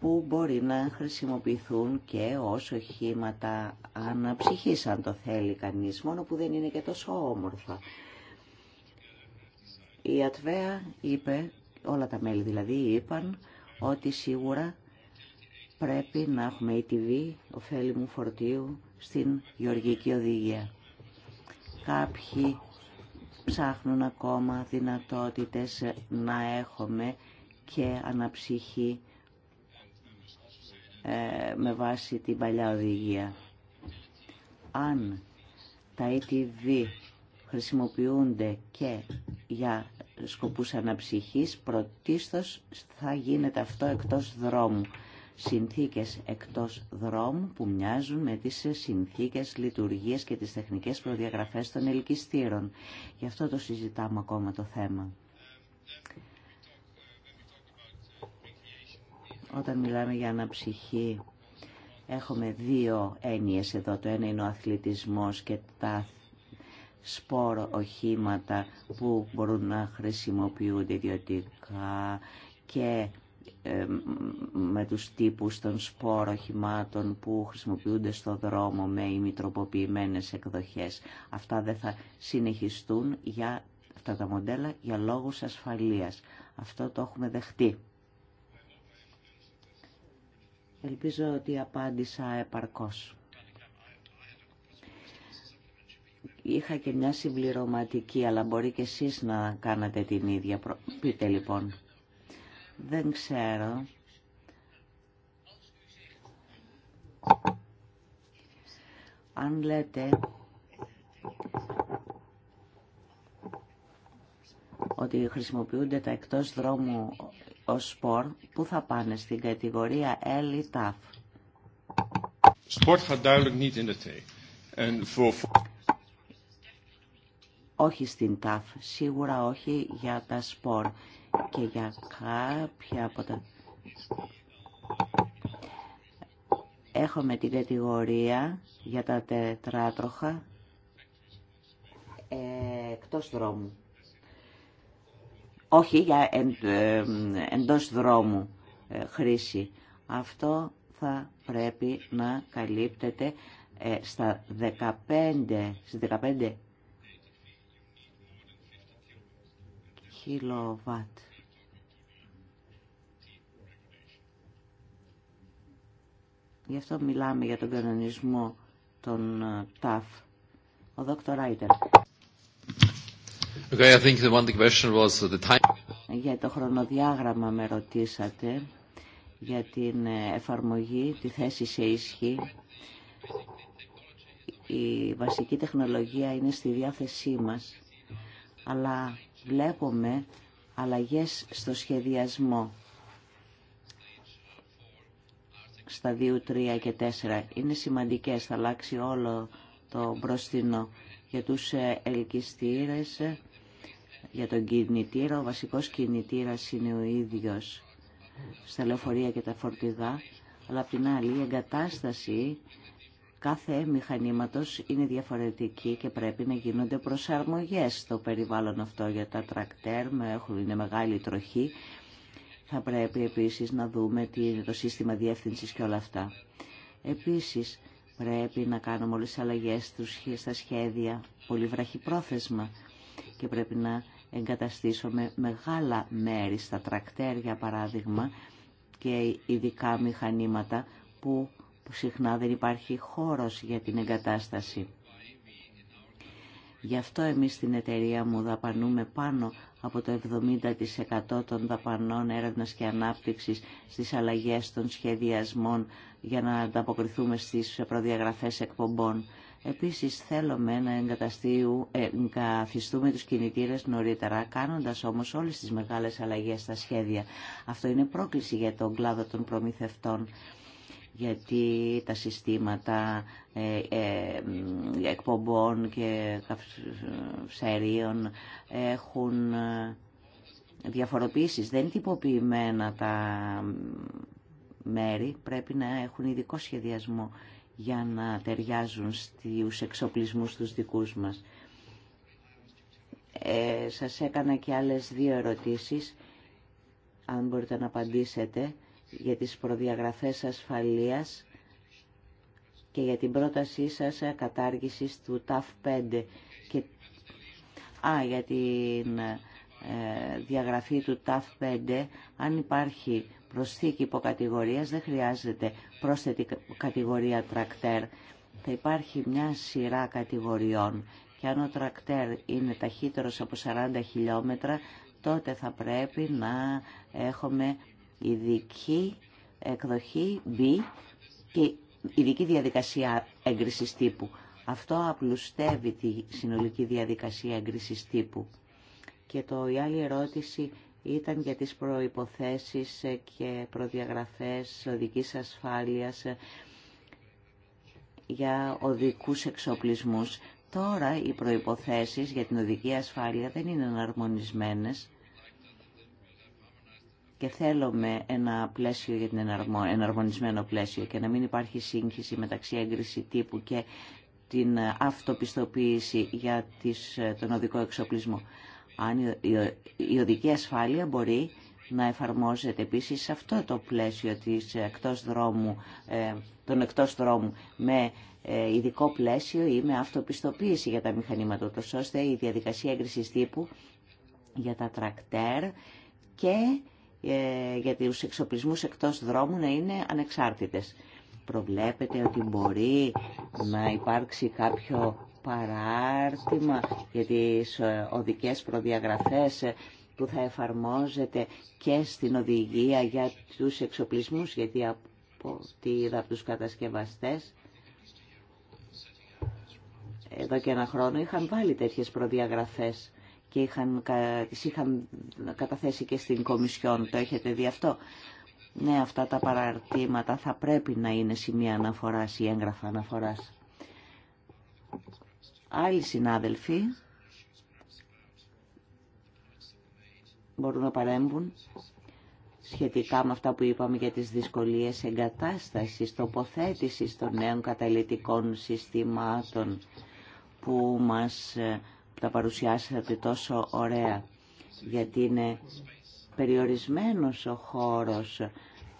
Speaker 3: που μπορεί να χρησιμοποιηθούν και όσο οχήματα αναψυχής, αν το θέλει κανείς, μόνο που δεν είναι και τόσο όμορφα. Η Ατβέα είπε, όλα τα μέλη δηλαδή είπαν, ότι σίγουρα πρέπει να έχουμε ATV, ωφέλη μου φορτίου, στην γεωργική οδηγία. Κάποιοι ψάχνουν ακόμα δυνατότητες να έχουμε και αναψυχή ε, με βάση την παλιά οδηγία. Αν τα ETV χρησιμοποιούνται και για σκοπούς αναψυχής, πρωτίστως θα γίνεται αυτό εκτός δρόμου συνθήκες εκτός δρόμου που μοιάζουν με τις συνθήκες λειτουργίας και τις τεχνικές προδιαγραφές των ελκυστήρων. Γι' αυτό το συζητάμε ακόμα το θέμα. Όταν μιλάμε για αναψυχή, έχουμε δύο έννοιες εδώ. Το ένα είναι ο αθλητισμός και τα σπόρο οχήματα που μπορούν να χρησιμοποιούνται ιδιωτικά και ε, με τους τύπους των σπόροχημάτων που χρησιμοποιούνται στο δρόμο με ημιτροποποιημένες εκδοχές. Αυτά δεν θα συνεχιστούν για αυτά τα μοντέλα για λόγους ασφαλείας. Αυτό το έχουμε δεχτεί. Ελπίζω ότι απάντησα επαρκώς. Είχα και μια συμπληρωματική, αλλά μπορεί και εσείς να κάνατε την ίδια. Πείτε λοιπόν. Δεν ξέρω. Αν λέτε ότι χρησιμοποιούνται τα εκτός δρόμου ως σπορ, πού θα πάνε στην κατηγορία L ή TAF. Όχι στην TAF, σίγουρα όχι για τα σπορ και για κάποια από τα... Έχουμε την κατηγορία για τα τετράτροχα ε, εκτός δρόμου. Όχι για εν, ε, εντός δρόμου ε, χρήση. Αυτό θα πρέπει να καλύπτεται ε, στα 15, στις Γι' αυτό μιλάμε για τον κανονισμό των ε, ΤΑΦ. Ο Δόκτωρ Ράιτερ. Για το χρονοδιάγραμμα με ρωτήσατε για την ε, εφαρμογή, τη θέση σε ισχύ. Η βασική τεχνολογία είναι στη διάθεσή μας, αλλά βλέπουμε αλλαγές στο σχεδιασμό. Στα 2, 3 και 4 είναι σημαντικές, θα αλλάξει όλο το μπροστινό. Για τους ε, ελκυστήρες, για τον κινητήρα, ο βασικός κινητήρας είναι ο ίδιος στα λεωφορεία και τα φορτηγά, αλλά απ' την άλλη η εγκατάσταση κάθε μηχανήματος είναι διαφορετική και πρέπει να γίνονται προσαρμογές στο περιβάλλον αυτό για τα τρακτέρ, είναι μεγάλη τροχή. Θα πρέπει επίσης να δούμε τι είναι το σύστημα διεύθυνσης και όλα αυτά. Επίσης, πρέπει να κάνουμε όλες τις αλλαγές στα σχέδια, πολύ βραχυπρόθεσμα και πρέπει να εγκαταστήσουμε μεγάλα μέρη στα τρακτέρ, για παράδειγμα, και ειδικά μηχανήματα που που συχνά δεν υπάρχει χώρος για την εγκατάσταση. Γι' αυτό εμείς στην εταιρεία μου δαπανούμε πάνω από το 70% των δαπανών έρευνας και ανάπτυξης στις αλλαγές των σχεδιασμών για να ανταποκριθούμε στις προδιαγραφές εκπομπών. Επίσης θέλουμε να ε, εγκαθιστούμε τους κινητήρες νωρίτερα, κάνοντας όμως όλες τις μεγάλες αλλαγές στα σχέδια. Αυτό είναι πρόκληση για τον κλάδο των προμηθευτών γιατί τα συστήματα ε, ε, εκπομπών και σέρίων έχουν ε, διαφοροποίησεις. Δεν είναι τυποποιημένα τα μέρη, πρέπει να έχουν ειδικό σχεδιασμό για να ταιριάζουν στους εξοπλισμούς τους δικούς μας. Ε, σας έκανα και άλλες δύο ερωτήσεις, αν μπορείτε να απαντήσετε για τις προδιαγραφές ασφαλείας και για την πρότασή σας κατάργησης του ΤΑΦ5 και α, για την ε, διαγραφή του ΤΑΦ5 αν υπάρχει προσθήκη υποκατηγορίας δεν χρειάζεται πρόσθετη κατηγορία τρακτέρ θα υπάρχει μια σειρά κατηγοριών και αν ο τρακτέρ είναι ταχύτερος από 40 χιλιόμετρα τότε θα πρέπει να έχουμε ειδική εκδοχή B και ειδική διαδικασία έγκρισης τύπου. Αυτό απλουστεύει τη συνολική διαδικασία έγκρισης τύπου. Και το, η άλλη ερώτηση ήταν για τις προϋποθέσεις και προδιαγραφές οδικής ασφάλειας για οδικούς εξοπλισμούς. Τώρα οι προϋποθέσεις για την οδική ασφάλεια δεν είναι εναρμονισμένες και θέλουμε ένα πλαίσιο για την εναρμονισμένο πλαίσιο και να μην υπάρχει σύγχυση μεταξύ έγκριση τύπου και την αυτοπιστοποίηση για τις, τον οδικό εξοπλισμό. Αν η οδική ασφάλεια μπορεί να εφαρμόζεται επίσης σε αυτό το πλαίσιο της εκτός δρόμου, ε, των εκτός δρόμου με ε, ειδικό πλαίσιο ή με αυτοπιστοποίηση για τα μηχανήματα, ώστε η διαδικασία έγκρισης τύπου για τα τρακτέρ και ε, για τους εξοπλισμούς εκτός δρόμου να είναι ανεξάρτητες. Προβλέπετε ότι μπορεί να υπάρξει κάποιο παράρτημα για τις ε, οδικές προδιαγραφές ε, που θα εφαρμόζεται και στην οδηγία για τους εξοπλισμούς, γιατί από τι είδα από τους κατασκευαστές εδώ και ένα χρόνο είχαν βάλει τέτοιες προδιαγραφές και είχαν, τις είχαν καταθέσει και στην Κομισιόν. Το έχετε δει αυτό. Ναι, αυτά τα παραρτήματα θα πρέπει να είναι σημεία αναφοράς ή έγγραφα αναφοράς. Άλλοι συνάδελφοι μπορούν να παρέμβουν σχετικά με αυτά που είπαμε για τις δυσκολίες εγκατάστασης, τοποθέτησης των νέων καταλητικών συστημάτων που μας ε, τα παρουσιάσατε τόσο ωραία, γιατί είναι περιορισμένος ο χώρος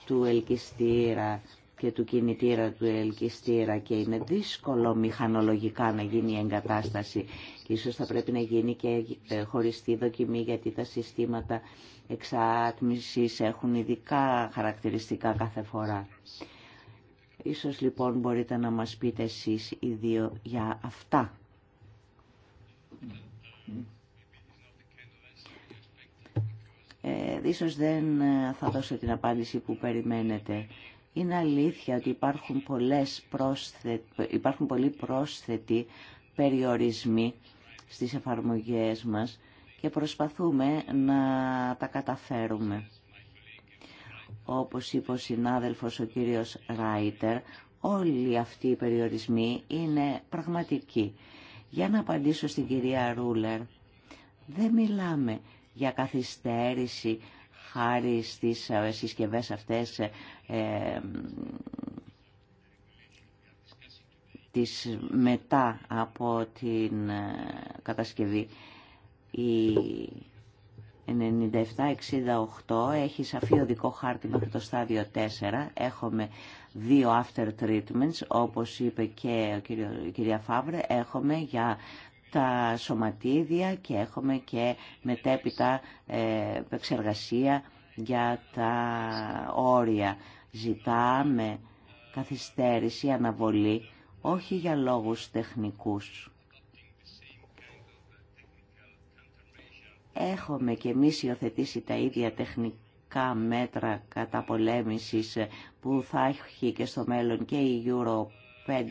Speaker 3: του ελκυστήρα και του κινητήρα του ελκυστήρα και είναι δύσκολο μηχανολογικά να γίνει η εγκατάσταση. Και ίσως θα πρέπει να γίνει και ε, χωριστή δοκιμή γιατί τα συστήματα εξάτμισης έχουν ειδικά χαρακτηριστικά κάθε φορά. Ίσως λοιπόν μπορείτε να μας πείτε εσείς οι δύο για αυτά. Ε, ίσως δεν ε, θα δώσω την απάντηση που περιμένετε. Είναι αλήθεια ότι υπάρχουν, πολλές πρόσθε... υπάρχουν πολλοί πρόσθετοι περιορισμοί στις εφαρμογές μας και προσπαθούμε να τα καταφέρουμε. Όπως είπε ο συνάδελφος ο κύριος Ράιτερ, όλοι αυτοί οι περιορισμοί είναι πραγματικοί για να απαντήσω στην κυρία Ρούλερ, δεν μιλάμε για καθυστέρηση χάρη στις ε, συσκευές αυτές ε, της μετά από την ε, κατασκευή. 97-68 έχει σαφή οδικό χάρτη μέχρι το στάδιο 4. Έχουμε δύο after treatments, όπως είπε και η κυρία Φαύρε. έχουμε για τα σωματίδια και έχουμε και μετέπειτα επεξεργασία για τα όρια. Ζητάμε καθυστέρηση, αναβολή, όχι για λόγους τεχνικούς έχουμε και εμείς υιοθετήσει τα ίδια τεχνικά μέτρα καταπολέμησης που θα έχει και στο μέλλον και η Euro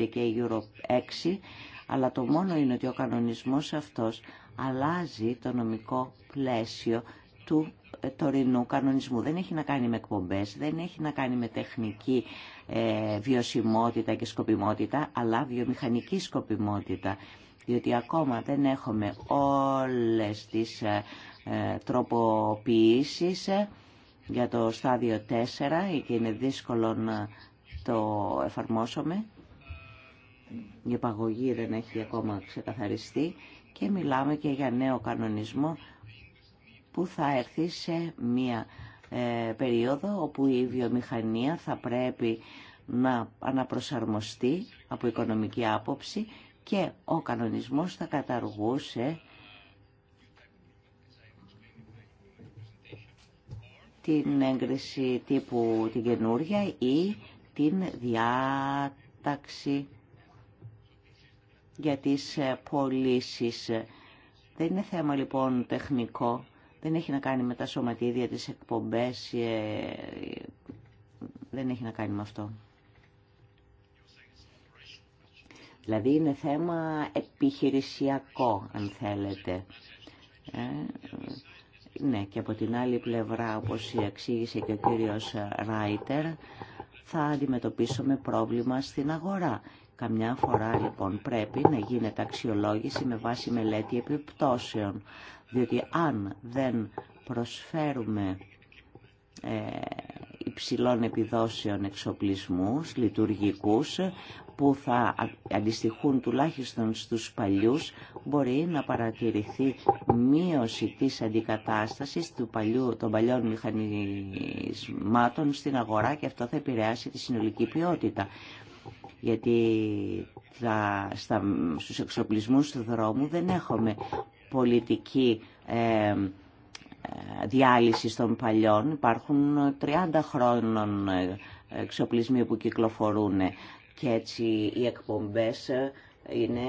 Speaker 3: 5 και η Euro 6, αλλά το μόνο είναι ότι ο κανονισμός αυτός αλλάζει το νομικό πλαίσιο του ε, τωρινού κανονισμού. Δεν έχει να κάνει με εκπομπές, δεν έχει να κάνει με τεχνική ε, βιωσιμότητα και σκοπιμότητα, αλλά βιομηχανική σκοπιμότητα διότι ακόμα δεν έχουμε όλες τις ε, ε, τροποποιήσεις ε, για το στάδιο 4 και είναι δύσκολο να το εφαρμόσουμε. Η επαγωγή δεν έχει ακόμα ξεκαθαριστεί και μιλάμε και για νέο κανονισμό που θα έρθει σε μία περίοδο όπου η βιομηχανία θα πρέπει να αναπροσαρμοστεί από οικονομική άποψη και ο κανονισμός θα καταργούσε την έγκριση τύπου την καινούρια ή την διάταξη για τις ε, πωλήσει. Δεν είναι θέμα λοιπόν τεχνικό, δεν έχει να κάνει με τα σωματίδια, τις εκπομπές, ε, ε, δεν έχει να κάνει με αυτό. Δηλαδή είναι θέμα επιχειρησιακό, αν θέλετε. Ε, ναι, και από την άλλη πλευρά, όπως εξήγησε και ο κύριος Ράιτερ, θα αντιμετωπίσουμε πρόβλημα στην αγορά. Καμιά φορά λοιπόν πρέπει να γίνεται αξιολόγηση με βάση μελέτη επιπτώσεων, διότι αν δεν προσφέρουμε ε, υψηλών επιδόσεων εξοπλισμούς, λειτουργικούς, που θα αντιστοιχούν τουλάχιστον στους παλιούς, μπορεί να παρατηρηθεί μείωση της αντικατάσταση του παλιού, των παλιών μηχανισμάτων στην αγορά και αυτό θα επηρεάσει τη συνολική ποιότητα. Γιατί στους εξοπλισμούς του δρόμου δεν έχουμε πολιτική ε, διάλυσης των παλιών. Υπάρχουν 30 χρόνων εξοπλισμοί που κυκλοφορούν και έτσι οι εκπομπές είναι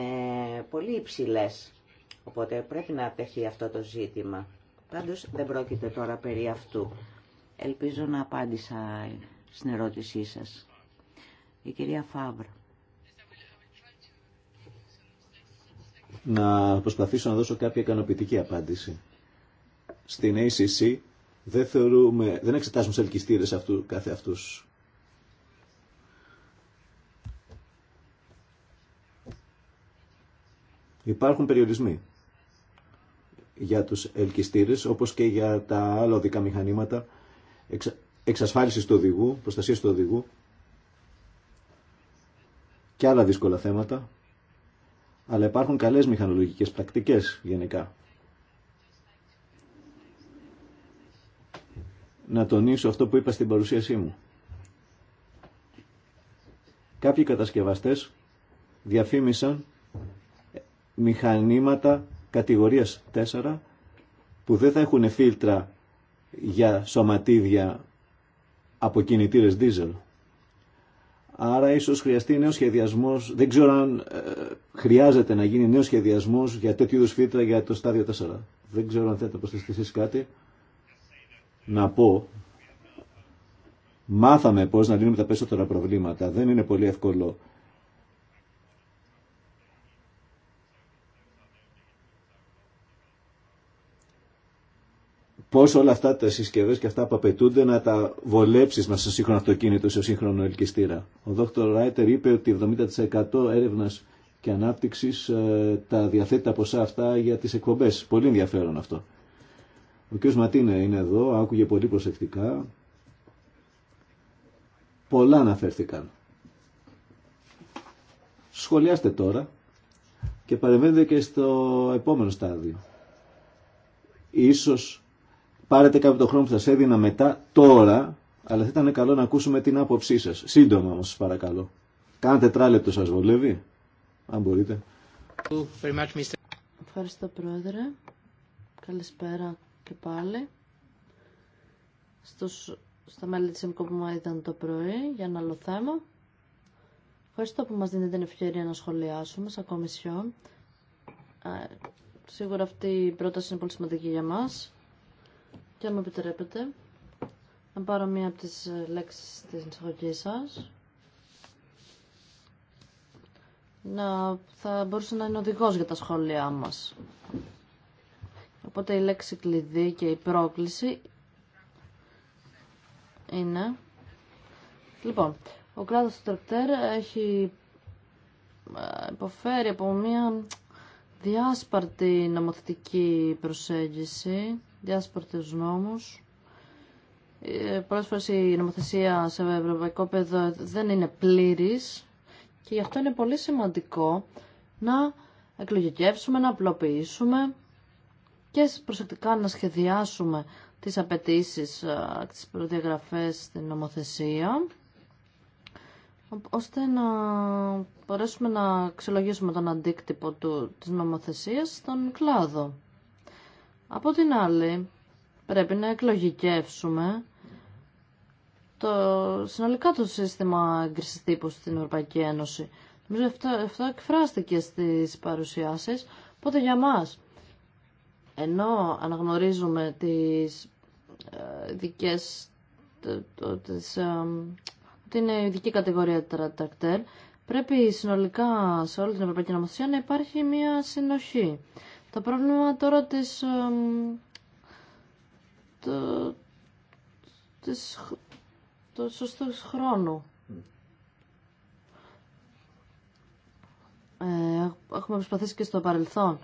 Speaker 3: πολύ υψηλές. Οπότε πρέπει να τεχεί αυτό το ζήτημα. Πάντως δεν πρόκειται τώρα περί αυτού. Ελπίζω να απάντησα στην ερώτησή σας. Η κυρία Φάβρα.
Speaker 1: Να προσπαθήσω να δώσω κάποια ικανοποιητική απάντηση στην ACC δεν θεωρούμε, δεν εξετάζουμε σε ελκυστήρες αυτού, κάθε αυτούς. Υπάρχουν περιορισμοί για τους ελκυστήρες όπως και για τα άλλα οδικά μηχανήματα εξασφάλιση εξασφάλισης του οδηγού, προστασίας του οδηγού και άλλα δύσκολα θέματα αλλά υπάρχουν καλές μηχανολογικές πρακτικές γενικά να τονίσω αυτό που είπα στην παρουσίασή μου. Κάποιοι κατασκευαστές διαφήμισαν μηχανήματα κατηγορίας 4 που δεν θα έχουν φίλτρα για σωματίδια από κινητήρες δίζελ. Άρα ίσως χρειαστεί νέος σχεδιασμός, δεν ξέρω αν ε, χρειάζεται να γίνει νέος σχεδιασμός για τέτοιου είδους φίλτρα για το στάδιο 4. Δεν ξέρω αν θέλετε να προσθέσετε κάτι να πω, μάθαμε πώς να λύνουμε τα περισσότερα προβλήματα. Δεν είναι πολύ εύκολο. Πώς όλα αυτά τα συσκευέ και αυτά που απαιτούνται να τα βολέψεις μέσα στο σύγχρονο αυτοκίνητο, στο σύγχρονο ελκυστήρα. Ο Δόκτωρ Ράιτερ είπε ότι 70% έρευνα και ανάπτυξης ε, τα διαθέτει τα ποσά αυτά για τις εκπομπές. Πολύ ενδιαφέρον αυτό. Ο κ. Ματίνα είναι εδώ, άκουγε πολύ προσεκτικά. Πολλά αναφέρθηκαν. Σχολιάστε τώρα και παρεμβαίνετε και στο επόμενο στάδιο. Ίσως πάρετε κάποιο χρόνο που σας έδινα μετά, τώρα, αλλά θα ήταν καλό να ακούσουμε την άποψή σας. Σύντομα όμως σας παρακαλώ. κάντε τετράλεπτο σας βολεύει, αν μπορείτε.
Speaker 2: Ευχαριστώ Πρόεδρε. Καλησπέρα και πάλι στους, στα μέλη τη ΕΜΚΟ που ήταν το πρωί για ένα άλλο θέμα. Ευχαριστώ που μας δίνετε την ευκαιρία να σχολιάσουμε σαν κομισιόν. σίγουρα αυτή η πρόταση είναι πολύ σημαντική για μας. Και αν μου επιτρέπετε, να πάρω μία από τις ε, λέξεις της εισαγωγής σας. Να, θα μπορούσε να είναι οδηγό για τα σχόλιά μας. Οπότε η λέξη κλειδί και η πρόκληση είναι... Λοιπόν, ο κράτος του τρακτέρ έχει ε, υποφέρει από μια διάσπαρτη νομοθετική προσέγγιση, διάσπαρτες νόμους. Ε, Πρόσφαση η νομοθεσία σε ευρωπαϊκό πεδίο δεν είναι πλήρης και γι' αυτό είναι πολύ σημαντικό να εκλογικεύσουμε, να απλοποιήσουμε και προσεκτικά να σχεδιάσουμε τις απαιτήσει, τις προδιαγραφές στην νομοθεσία, ώστε να μπορέσουμε να αξιολογήσουμε τον αντίκτυπο του, της νομοθεσίας στον κλάδο. Από την άλλη, πρέπει να εκλογικεύσουμε το συνολικά το σύστημα έγκρισης στην Ευρωπαϊκή Ένωση. Νομίζω αυτό, εκφράστηκε στις παρουσιάσεις, οπότε για μας ενώ αναγνωρίζουμε τις ε, ε, ότι είναι ειδική κατηγορία τρακτέρ, πρέπει συνολικά σε όλη την Ευρωπαϊκή Νομοθεσία να υπάρχει μια συνοχή. Το πρόβλημα τώρα της, ε, το, της, χρόνου. Ε, έχουμε προσπαθήσει και στο παρελθόν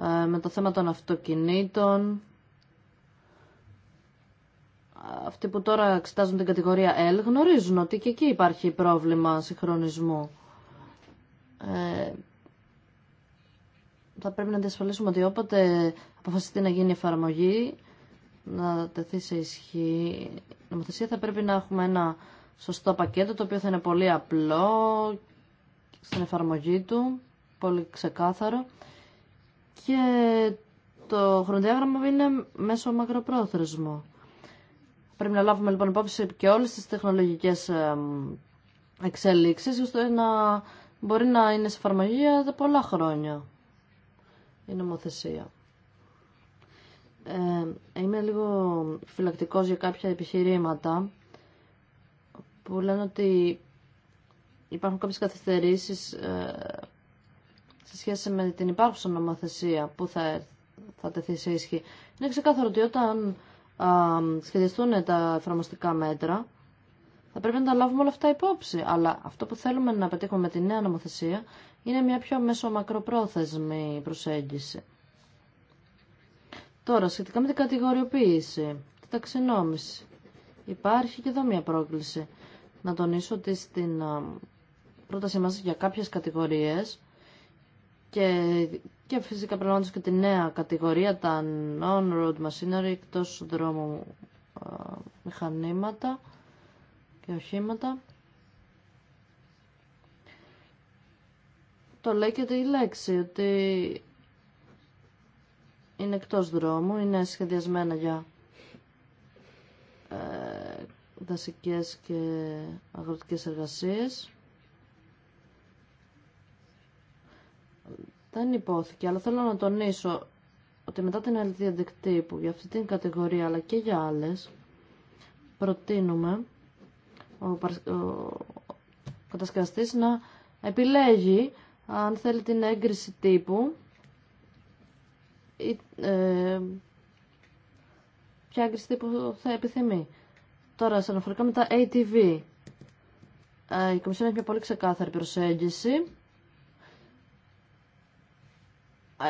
Speaker 2: ε, με το θέμα των αυτοκινήτων. Αυτοί που τώρα εξετάζουν την κατηγορία L γνωρίζουν ότι και εκεί υπάρχει πρόβλημα συγχρονισμού. Ε, θα πρέπει να διασφαλίσουμε ότι όποτε αποφασιστεί να γίνει εφαρμογή, να τεθεί σε ισχύ νομοθεσία, θα πρέπει να έχουμε ένα σωστό πακέτο, το οποίο θα είναι πολύ απλό στην εφαρμογή του, πολύ ξεκάθαρο και το χρονοδιάγραμμα είναι μέσω μακροπρόθεσμο. Πρέπει να λάβουμε λοιπόν υπόψη και όλες τις τεχνολογικές εξέλιξεις, ώστε να μπορεί να είναι σε εφαρμογή για πολλά χρόνια η νομοθεσία. Ε, είμαι λίγο φυλακτικός για κάποια επιχειρήματα που λένε ότι υπάρχουν κάποιες καθυστερήσεις ε, σε σχέση με την υπάρχουσα νομοθεσία που θα, θα τεθεί σε ίσχυ. Είναι ξεκάθαρο ότι όταν α, σχεδιαστούν τα εφαρμοστικά μέτρα, θα πρέπει να τα λάβουμε όλα αυτά υπόψη. Αλλά αυτό που θέλουμε να πετύχουμε με τη νέα νομοθεσία είναι μια πιο μέσο-μακροπρόθεσμη προσέγγιση. Τώρα, σχετικά με την κατηγοριοποίηση, την ταξινόμηση, υπάρχει και εδώ μια πρόκληση. Να τονίσω ότι στην πρότασή μας για κάποιες κατηγορίες και, και φυσικά περιλαμβάνοντας και τη νέα κατηγορία, τα on-road machinery, εκτός δρόμου μηχανήματα και οχήματα. Το λέει και η λέξη ότι είναι εκτός δρόμου, είναι σχεδιασμένα για ε, δασικές και αγροτικές εργασίες. Δεν υπόθηκε, αλλά θέλω να τονίσω ότι μετά την αλήθεια αντικτύπου για αυτή την κατηγορία αλλά και για άλλες προτείνουμε ο, ο να επιλέγει αν θέλει την έγκριση τύπου ή ε, ποια έγκριση τύπου θα επιθυμεί. Τώρα, σαν να με τα ATV, ε, η Κομισιόν έχει μια πολύ ξεκάθαρη προσέγγιση ε,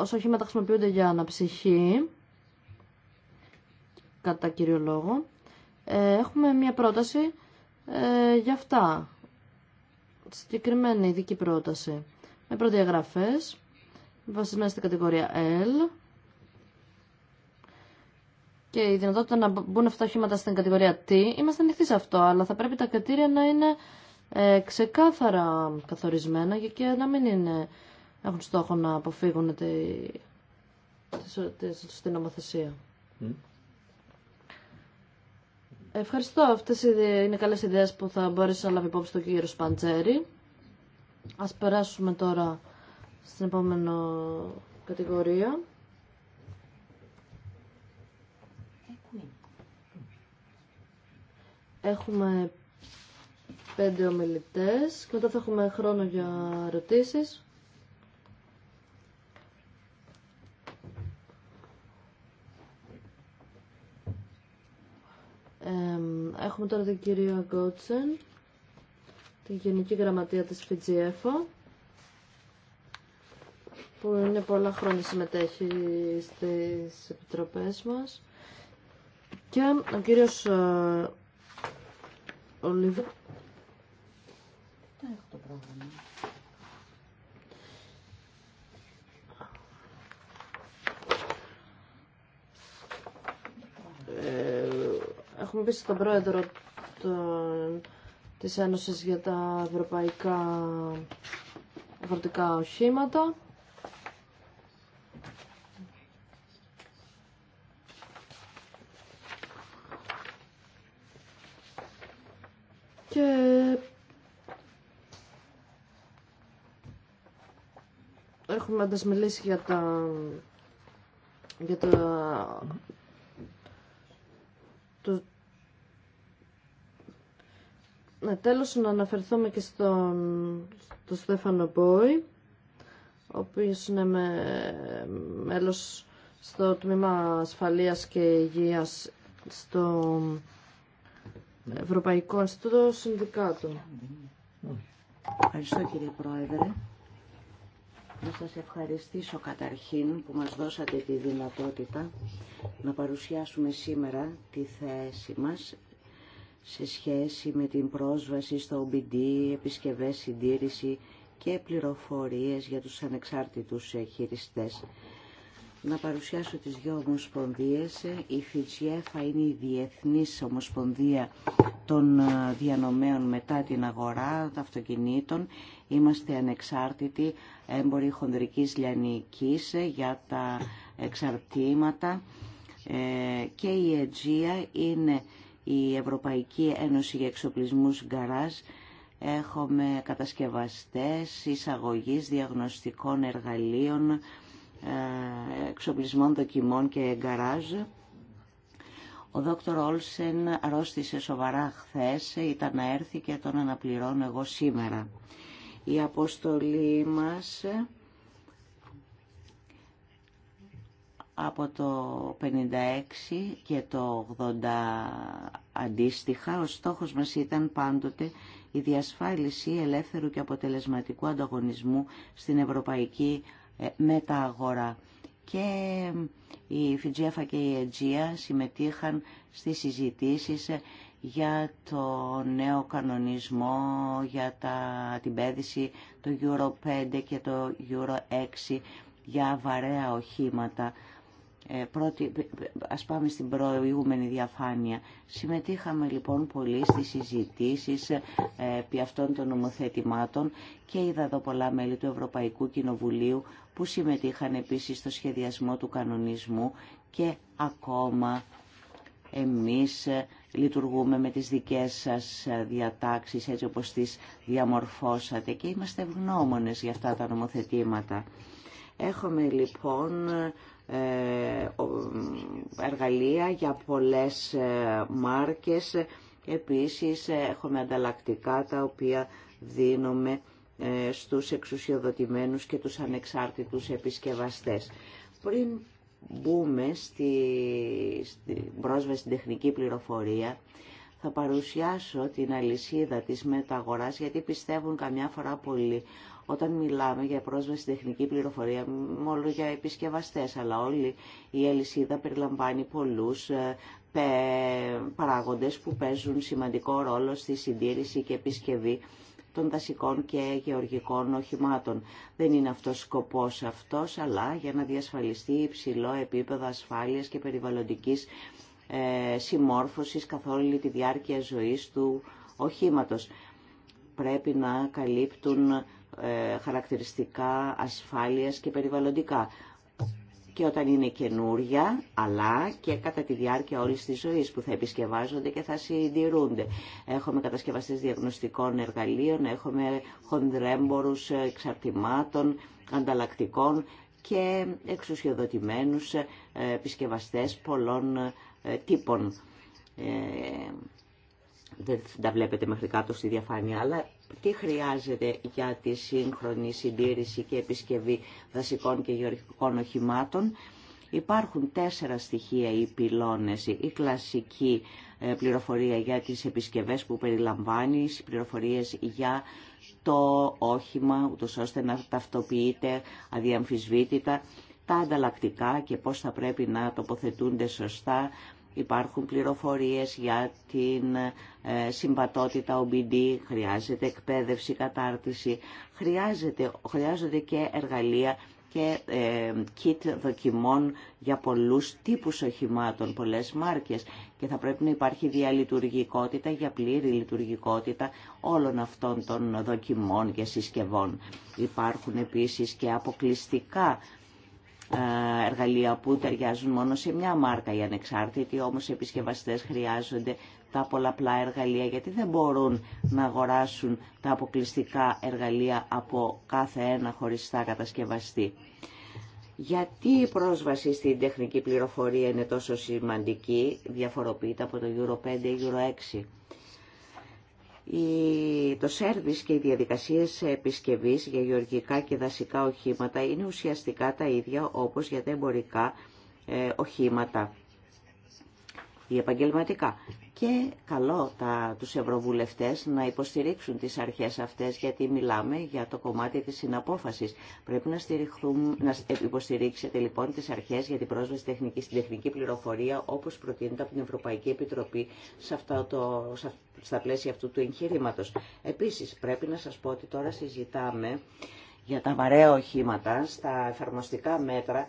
Speaker 2: Όσο οχήματα χρησιμοποιούνται για αναψυχή, κατά κύριο λόγο, ε, έχουμε μία πρόταση ε, για αυτά. Συγκεκριμένη ειδική πρόταση. Με προδιαγραφές, βασισμένα στην κατηγορία L, και η δυνατότητα να μπουν αυτά τα οχήματα στην κατηγορία T, είμαστε ανοιχτοί σε αυτό, αλλά θα πρέπει τα κριτήρια να είναι ξεκάθαρα καθορισμένα και να μην είναι έχουν στόχο να αποφύγουν τη, τη, τη, νομοθεσία. Ευχαριστώ. Αυτές είναι καλές ιδέες που θα μπορείς να λάβει υπόψη το κύριο Σπαντζέρη. Ας περάσουμε τώρα στην επόμενη κατηγορία. Έχουμε πέντε ομιλητές και μετά θα έχουμε χρόνο για ερωτήσεις. έχουμε τώρα την κύριο Γκότσεν, την Γενική Γραμματεία της ΦΙΤΖΙΕΦΟ, που είναι πολλά χρόνια συμμετέχει στις επιτροπές μας. Και ο κύριος Τι ε, Το έχω το πρόγραμμα. έχουμε πει στον πρόεδρο τη της Ένωσης για τα ευρωπαϊκά αγροτικά οχήματα. Και έχουμε αντασμιλήσει για τα για τα Τέλος να αναφερθούμε και στον στο Στέφανο Μπόι, ο οποίος είναι με, μέλος στο Τμήμα Ασφαλείας και Υγείας στο Ευρωπαϊκό Ινστιτούτο Συνδικάτο. Ευχαριστώ κύριε Πρόεδρε. Να σας
Speaker 3: ευχαριστήσω καταρχήν που μας δώσατε τη δυνατότητα να παρουσιάσουμε σήμερα τη θέση μας σε σχέση με την πρόσβαση στο OBD, επισκευές συντήρηση και πληροφορίες για τους ανεξάρτητους χειριστές. Να παρουσιάσω τις δύο ομοσπονδίες. Η ΦΙΤΣΙΕΦΑ είναι η Διεθνής Ομοσπονδία των ε, Διανομέων μετά την αγορά των αυτοκινήτων. Είμαστε ανεξάρτητοι έμποροι χονδρικής λιανικής ε, για τα εξαρτήματα. Ε, και η ΕΤΖΙΑ είναι η Ευρωπαϊκή Ένωση για Εξοπλισμούς Γκαράζ. Έχουμε κατασκευαστές, εισαγωγής διαγνωστικών εργαλείων, ε, εξοπλισμών δοκιμών και γκαράζ. Ο δόκτωρ Όλσεν αρρώστησε σοβαρά χθες, ήταν να έρθει και τον αναπληρώνω εγώ σήμερα. Η αποστολή μας από το 56 και το 80 αντίστοιχα, ο στόχος μας ήταν πάντοτε η διασφάλιση ελεύθερου και αποτελεσματικού ανταγωνισμού στην ευρωπαϊκή ε, μεταγορά Και η Φιτζέφα και η Αιτζία συμμετείχαν στις συζητήσεις ε, για το νέο κανονισμό, για τα, την πέδηση, το Euro 5 και το Euro 6 για βαρέα οχήματα ε, πρώτη, ας πάμε στην προηγούμενη διαφάνεια. Συμμετείχαμε λοιπόν πολύ στις συζητήσεις ε, επί αυτών των νομοθετημάτων και είδα εδώ πολλά μέλη του Ευρωπαϊκού Κοινοβουλίου που συμμετείχαν επίσης στο σχεδιασμό του κανονισμού και ακόμα εμείς ε, λειτουργούμε με τις δικές σας διατάξεις έτσι όπως τις διαμορφώσατε και είμαστε ευγνώμονες για αυτά τα νομοθετήματα. Έχουμε λοιπόν ε, εργαλεία για πολλές ε, μάρκες. Επίσης ε, έχουμε ανταλλακτικά τα οποία δίνουμε στους εξουσιοδοτημένους και τους ανεξάρτητους επισκευαστές. Πριν μπούμε στη, στην πρόσβαση στην τεχνική πληροφορία, θα παρουσιάσω την αλυσίδα της μεταγοράς, γιατί πιστεύουν καμιά φορά πολύ όταν μιλάμε για πρόσβαση τεχνική πληροφορία, μόνο για επισκευαστές, αλλά όλη η αλυσίδα περιλαμβάνει πολλούς ε, παράγοντες που παίζουν σημαντικό ρόλο στη συντήρηση και επισκευή των δασικών και γεωργικών οχημάτων. Δεν είναι αυτός σκοπός αυτός, αλλά για να διασφαλιστεί υψηλό επίπεδο ασφάλειας και περιβαλλοντικής ε, συμμόρφωσης καθ' όλη τη διάρκεια ζωής του οχήματος. Πρέπει να καλύπτουν ε, χαρακτηριστικά ασφάλειας και περιβαλλοντικά και όταν είναι καινούρια, αλλά και κατά τη διάρκεια όλης της ζωής που θα επισκευάζονται και θα συντηρούνται. Έχουμε κατασκευαστές διαγνωστικών εργαλείων, έχουμε χονδρέμπορους εξαρτημάτων, ανταλλακτικών και εξουσιοδοτημένους ε, επισκευαστέ πολλών ε, τύπων. Δεν τα βλέπετε μέχρι κάτω στη διαφάνεια, αλλά τι χρειάζεται για τη σύγχρονη συντήρηση και επισκευή δασικών και γεωργικών οχημάτων. Υπάρχουν τέσσερα στοιχεία ή πυλώνες. Η κλασική ε, πληροφορία για τις επισκευές που περιλαμβάνει, οι πληροφορίες για το όχημα, ούτως ώστε να ταυτοποιείται αδιαμφισβήτητα, τα ανταλλακτικά και πώς θα πρέπει να τοποθετούνται σωστά, Υπάρχουν πληροφορίες για την ε, συμβατότητα OBD, χρειάζεται εκπαίδευση, κατάρτιση, χρειάζεται, χρειάζονται και εργαλεία και ε, kit δοκιμών για πολλούς τύπους οχημάτων, πολλές μάρκες και θα πρέπει να υπάρχει διαλειτουργικότητα για πλήρη λειτουργικότητα όλων αυτών των δοκιμών και συσκευών. Υπάρχουν επίσης και αποκλειστικά ε, εργαλεία που ταιριάζουν μόνο σε μια μάρκα οι ανεξάρτητοι, όμως οι επισκευαστές χρειάζονται τα πολλαπλά εργαλεία γιατί δεν μπορούν να αγοράσουν τα αποκλειστικά εργαλεία από κάθε ένα χωριστά κατασκευαστή. Γιατί η πρόσβαση στην τεχνική πληροφορία είναι τόσο σημαντική, διαφοροποιείται από το Euro 5 ή Euro 6. Το σέρβις και οι διαδικασίες επισκευής για γεωργικά και δασικά οχήματα είναι ουσιαστικά τα ίδια όπως για τα εμπορικά ε, οχήματα ή επαγγελματικά και καλό τα, τους ευρωβουλευτές να υποστηρίξουν τις αρχές αυτές γιατί μιλάμε για το κομμάτι της συναπόφασης. Πρέπει να, να ε, υποστηρίξετε λοιπόν τις αρχές για την πρόσβαση τεχνική, στην τεχνική πληροφορία όπως προτείνεται από την Ευρωπαϊκή Επιτροπή σε αυτό το, σε, στα πλαίσια αυτού του εγχειρήματο. Επίσης πρέπει να σας πω ότι τώρα συζητάμε για τα βαρέα οχήματα, στα εφαρμοστικά μέτρα,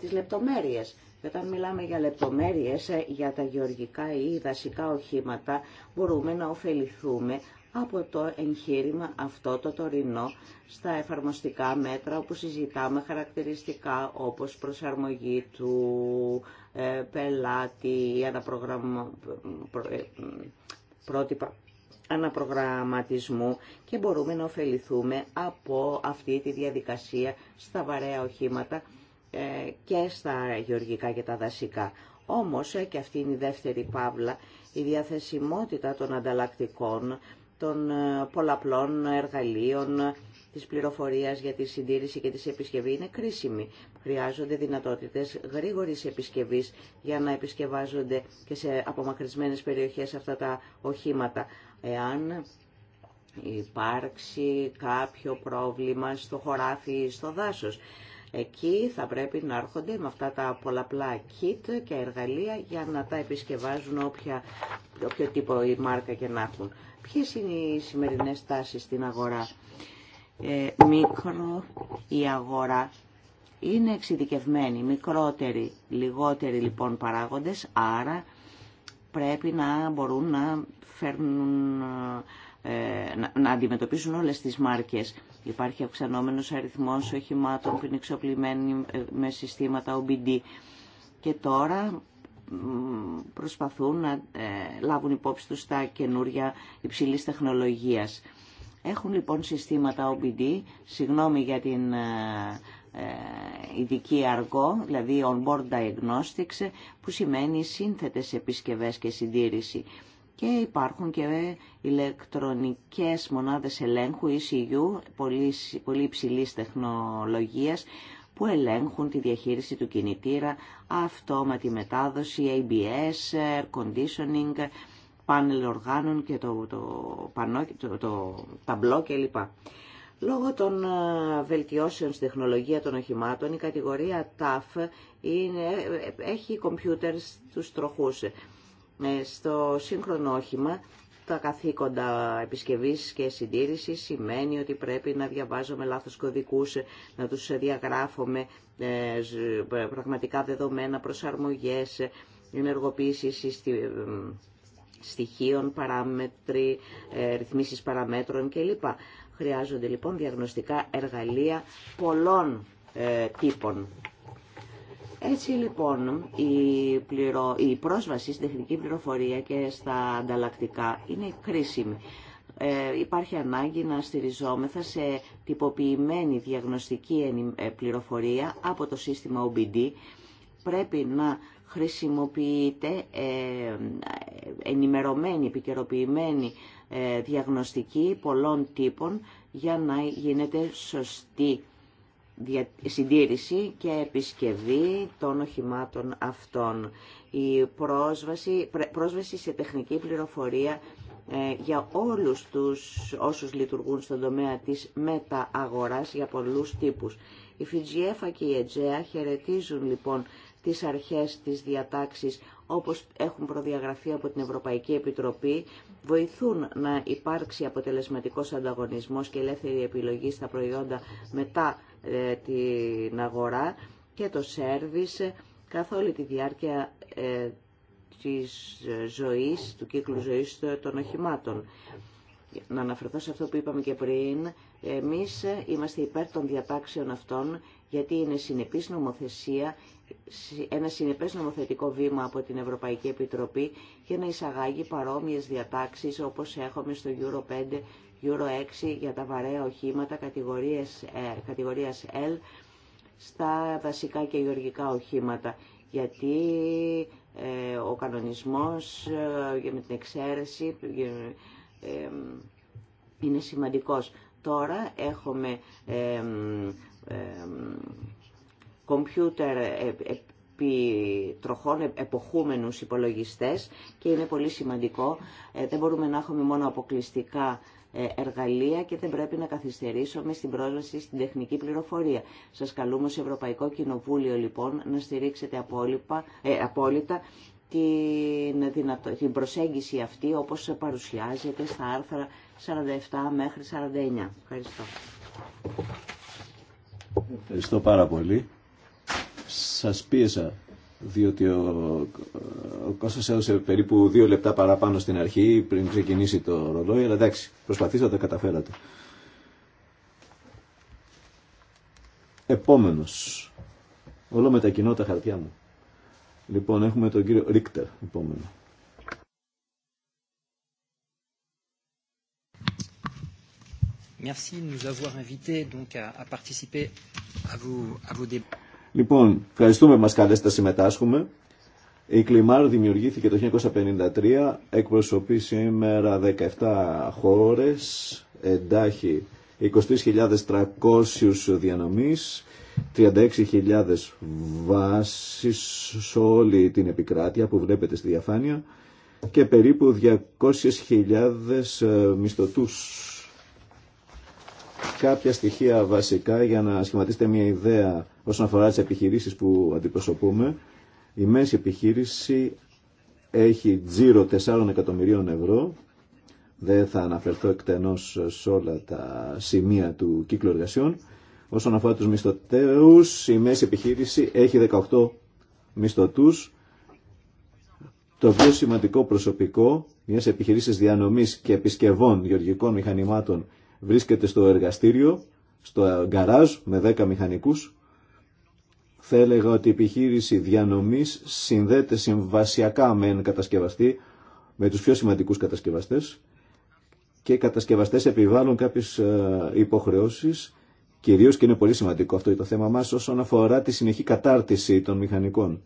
Speaker 3: τις λεπτομέρειες. Και όταν μιλάμε για λεπτομέρειες ε, για τα γεωργικά ή δασικά οχήματα, μπορούμε να ωφεληθούμε από το εγχείρημα αυτό το τωρινό στα εφαρμοστικά μέτρα όπου συζητάμε χαρακτηριστικά όπως προσαρμογή του ε, πελάτη ή αναπρογραμμα... Ε, αναπρογραμματισμού και μπορούμε να ωφεληθούμε από αυτή τη διαδικασία στα βαρέα οχήματα ε, και στα γεωργικά και τα δασικά. Όμως, ε, και αυτή είναι η δεύτερη παύλα, η διαθεσιμότητα των ανταλλακτικών, των ε, πολλαπλών εργαλείων, της πληροφορίας για τη συντήρηση και τη επισκευή είναι κρίσιμη. Χρειάζονται δυνατότητες γρήγορης επισκευής για να επισκευάζονται και σε απομακρυσμένες περιοχές αυτά τα οχήματα. Εάν υπάρξει κάποιο πρόβλημα στο χωράφι ή στο δάσος. Εκεί θα πρέπει να έρχονται με αυτά τα πολλαπλά kit και εργαλεία για να τα επισκευάζουν όποια, όποιο τύπο η μάρκα και να έχουν. Ποιες είναι οι σημερινές τάσεις στην αγορά. Ε, μικρό η αγορά είναι εξειδικευμένη, μικρότεροι, λιγότεροι λοιπόν παράγοντες, άρα πρέπει να μπορούν να φέρνουν ε, να αντιμετωπίσουν όλες τις μάρκες. Υπάρχει αυξανόμενος αριθμός οχημάτων που είναι εξοπλισμένοι ε, με συστήματα OBD. Και τώρα προσπαθούν να ε, λάβουν υπόψη τους τα καινούρια υψηλής τεχνολογίας. Έχουν λοιπόν συστήματα OBD, συγγνώμη για την ε, ειδική αργό, δηλαδή on-board diagnostics, που σημαίνει σύνθετες επισκευές και συντήρηση και υπάρχουν και ηλεκτρονικές μονάδες ελέγχου ECU πολύ, πολύ υψηλής τεχνολογίας που ελέγχουν τη διαχείριση του κινητήρα, αυτόματη μετάδοση, ABS, air conditioning, πάνελ οργάνων και το, το, πανό, το, το ταμπλό κλπ. Λόγω των ε, βελτιώσεων στη τεχνολογία των οχημάτων, η κατηγορία TAF είναι, ε, ε, έχει κομπιούτερ στους τροχούς. Ναι, στο σύγχρονο όχημα τα καθήκοντα επισκευής και συντήρησης σημαίνει ότι πρέπει να διαβάζουμε λάθος κωδικούς, να τους διαγράφουμε ε, πραγματικά δεδομένα, προσαρμογές, ενεργοποίηση ε, στοιχείων, παράμετροι, ε, ρυθμίσεις παραμέτρων κλπ. Χρειάζονται λοιπόν διαγνωστικά εργαλεία πολλών τύπων. Έτσι λοιπόν η, πληρο... η πρόσβαση στην τεχνική πληροφορία και στα ανταλλακτικά είναι κρίσιμη. Ε, υπάρχει ανάγκη να στηριζόμεθα σε τυποποιημένη διαγνωστική ε, πληροφορία από το σύστημα OBD. Πρέπει να χρησιμοποιείται ε, ενημερωμένη, επικαιροποιημένη ε, διαγνωστική πολλών τύπων για να γίνεται σωστή συντήρηση και επισκευή των οχημάτων αυτών. Η πρόσβαση, πρόσβαση σε τεχνική πληροφορία ε, για όλους τους όσους λειτουργούν στον τομέα της μετααγοράς για πολλούς τύπους. Η Φιτζιέφα και η ΕτζΕα χαιρετίζουν λοιπόν τις αρχές της διατάξης όπως έχουν προδιαγραφεί από την Ευρωπαϊκή Επιτροπή, βοηθούν να υπάρξει αποτελεσματικός ανταγωνισμός και ελεύθερη επιλογή στα προϊόντα μετά ε, την αγορά και το σέρβις καθ' όλη τη διάρκεια ε, της ζωής, του κύκλου ζωής των οχημάτων. Να αναφερθώ σε αυτό που είπαμε και πριν, εμείς είμαστε υπέρ των διατάξεων αυτών, γιατί είναι συνεπής νομοθεσία, ένα συνεπές νομοθετικό βήμα από την Ευρωπαϊκή Επιτροπή για να εισαγάγει παρόμοιες διατάξεις όπως έχουμε στο Euro 5, Euro 6 για τα βαρέα οχήματα κατηγορίες, ε, κατηγορίας L στα δασικά και γεωργικά οχήματα. Γιατί ε, ο κανονισμός ε, με την εξαίρεση είναι σημαντικός. Τώρα έχουμε κομπιούτερ επί τροχών εποχούμενους υπολογιστές και είναι πολύ σημαντικό. Δεν μπορούμε να έχουμε μόνο αποκλειστικά ε, εργαλεία και δεν πρέπει να καθυστερήσουμε στην πρόσβαση στην τεχνική πληροφορία. Σας καλούμε σε Ευρωπαϊκό Κοινοβούλιο λοιπόν να στηρίξετε ε, απόλυτα την, την προσέγγιση αυτή όπως παρουσιάζεται στα άρθρα 47 μέχρι 49. Ευχαριστώ.
Speaker 1: Ευχαριστώ πάρα πολύ. Σας πίεσα διότι ο, ο Κώστας έδωσε περίπου δύο λεπτά παραπάνω στην αρχή πριν ξεκινήσει το ρολόι, αλλά εντάξει, προσπαθήσατε, τα καταφέρατε. Επόμενος. Όλο με τα χαρτιά μου. Λοιπόν, έχουμε τον κύριο Ρίκτερ, επόμενο.
Speaker 2: Merci de nous avoir invités à, participer à vos, à vos
Speaker 1: Λοιπόν, ευχαριστούμε που μας καλέσετε να συμμετάσχουμε. Η Κλιμάρ δημιουργήθηκε το 1953, εκπροσωπεί σήμερα 17 χώρες, εντάχει 23.300 διανομής, 36.000 βάσεις σε όλη την επικράτεια που βλέπετε στη διαφάνεια και περίπου 200.000 μισθωτούς κάποια στοιχεία βασικά για να σχηματίσετε μια ιδέα όσον αφορά τις επιχειρήσεις που αντιπροσωπούμε. Η μέση επιχείρηση έχει τζίρο 4 εκατομμυρίων ευρώ. Δεν θα αναφερθώ εκτενώς σε όλα τα σημεία του κύκλου εργασιών. Όσον αφορά τους μισθωτέους, η μέση επιχείρηση έχει 18 μισθωτούς. Το πιο σημαντικό προσωπικό μιας επιχειρήσης διανομής και επισκευών γεωργικών μηχανημάτων βρίσκεται στο εργαστήριο, στο γκαράζ με 10 μηχανικούς. Θα έλεγα ότι η επιχείρηση διανομής συνδέεται συμβασιακά με έναν κατασκευαστή, με τους πιο σημαντικούς κατασκευαστές και οι κατασκευαστές επιβάλλουν κάποιες ε, υποχρεώσεις, κυρίως και είναι πολύ σημαντικό αυτό το θέμα μας όσον αφορά τη συνεχή κατάρτιση των μηχανικών.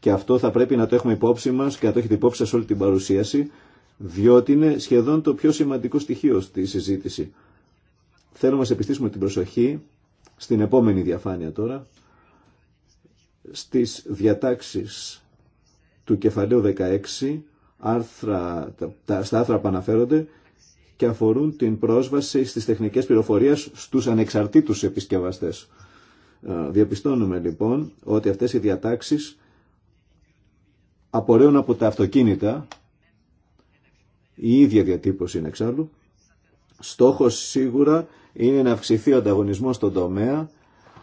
Speaker 1: Και αυτό θα πρέπει να το έχουμε υπόψη μας και να το έχετε υπόψη σε όλη την παρουσίαση διότι είναι σχεδόν το πιο σημαντικό στοιχείο στη συζήτηση. Θέλω να μας επιστήσουμε την προσοχή στην επόμενη διαφάνεια τώρα, στις διατάξεις του κεφαλαίου 16, άρθρα, τα, στα άρθρα που αναφέρονται και αφορούν την πρόσβαση στις τεχνικές πληροφορίες στους ανεξαρτήτους επισκευαστές. Ε, διαπιστώνουμε λοιπόν ότι αυτές οι διατάξεις απορρέουν από τα αυτοκίνητα η ίδια διατύπωση είναι εξάλλου. Στόχος σίγουρα είναι να αυξηθεί ο ανταγωνισμός στον τομέα,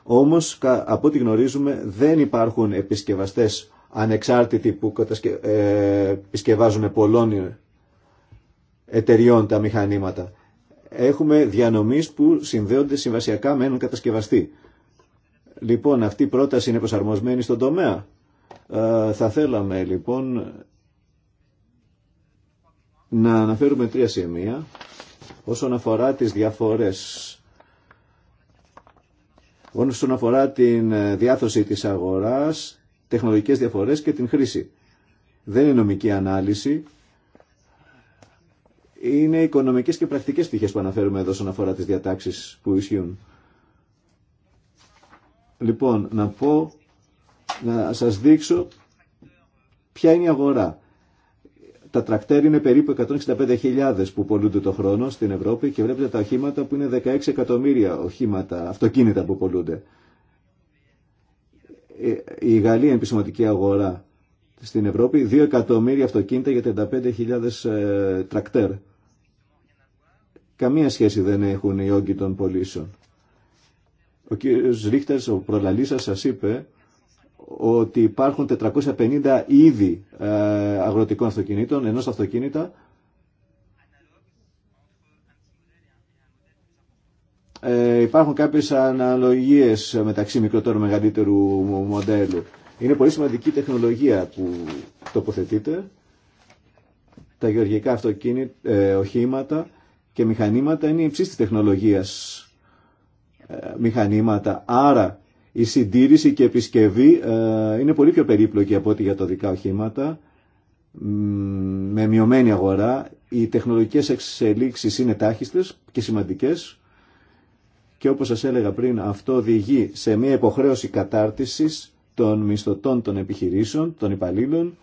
Speaker 1: όμως από ό,τι γνωρίζουμε δεν υπάρχουν επισκευαστές ανεξάρτητοι που ε, επισκευάζουν πολλών εταιριών τα μηχανήματα. Έχουμε διανομής που συνδέονται συμβασιακά με έναν κατασκευαστή. Λοιπόν, αυτή η πρόταση είναι προσαρμοσμένη στον τομέα. Ε, θα θέλαμε λοιπόν να αναφέρουμε τρία σημεία όσον αφορά τις διαφορές. Όσον αφορά την ε, διάθεση της αγοράς, τεχνολογικές διαφορές και την χρήση. Δεν είναι νομική ανάλυση. Είναι οικονομικές και πρακτικές στοιχείες που αναφέρουμε εδώ όσον αφορά τις διατάξεις που ισχύουν. Λοιπόν, να πω, να σας δείξω ποια είναι η αγορά τα τρακτέρ είναι περίπου 165.000 που πολλούνται το χρόνο στην Ευρώπη και βλέπετε τα οχήματα που είναι 16 εκατομμύρια οχήματα, αυτοκίνητα που πολλούνται. Ε, η Γαλλία είναι πισωματική αγορά στην Ευρώπη, 2 εκατομμύρια αυτοκίνητα για 35.000 ε, τρακτέρ. Καμία σχέση δεν έχουν οι όγκοι των πωλήσεων. Ο κύριος Ρίχτερς, ο προλαλής σας, σας είπε ότι υπάρχουν 450 είδη ε, αγροτικών αυτοκινήτων, ενός αυτοκίνητα, Ε, υπάρχουν κάποιες αναλογίες μεταξύ μικρότερου μεγαλύτερου μοντέλου. Είναι πολύ σημαντική τεχνολογία που τοποθετείται. Τα γεωργικά αυτοκίνητα, ε, οχήματα και μηχανήματα είναι υψής της τεχνολογίας ε, μηχανήματα. Άρα η συντήρηση και επισκευή ε, είναι πολύ πιο περίπλοκη από ό,τι για τα δικά οχήματα με μειωμένη αγορά. Οι τεχνολογικές εξελίξεις είναι τάχιστες και σημαντικές και όπως σας έλεγα πριν αυτό οδηγεί σε μια υποχρέωση κατάρτισης των μισθωτών των επιχειρήσεων, των υπαλλήλων.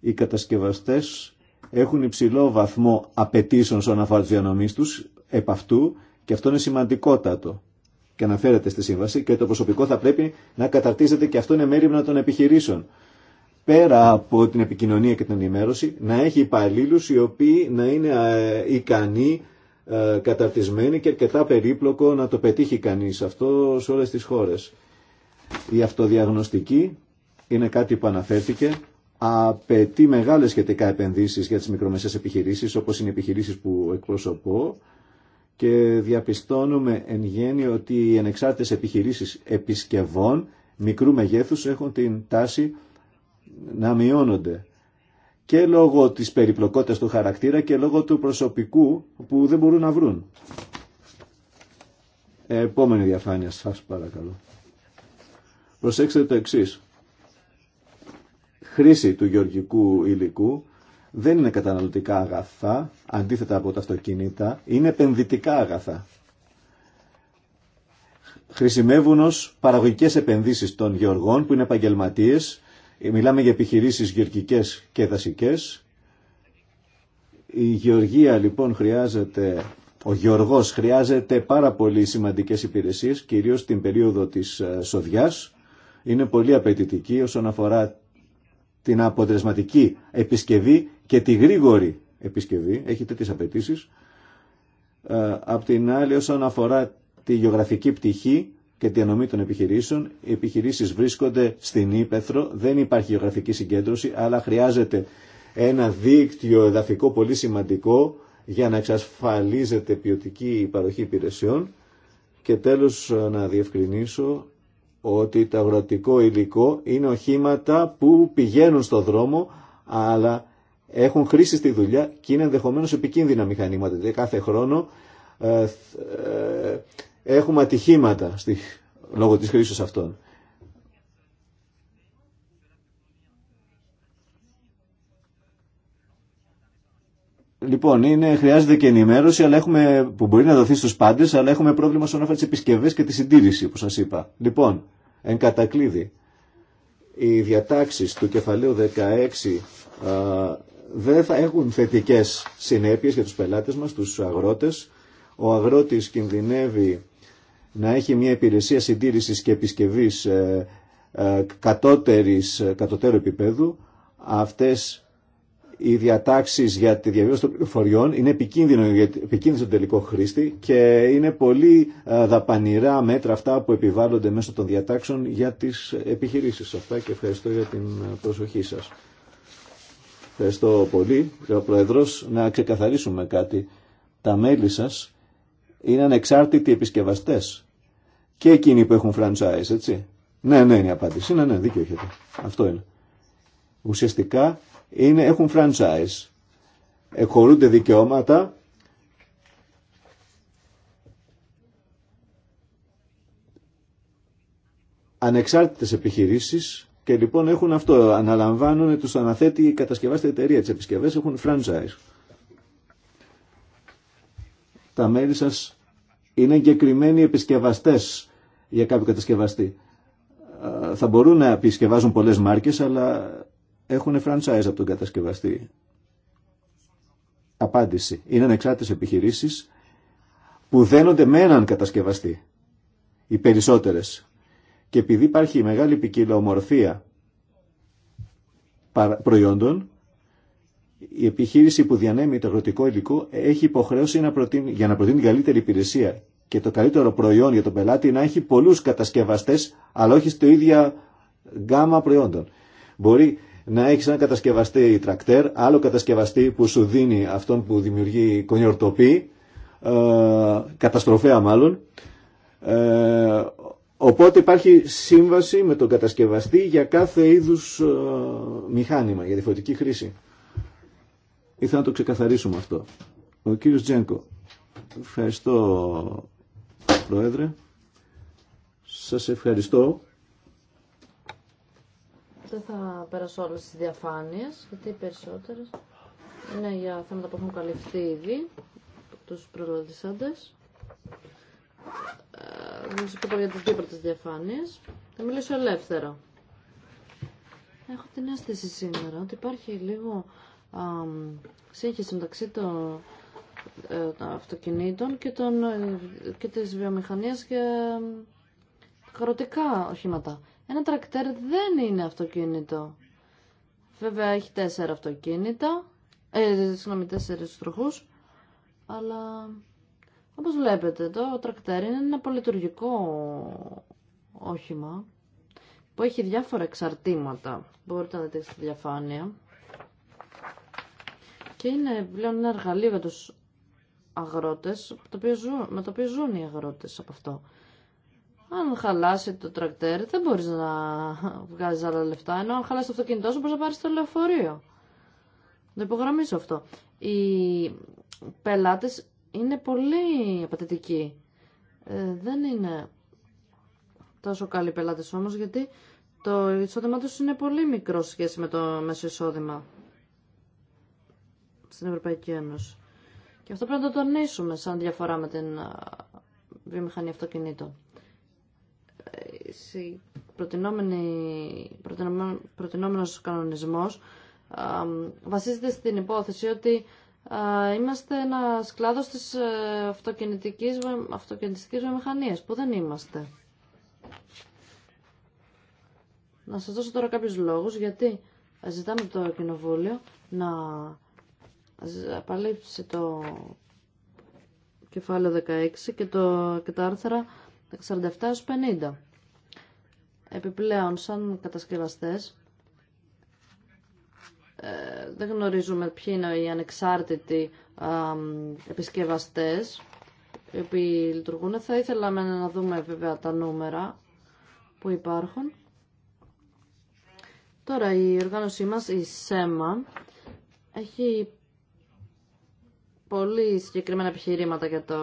Speaker 1: Οι κατασκευαστές έχουν υψηλό βαθμό απαιτήσεων στον αφορά τους διανομής τους επ' αυτού και αυτό είναι σημαντικότατο και αναφέρεται στη σύμβαση και το προσωπικό θα πρέπει να καταρτίζεται και αυτό είναι μέρημνα των επιχειρήσεων. Πέρα από την επικοινωνία και την ενημέρωση, να έχει υπαλλήλου οι οποίοι να είναι ε, ικανοί, ε, καταρτισμένοι και αρκετά περίπλοκο να το πετύχει κανείς αυτό σε όλες τις χώρες. Η αυτοδιαγνωστική είναι κάτι που αναφέρθηκε, απαιτεί μεγάλε σχετικά επενδύσει για τι μικρομεσαίες επιχειρήσει, όπω είναι οι επιχειρήσει που εκπροσωπώ, και διαπιστώνουμε εν γέννη ότι οι ενεξάρτητες επιχειρήσεις επισκευών μικρού μεγέθους έχουν την τάση να μειώνονται και λόγω της περιπλοκότητας του χαρακτήρα και λόγω του προσωπικού που δεν μπορούν να βρουν. Επόμενη διαφάνεια σας παρακαλώ. Προσέξτε το εξής. Χρήση του γεωργικού υλικού δεν είναι καταναλωτικά αγαθά, αντίθετα από τα αυτοκίνητα, είναι επενδυτικά αγαθά. Χρησιμεύουν ως παραγωγικές επενδύσεις των γεωργών που είναι επαγγελματίε. Μιλάμε για επιχειρήσεις γεωργικές και δασικές. Η γεωργία λοιπόν χρειάζεται, ο γεωργός χρειάζεται πάρα πολύ σημαντικές υπηρεσίες, κυρίως την περίοδο της ε, σοδιάς. Είναι πολύ απαιτητική όσον αφορά την αποτελεσματική επισκευή και τη γρήγορη επισκευή, έχει τέτοιες απαιτήσει. Ε, απ' την άλλη όσον αφορά τη γεωγραφική πτυχή και τη ανομή των επιχειρήσεων, οι επιχειρήσεις βρίσκονται στην Ήπεθρο, δεν υπάρχει γεωγραφική συγκέντρωση, αλλά χρειάζεται ένα δίκτυο εδαφικό πολύ σημαντικό για να εξασφαλίζεται ποιοτική παροχή υπηρεσιών και τέλος να διευκρινίσω ότι το αγροτικό υλικό είναι οχήματα που πηγαίνουν στο δρόμο αλλά έχουν χρήση στη δουλειά και είναι ενδεχομένως επικίνδυνα μηχανήματα. Δηλαδή κάθε χρόνο ε, ε, έχουμε ατυχήματα στη, λόγω της χρήσης αυτών. Λοιπόν, είναι, χρειάζεται και ενημέρωση αλλά έχουμε, που μπορεί να δοθεί στους πάντες, αλλά έχουμε πρόβλημα στον αφορά τις επισκευές και τη συντήρηση, όπως σας είπα. Λοιπόν, εν κατακλείδη, οι διατάξεις του κεφαλαίου 16 α, δεν θα έχουν θετικές συνέπειες για τους πελάτες μας, τους αγρότες. Ο αγρότης κινδυνεύει να έχει μια υπηρεσία συντήρησης και επισκευής ε, ε, ε κατωτέρου επίπεδου. Αυτές οι διατάξεις για τη διαβίωση των πληροφοριών είναι επικίνδυνο, επικίνδυνο τον τελικό χρήστη και είναι πολύ ε, δαπανηρά μέτρα αυτά που επιβάλλονται μέσω των διατάξεων για τις επιχειρήσεις αυτά και ευχαριστώ για την προσοχή σας. Ευχαριστώ πολύ. Ο Πρόεδρος, να ξεκαθαρίσουμε κάτι. Τα μέλη σας είναι ανεξάρτητοι επισκευαστές. Και εκείνοι που έχουν franchise, έτσι. Ναι, ναι, είναι η απάντηση. Ναι, ναι, δίκιο έχετε. Αυτό είναι. Ουσιαστικά είναι, έχουν franchise. Εχωρούνται δικαιώματα ανεξάρτητες επιχειρήσεις και λοιπόν έχουν αυτό, αναλαμβάνουν, τους αναθέτει η κατασκευάστη εταιρεία. Τις επισκευές έχουν franchise. Τα μέλη σας είναι εγκεκριμένοι επισκευαστές για κάποιο κατασκευαστή. Θα μπορούν να επισκευάζουν πολλές μάρκες, αλλά έχουν franchise από τον κατασκευαστή. Απάντηση. Είναι ανεξάρτητες επιχειρήσεις που δένονται με έναν κατασκευαστή. Οι περισσότερες και επειδή υπάρχει μεγάλη ποικιλομορφία προϊόντων, η επιχείρηση που διανέμει το αγροτικό υλικό έχει υποχρέωση να προτείνει, για να προτείνει την καλύτερη υπηρεσία και το καλύτερο προϊόν για τον πελάτη να έχει πολλούς κατασκευαστές, αλλά όχι στο ίδια γκάμα προϊόντων. Μπορεί να έχει έναν κατασκευαστή τρακτέρ, άλλο κατασκευαστή που σου δίνει αυτόν που δημιουργεί κονιορτοπή, ε, καταστροφέα μάλλον, ε, Οπότε υπάρχει σύμβαση με τον κατασκευαστή για κάθε είδους ε, μηχάνημα, για διαφορετική χρήση. Ήθελα να το ξεκαθαρίσουμε αυτό. Ο κύριος Τζένκο. Ευχαριστώ, Πρόεδρε. Σας ευχαριστώ.
Speaker 2: Δεν θα περάσω όλες τις διαφάνειες, γιατί οι περισσότερες είναι για θέματα που έχουν καλυφθεί ήδη τους προλαλισσάντες θα ε, σας πω για τις δύο πρώτες διαφάνειες. Θα μιλήσω ελεύθερα. Έχω την αίσθηση σήμερα ότι υπάρχει λίγο σύγχυση μεταξύ ε, των, αυτοκινήτων και, των, ε, και της βιομηχανίας και οχήματα. Ένα τρακτέρ δεν είναι αυτοκίνητο. Βέβαια έχει τέσσερα αυτοκίνητα, ε, συγγνώμη τέσσερις τροχούς, αλλά όπως βλέπετε, το τρακτέρ είναι ένα πολυτουργικό όχημα που έχει διάφορα εξαρτήματα. Μπορείτε να δείτε στη διαφάνεια. Και είναι πλέον ένα εργαλείο για τους αγρότες, με το οποίο ζουν οι αγρότες από αυτό. Αν χαλάσει το τρακτέρ, δεν μπορείς να βγάζεις άλλα λεφτά. Ενώ αν χαλάσει το αυτοκίνητό σου, μπορείς να πάρει το λεωφορείο. Να υπογραμμίσω αυτό. Οι πελάτες είναι πολύ απαιτητική. Ε, δεν είναι τόσο καλοί πελάτε όμως γιατί το εισόδημά του είναι πολύ μικρό σχέση με το μέσο εισόδημα στην Ευρωπαϊκή Ένωση. Και αυτό πρέπει να το τονίσουμε σαν διαφορά με την βιομηχανία αυτοκινήτων. Ε, προτινόμενος κανονισμός βασίζεται στην υπόθεση ότι είμαστε ένα κλάδο τη ε, αυτοκινητικής, βιομηχανία που δεν είμαστε. Να σας δώσω τώρα κάποιους λόγους, γιατί ζητάμε το Κοινοβούλιο να απαλείψει το κεφάλαιο 16 και, το, και τα άρθρα 47-50. Επιπλέον, σαν κατασκευαστές, ε, δεν γνωρίζουμε ποιοι είναι οι ανεξάρτητοι επισκευαστές οι οποίοι λειτουργούν. Θα ήθελα να δούμε βέβαια τα νούμερα που υπάρχουν. Τώρα η οργάνωσή μας, η ΣΕΜΑ, έχει πολύ συγκεκριμένα επιχειρήματα για το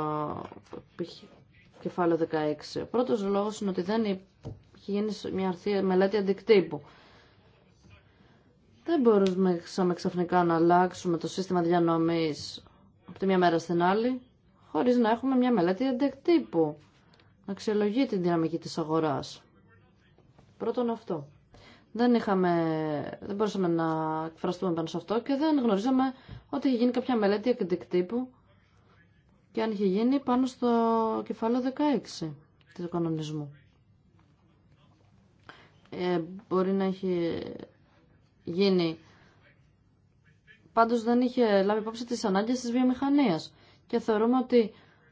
Speaker 2: κεφάλαιο 16. Ο πρώτος λόγος είναι ότι δεν έχει γίνει μια μελέτη αντικτύπου. Δεν μπορούσαμε ξαφνικά να αλλάξουμε το σύστημα διανομής από τη μια μέρα στην άλλη, χωρίς να έχουμε μια μελέτη αυτό. Δεν μπορούσαμε να αξιολογεί την δυναμική της αγοράς. Πρώτον αυτό. Δεν, είχαμε, δεν μπορούσαμε να εκφραστούμε πάνω σε αυτό και δεν γνωρίζαμε ότι είχε γίνει κάποια μελέτη αντεκτύπου και αν είχε γίνει πάνω στο κεφάλαιο 16 του κανονισμού. Ε, μπορεί να έχει γίνει. Πάντως δεν είχε λάβει υπόψη τις ανάγκες της βιομηχανίας και θεωρούμε ότι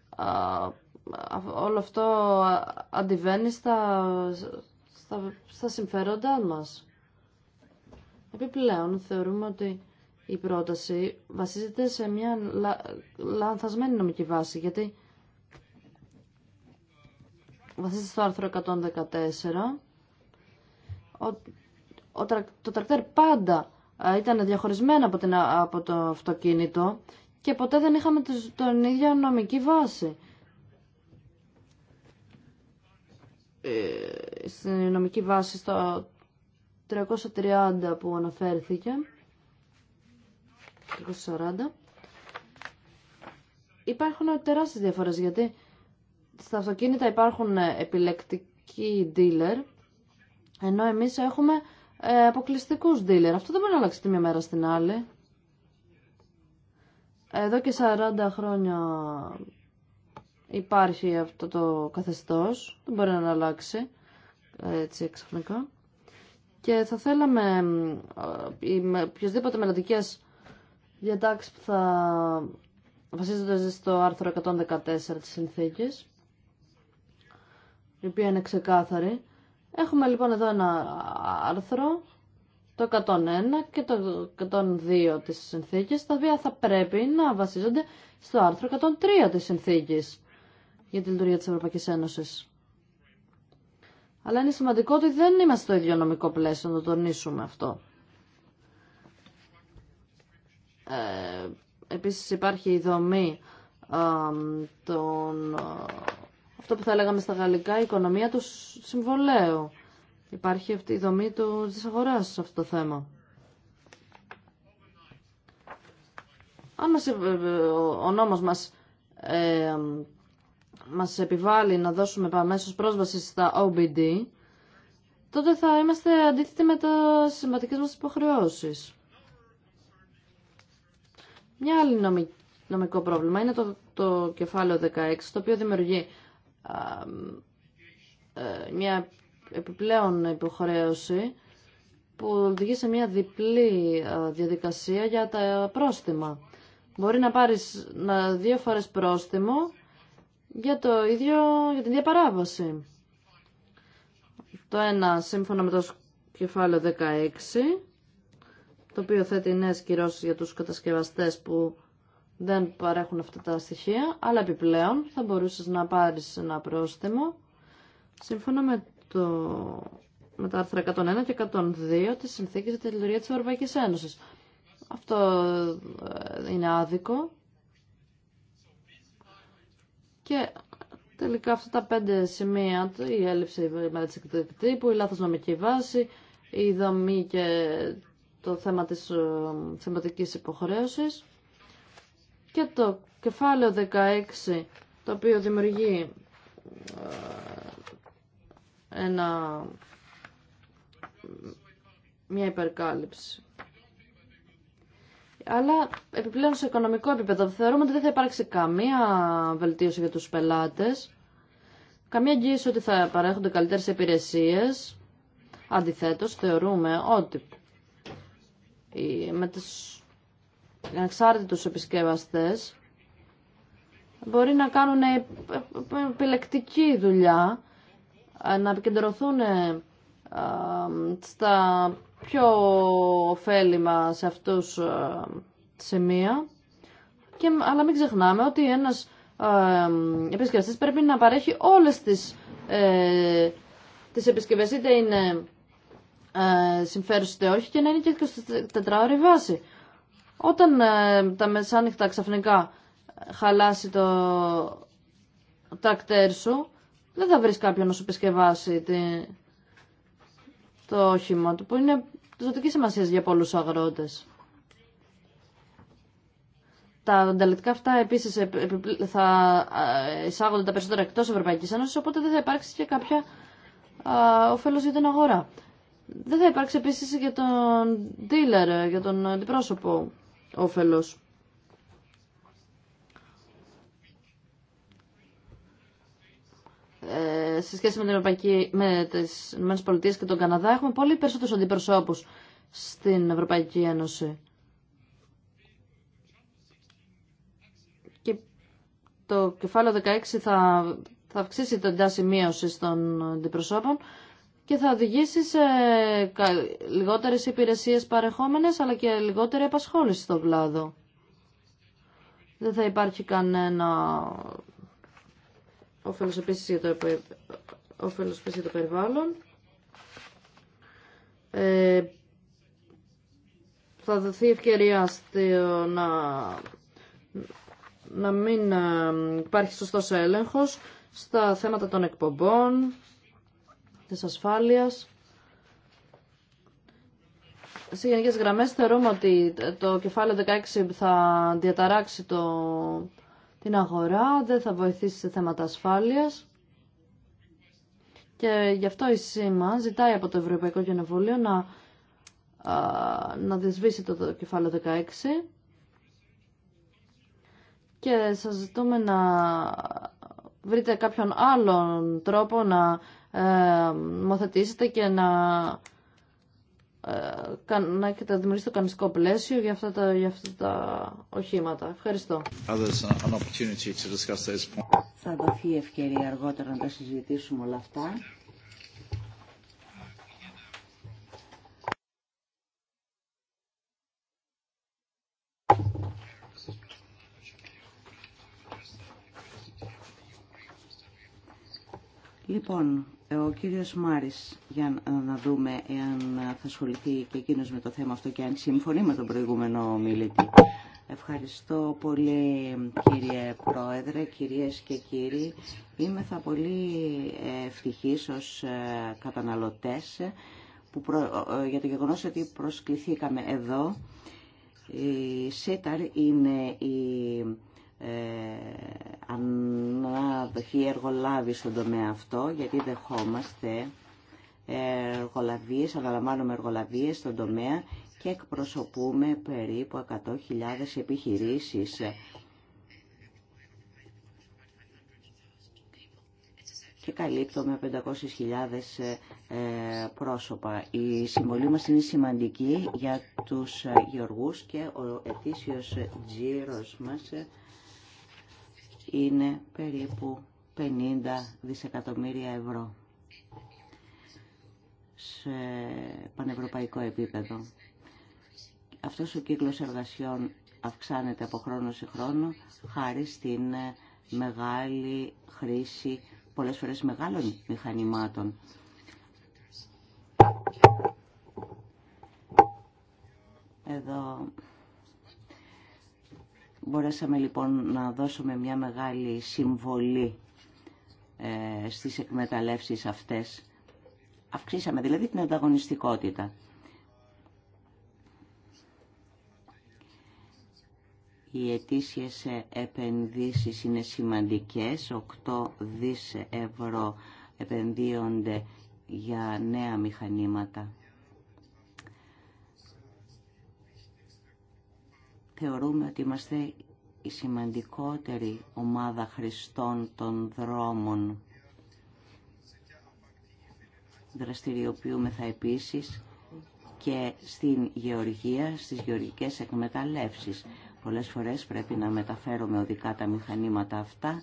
Speaker 2: α, όλο αυτό αντιβαίνει στα, στα, συμφέροντά μας. Επιπλέον θεωρούμε ότι η πρόταση βασίζεται σε μια λα, λανθασμένη νομική βάση γιατί βασίζεται στο άρθρο 114 το τρακτέρ πάντα ε, ήταν διαχωρισμένο από, την, από το αυτοκίνητο και ποτέ δεν είχαμε τον ίδιο νομική βάση. Ε, στην νομική βάση στο 330 που αναφέρθηκε, 340, υπάρχουν τεράστιες διαφορές γιατί στα αυτοκίνητα υπάρχουν επιλεκτικοί dealer, ενώ εμείς έχουμε ε, αποκλειστικούς dealer. Αυτό δεν μπορεί να αλλάξει τη μία μέρα στην άλλη. Εδώ και 40 χρόνια υπάρχει αυτό το καθεστώς, δεν μπορεί να αλλάξει έτσι ξαφνικά. Και θα θέλαμε ε, οποιασδήποτε μελλοντικέ διατάξεις που θα βασίζονται στο άρθρο 114 της συνθήκης, η οποία είναι ξεκάθαρη, Έχουμε λοιπόν εδώ ένα άρθρο, το 101 και το 102 της συνθήκης, τα οποία θα πρέπει να βασίζονται στο άρθρο 103 της συνθήκης για τη λειτουργία της Ευρωπαϊκής Ένωσης. Αλλά είναι σημαντικό ότι δεν είμαστε στο ίδιο νομικό πλαίσιο, να το τονίσουμε αυτό. Ε, επίσης υπάρχει η δομή των αυτό που θα λέγαμε στα γαλλικά, η οικονομία του συμβολέου. Υπάρχει αυτή η δομή του, της αγοράς σε αυτό το θέμα. Αν μας, ε, ο νόμος μας, ε, μας επιβάλλει να δώσουμε αμέσω πρόσβαση στα OBD, τότε θα είμαστε αντίθετοι με τα συμβατικές μας υποχρεώσεις. Μια άλλη νομικό πρόβλημα είναι το, το κεφάλαιο 16, το οποίο δημιουργεί ε, μια επιπλέον υποχρέωση που οδηγεί σε μια διπλή ε, διαδικασία για τα πρόστιμα. Μπορεί να πάρεις να, δύο φορές πρόστιμο για, το ίδιο, για την διαπαράβαση. Το ένα σύμφωνα με το κεφάλαιο 16, το οποίο θέτει νέες κυρώσεις για τους κατασκευαστές που δεν παρέχουν αυτά τα στοιχεία, αλλά επιπλέον θα μπορούσες να πάρεις ένα πρόστιμο σύμφωνα με, το, με τα άρθρα 101 και 102 της Συνθήκης για τη Λειτουργία της Ευρωπαϊκής Ένωσης. Αυτό ε, είναι άδικο. Και τελικά αυτά τα πέντε σημεία, η έλλειψη με της τύπου, η λάθος νομική βάση, η δομή και το θέμα της ε, θεματικής υποχρέωσης, και το κεφάλαιο 16 το οποίο δημιουργεί ε, ένα, μια υπερκάλυψη. Αλλά επιπλέον σε οικονομικό επίπεδο θεωρούμε ότι δεν θα υπάρξει καμία βελτίωση για τους πελάτες, καμία εγγύηση ότι θα παρέχονται καλύτερες υπηρεσίες. Αντιθέτως θεωρούμε ότι με τις ανεξάρτητους επισκευαστές μπορεί να κάνουν ε, ε, ε, επιλεκτική δουλειά, να επικεντρωθούν στα πιο ωφέλιμα σε αυτούς σημεία, και, αλλά μην ξεχνάμε ότι ένας επισκευαστής πρέπει να παρέχει όλες τις, τις επισκευές, είτε είναι ε, συμφέρουσες είτε όχι, και να είναι και 24 ώρες βάση. Όταν ε, τα μεσάνυχτα ξαφνικά χαλάσει το τρακτέρ σου, δεν θα βρεις κάποιον να σου επισκευάσει το όχημα του, που είναι ζωτική σημασία για πολλούς αγρότες. Τα ανταλλακτικά αυτά επίσης θα ε, εισάγονται τα περισσότερα εκτός Ευρωπαϊκής Ένωση, οπότε δεν θα υπάρξει και κάποια ωφέλο για την αγορά. Δεν θα υπάρξει επίσης για τον dealer, ε, για τον αντιπρόσωπο όφελος. Ε, σε σχέση με, την Ευρωπαϊκή, με τις ΗΠΑ και τον Καναδά έχουμε πολύ περισσότερους αντιπροσώπους στην Ευρωπαϊκή Ένωση. Και το κεφάλαιο 16 θα, θα αυξήσει την τάση μείωση των αντιπροσώπων και θα οδηγήσει σε λιγότερε υπηρεσίε παρεχόμενε, αλλά και λιγότερη απασχόληση στον κλάδο. Δεν θα υπάρχει κανένα όφελος επίσης για το, για το περιβάλλον. Ε, θα δοθεί ευκαιρία να, να μην ε, υπάρχει σωστός έλεγχος στα θέματα των εκπομπών, της ασφάλειας. Σε γενικές γραμμές θεωρούμε ότι το κεφάλαιο 16 θα διαταράξει το, την αγορά, δεν θα βοηθήσει σε θέματα ασφάλειας. Και γι' αυτό η ΣΥΜΑ ζητάει από το Ευρωπαϊκό Κοινοβούλιο να, να το, το κεφάλαιο 16 και σας ζητούμε να βρείτε κάποιον άλλον τρόπο να νομοθετήσετε ε, και να, ε, να και δημιουργήσει δημιουργήσετε το κανονιστικό πλαίσιο για αυτά τα, για αυτά τα οχήματα. Ευχαριστώ. Uh, Θα δοθεί ευκαιρία αργότερα να τα συζητήσουμε όλα αυτά.
Speaker 3: Λοιπόν, ο κύριος Μάρης για να δούμε εάν θα ασχοληθεί και εκείνος με το θέμα αυτό και αν συμφωνεί με τον προηγούμενο μιλητή. Ευχαριστώ πολύ κύριε Πρόεδρε, κυρίες και κύριοι. Είμαι θα πολύ ευτυχής ως ε, καταναλωτές που ε, για το γεγονός ότι προσκληθήκαμε εδώ. Η ΣΕΤΑΡ είναι η ε, συμμετοχή εργολάβη στον τομέα αυτό, γιατί δεχόμαστε εργολαβίες, αναλαμβάνουμε εργολαβίες στον τομέα και εκπροσωπούμε περίπου 100.000 επιχειρήσεις. και καλύπτουμε 500.000 ε, πρόσωπα. Η συμβολή μας είναι σημαντική για τους γεωργούς και ο ετήσιος τζίρος μας ε, είναι περίπου 50 δισεκατομμύρια ευρώ σε πανευρωπαϊκό επίπεδο. Αυτός ο κύκλος εργασιών αυξάνεται από χρόνο σε χρόνο χάρη στην μεγάλη χρήση πολλές φορές μεγάλων μηχανημάτων. Εδώ μπορέσαμε λοιπόν να δώσουμε μια μεγάλη συμβολή ε, στις εκμεταλλεύσεις αυτές. Αυξήσαμε δηλαδή την ανταγωνιστικότητα. Οι ετήσιες επενδύσεις είναι σημαντικές. 8 δις ευρώ επενδύονται για νέα μηχανήματα. Θεωρούμε ότι είμαστε η σημαντικότερη ομάδα χρηστών των δρόμων. Δραστηριοποιούμεθα επίσης και στην γεωργία, στις γεωργικές εκμεταλλεύσεις. Πολλές φορές πρέπει να μεταφέρουμε οδικά τα μηχανήματα αυτά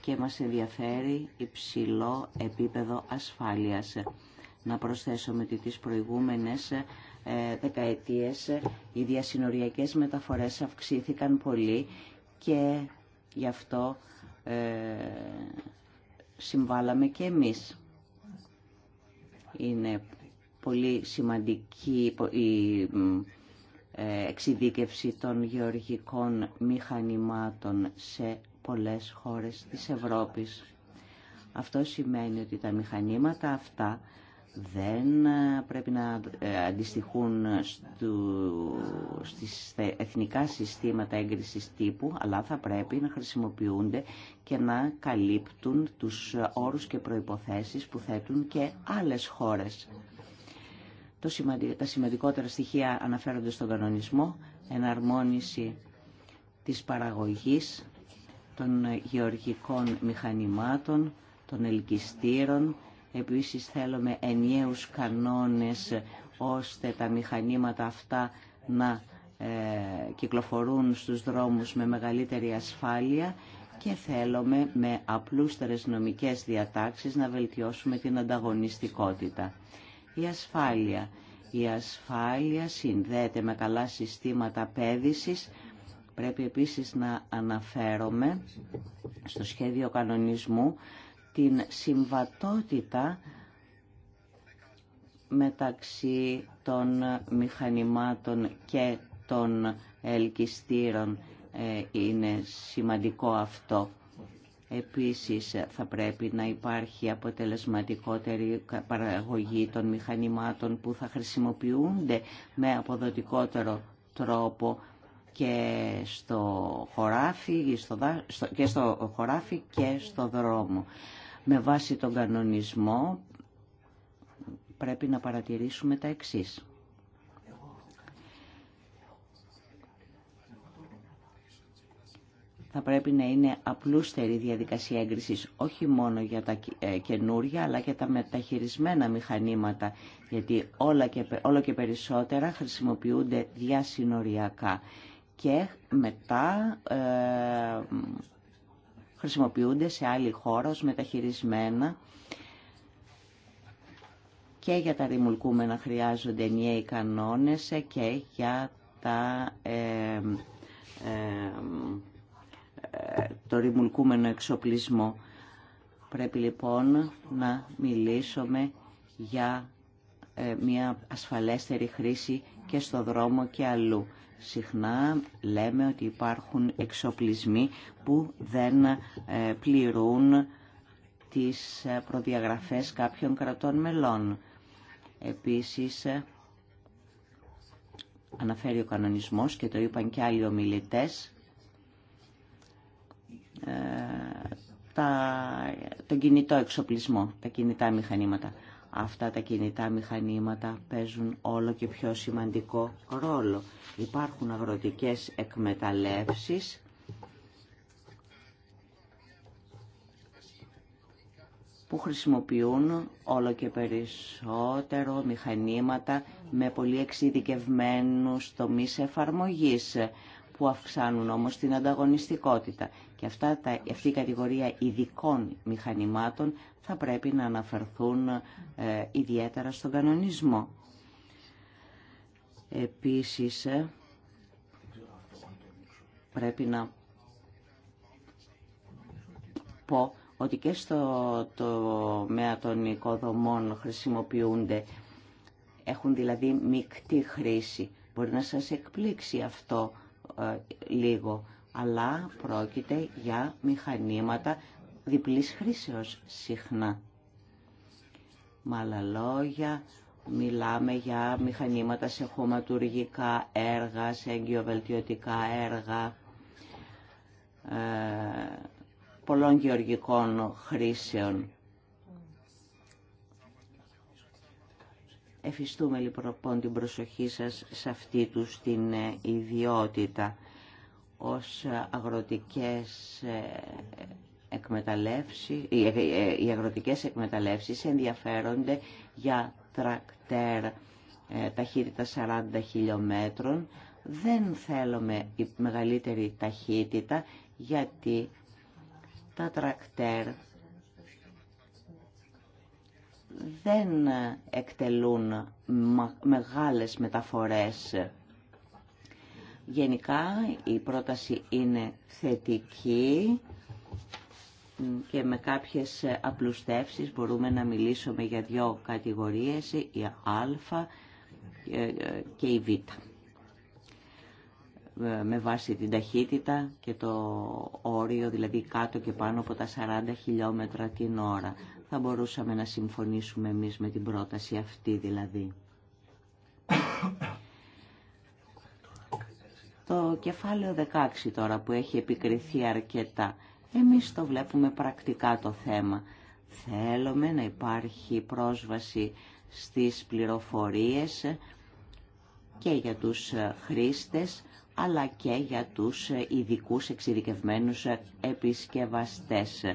Speaker 3: και μας ενδιαφέρει υψηλό επίπεδο ασφάλειας. Να προσθέσουμε ότι τις προηγούμενες ε, δεκαετίες οι διασυνοριακές μεταφορές αυξήθηκαν πολύ και γι' αυτό ε, συμβάλαμε και εμείς. Είναι πολύ σημαντική η ε, εξειδίκευση των γεωργικών μηχανημάτων σε πολλές χώρες της Ευρώπης. Αυτό σημαίνει ότι τα μηχανήματα αυτά δεν ε, πρέπει να ε, αντιστοιχούν στις εθνικά συστήματα έγκρισης τύπου, αλλά θα πρέπει να χρησιμοποιούνται και να καλύπτουν τους όρους και προϋποθέσεις που θέτουν και άλλες χώρες. Το τα σημαντικότερα στοιχεία αναφέρονται στον κανονισμό, εναρμόνιση της παραγωγής, των γεωργικών μηχανημάτων, των ελκυστήρων, Επίσης θέλουμε ενιαίους κανόνες ώστε τα μηχανήματα αυτά να ε, κυκλοφορούν στους δρόμους με μεγαλύτερη ασφάλεια και θέλουμε με απλούστερες νομικές διατάξεις να βελτιώσουμε την ανταγωνιστικότητα. Η ασφάλεια. Η ασφάλεια συνδέεται με καλά συστήματα πέδησης. Πρέπει επίσης να αναφέρομαι στο σχέδιο κανονισμού την συμβατότητα μεταξύ των μηχανημάτων και των ελκυστήρων ε, είναι σημαντικό αυτό. Επίσης θα πρέπει να υπάρχει αποτελεσματικότερη παραγωγή των μηχανημάτων που θα χρησιμοποιούνται με αποδοτικότερο τρόπο και στο χωράφι, και στο, και στο χωράφι και στο δρόμο. Με βάση τον κανονισμό πρέπει να παρατηρήσουμε τα εξής. θα πρέπει να είναι απλούστερη διαδικασία έγκρισης όχι μόνο για τα ε, καινούρια αλλά και τα μεταχειρισμένα μηχανήματα γιατί όλα και, όλο και περισσότερα χρησιμοποιούνται διασυνοριακά και μετά ε, χρησιμοποιούνται σε άλλη χώρα ως μεταχειρισμένα και για τα ρημουλκούμενα χρειάζονται νέοι κανόνες και για τα, ε, ε, ε, το ρημουλκούμενο εξοπλισμό. Πρέπει λοιπόν να μιλήσουμε για ε, μια ασφαλέστερη χρήση και στο δρόμο και αλλού συχνά λέμε ότι υπάρχουν εξοπλισμοί που δεν ε, πληρούν τις ε, προδιαγραφές κάποιων κρατών μελών. Επίσης, ε, αναφέρει ο κανονισμός και το είπαν και άλλοι ομιλητές, τα, τον κινητό εξοπλισμό, τα κινητά μηχανήματα αυτά τα κινητά μηχανήματα παίζουν όλο και πιο σημαντικό ρόλο. Υπάρχουν αγροτικές εκμεταλλεύσεις που χρησιμοποιούν όλο και περισσότερο μηχανήματα με πολύ εξειδικευμένους τομείς εφαρμογής που αυξάνουν όμως την ανταγωνιστικότητα αυτά τα, αυτή η κατηγορία ειδικών μηχανημάτων θα πρέπει να αναφερθούν ε, ιδιαίτερα στον κανονισμό. Επίσης, ε, πρέπει να πω ότι και στο τομέα των οικοδομών χρησιμοποιούνται, έχουν δηλαδή μεικτή χρήση. Μπορεί να σας εκπλήξει αυτό ε, λίγο αλλά πρόκειται για μηχανήματα διπλής χρήσεως συχνά. Με άλλα λόγια, μιλάμε για μηχανήματα σε χωματουργικά έργα, σε εγκυοβελτιωτικά έργα, ε, πολλών γεωργικών χρήσεων. Εφιστούμε λοιπόν την προσοχή σας σε αυτή τους την ε, ιδιότητα ως αγροτικές ε, εκμεταλλεύσεις, ε, ε, οι αγροτικές εκμεταλλεύσεις ενδιαφέρονται για τρακτέρ ταχύτητα 40 χιλιόμετρων. Δεν θέλουμε η μεγαλύτερη ταχύτητα γιατί τα τρακτέρ δεν εκτελούν μεγάλες μεταφορές Γενικά η πρόταση είναι θετική και με κάποιες απλουστεύσεις μπορούμε να μιλήσουμε για δύο κατηγορίες, η Α και η Β με βάση την ταχύτητα και το όριο, δηλαδή κάτω και πάνω από τα 40 χιλιόμετρα την ώρα. Θα μπορούσαμε να συμφωνήσουμε εμείς με την πρόταση αυτή δηλαδή. Το κεφάλαιο 16 τώρα που έχει επικριθεί αρκετά. Εμείς το βλέπουμε πρακτικά το θέμα. Θέλουμε να υπάρχει πρόσβαση στις πληροφορίες και για τους χρήστες αλλά και για τους ειδικού εξειδικευμένους επισκευαστές.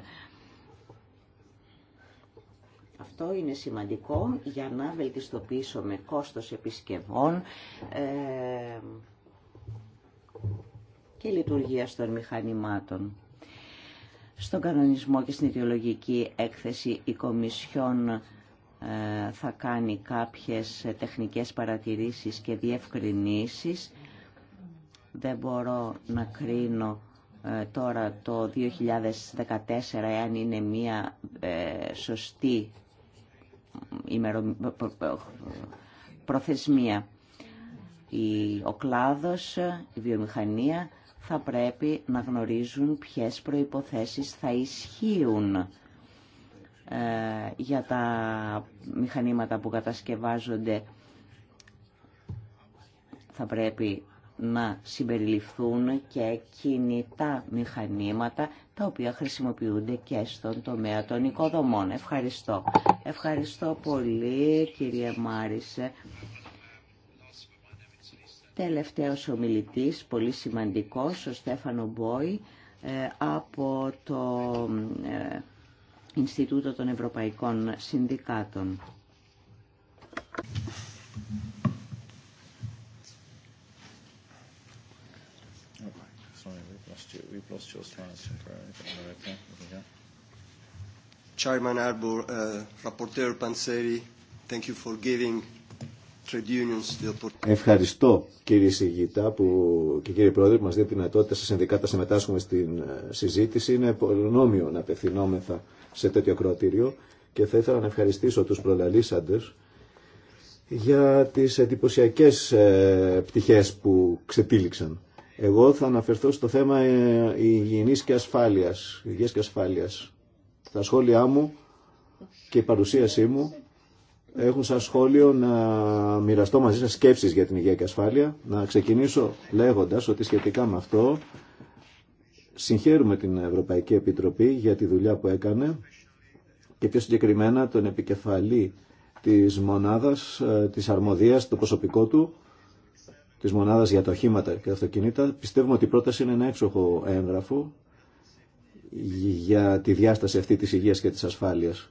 Speaker 3: Αυτό είναι σημαντικό για να βελτιστοποιήσουμε κόστος επισκευών, ε, και λειτουργίας των μηχανημάτων. Στον κανονισμό και στην ιδεολογική έκθεση η Κομισιόν ε, θα κάνει κάποιες ε, τεχνικές παρατηρήσεις και διευκρινήσεις. Δεν μπορώ να κρίνω ε, τώρα το 2014 εάν είναι μία σωστή προθεσμία. Ο κλάδος, η βιομηχανία θα πρέπει να γνωρίζουν ποιες προϋποθέσεις θα ισχύουν ε, για τα μηχανήματα που κατασκευάζονται θα πρέπει να συμπεριληφθούν και κινητά μηχανήματα τα οποία χρησιμοποιούνται και στον τομέα των οικοδομών. Ευχαριστώ. Ευχαριστώ πολύ κύριε Μάρισε Τελευταίος ομιλητής, πολύ σημαντικός, ο Στέφανο Μπόι ε, από το ε, Ινστιτούτο των Ευρωπαϊκών Συνδικάτων.
Speaker 1: Chairman Arbour, uh, Rapporteur Panseri, thank you for giving Ευχαριστώ κύριε Σιγητά που, και κύριε Πρόεδρε που μας δίνει τη δυνατότητα σε συνδικάτα συμμετάσχουμε στην ε, συζήτηση. Είναι πολυνόμιο να απευθυνόμεθα σε τέτοιο κροατήριο και θα ήθελα να ευχαριστήσω τους προλαλήσαντες για τις εντυπωσιακέ ε, πτυχές που ξετύλιξαν. Εγώ θα αναφερθώ στο θέμα ε, υγιεινής και ασφάλειας. Υγιεινής και ασφάλειας. Τα σχόλιά μου και η παρουσίασή μου έχουν σαν σχόλιο να μοιραστώ μαζί σας σκέψεις για την υγεία και ασφάλεια. Να ξεκινήσω λέγοντας ότι σχετικά με αυτό συγχαίρουμε την Ευρωπαϊκή Επιτροπή για τη δουλειά που έκανε και πιο συγκεκριμένα τον επικεφαλή της μονάδας, ε, της αρμοδίας, το προσωπικό του, της μονάδας για τα οχήματα και τα αυτοκινήτα. Πιστεύουμε ότι η πρόταση είναι ένα έξοχο έγγραφο για τη διάσταση αυτή της υγείας και της ασφάλειας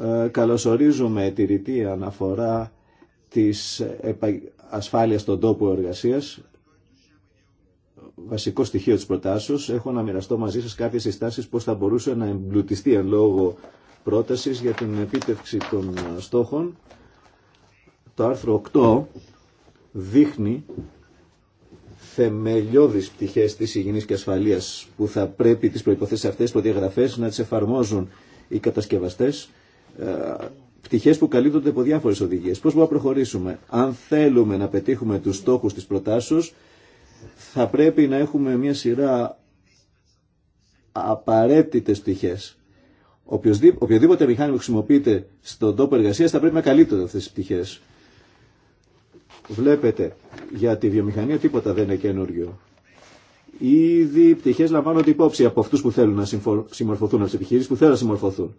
Speaker 1: ε, καλωσορίζουμε τη ρητή αναφορά της ασφάλειας στον τόπο εργασίας, βασικό στοιχείο της προτάσεως. Έχω να μοιραστώ μαζί σας κάποιες συστάσεις πώς θα μπορούσε να εμπλουτιστεί εν λόγω πρότασης για την επίτευξη των στόχων. Το άρθρο 8 δείχνει θεμελιώδεις πτυχές της υγιεινής και ασφαλείας που θα πρέπει τις προϋποθέσεις αυτές, προδιαγραφές να τις εφαρμόζουν οι κατασκευαστές ε, πτυχέ που καλύπτονται από διάφορε οδηγίε. Πώ μπορούμε να προχωρήσουμε. Αν θέλουμε να πετύχουμε του στόχου τη προτάσεω, θα πρέπει να έχουμε μια σειρά απαραίτητε πτυχέ. Οποιοδήποτε μηχάνημα που χρησιμοποιείται στον τόπο εργασία θα πρέπει να καλύπτονται αυτέ τι πτυχέ. Βλέπετε, για τη βιομηχανία τίποτα δεν είναι καινούριο. Ήδη οι πτυχέ λαμβάνονται υπόψη από αυτού που θέλουν να συμμορφωθούν, από τι επιχειρήσει που θέλουν να συμμορφωθούν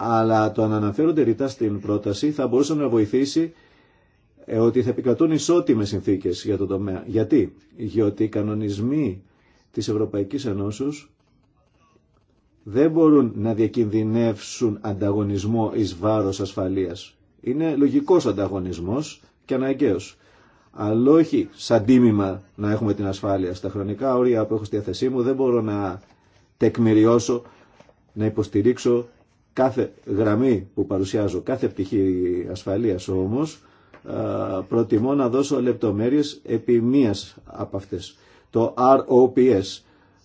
Speaker 1: αλλά το να αναφέρονται ρητά στην πρόταση θα μπορούσε να βοηθήσει ε, ότι θα επικρατούν ισότιμε συνθήκες για το τομέα. Γιατί? Γιατί οι κανονισμοί της Ευρωπαϊκής Ενώσεως δεν μπορούν να διακινδυνεύσουν ανταγωνισμό ει βάρος ασφαλείας. Είναι λογικός ανταγωνισμός και αναγκαίο. Αλλά όχι σαν τίμημα να έχουμε την ασφάλεια. Στα χρονικά όρια που έχω στη διάθεσή μου δεν μπορώ να τεκμηριώσω, να υποστηρίξω Κάθε γραμμή που παρουσιάζω, κάθε πτυχή ασφαλείας όμως, προτιμώ να δώσω λεπτομέρειες επί μίας από αυτές. Το ROPS,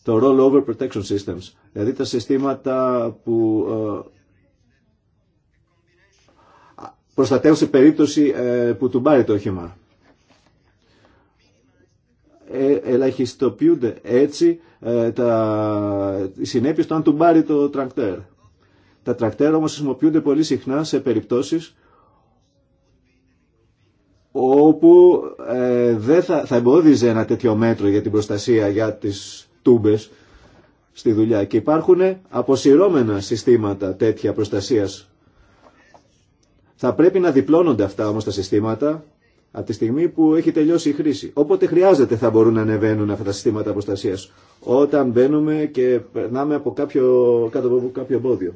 Speaker 1: το Rollover Protection Systems, δηλαδή τα συστήματα που ε, προστατεύουν σε περίπτωση ε, που του μπάρει το όχημα. Ε, ελαχιστοποιούνται έτσι ε, τα, οι συνέπειες του αν του μπάρει το τρακτέρ. Τα τρακτέρ όμως χρησιμοποιούνται πολύ συχνά σε περιπτώσεις όπου ε, δεν θα, θα εμπόδιζε ένα τέτοιο μέτρο για την προστασία για τις τούμπες στη δουλειά και υπάρχουν αποσυρώμενα συστήματα τέτοια προστασίας. Θα πρέπει να διπλώνονται αυτά όμως τα συστήματα από τη στιγμή που έχει τελειώσει η χρήση. Όποτε χρειάζεται θα μπορούν να ανεβαίνουν αυτά τα συστήματα προστασίας όταν μπαίνουμε και περνάμε από κάποιο, κάτω από κάποιο εμπόδιο.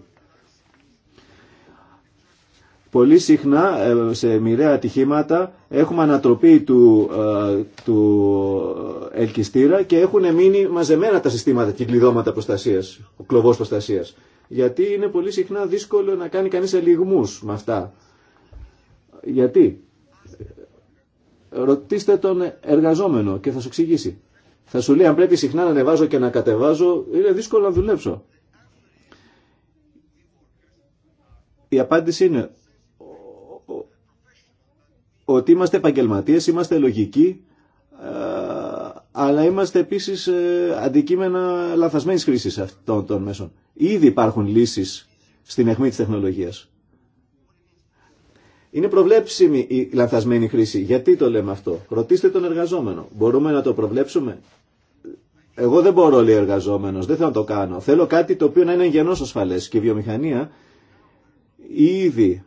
Speaker 1: Πολύ συχνά ε, σε μοιραία ατυχήματα έχουμε ανατροπή του, ε, του ε, ελκυστήρα και έχουν μείνει μαζεμένα τα συστήματα και κλειδώματα προστασίας, ο κλωβός προστασίας. Γιατί είναι πολύ συχνά δύσκολο να κάνει κανείς ελιγμούς με αυτά. Γιατί. Ρωτήστε τον εργαζόμενο και θα σου εξηγήσει. Θα σου λέει αν πρέπει συχνά να ανεβάζω και να κατεβάζω, είναι δύσκολο να δουλέψω. Η απάντηση είναι ότι είμαστε επαγγελματίε, είμαστε λογικοί, ε, αλλά είμαστε επίσης ε, αντικείμενα λαθασμενη χρήση αυτών των μέσων. Ήδη υπάρχουν λύσεις στην αιχμή τη τεχνολογία. Είναι προβλέψιμη η λανθασμένη χρήση. Γιατί το λέμε αυτό. Ρωτήστε τον εργαζόμενο. Μπορούμε να το προβλέψουμε. Εγώ δεν μπορώ, λέει ο εργαζόμενο. Δεν θέλω να το κάνω. Θέλω κάτι το οποίο να είναι γενό ασφαλέ. Και η βιομηχανία ήδη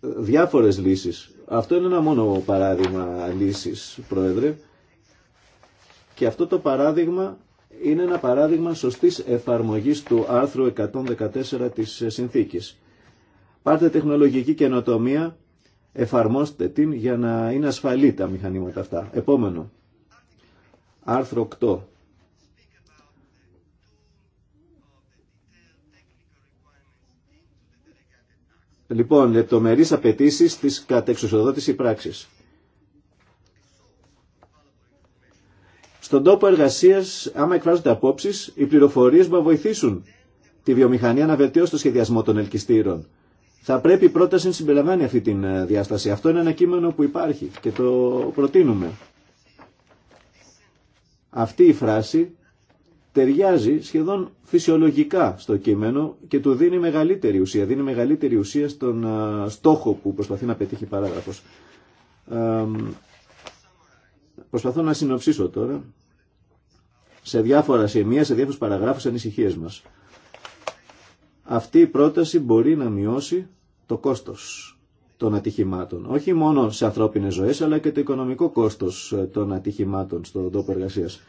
Speaker 1: ε, διάφορε λύσει αυτό είναι ένα μόνο παράδειγμα λύσης, Πρόεδρε. Και αυτό το παράδειγμα είναι ένα παράδειγμα σωστής εφαρμογής του άρθρου 114 της συνθήκης. Πάρτε τεχνολογική καινοτομία, εφαρμόστε την για να είναι ασφαλή τα μηχανήματα αυτά. Επόμενο, άρθρο 8 Λοιπόν, λεπτομερείς απαιτήσει της κατεξουσιοδότηση πράξης. Στον τόπο εργασίας, άμα εκφράζονται απόψεις, οι πληροφορίες που βοηθήσουν τη βιομηχανία να βελτιώσει το σχεδιασμό των ελκυστήρων. Θα πρέπει η πρόταση να συμπεριλαμβάνει αυτή τη ε, διάσταση. Αυτό είναι ένα κείμενο που υπάρχει και το προτείνουμε. Αυτή η φράση ταιριάζει σχεδόν φυσιολογικά στο κείμενο και του δίνει μεγαλύτερη ουσία. Δίνει μεγαλύτερη ουσία στον στόχο που προσπαθεί να πετύχει η παράγραφος. προσπαθώ να συνοψίσω τώρα σε διάφορα σημεία, σε διάφορους παραγράφους ανησυχίε μας. Αυτή η πρόταση μπορεί να μειώσει το κόστος των ατυχημάτων. Όχι μόνο σε ανθρώπινες ζωές, αλλά και το οικονομικό κόστος ε, των ατυχημάτων στον τόπο εργασίας.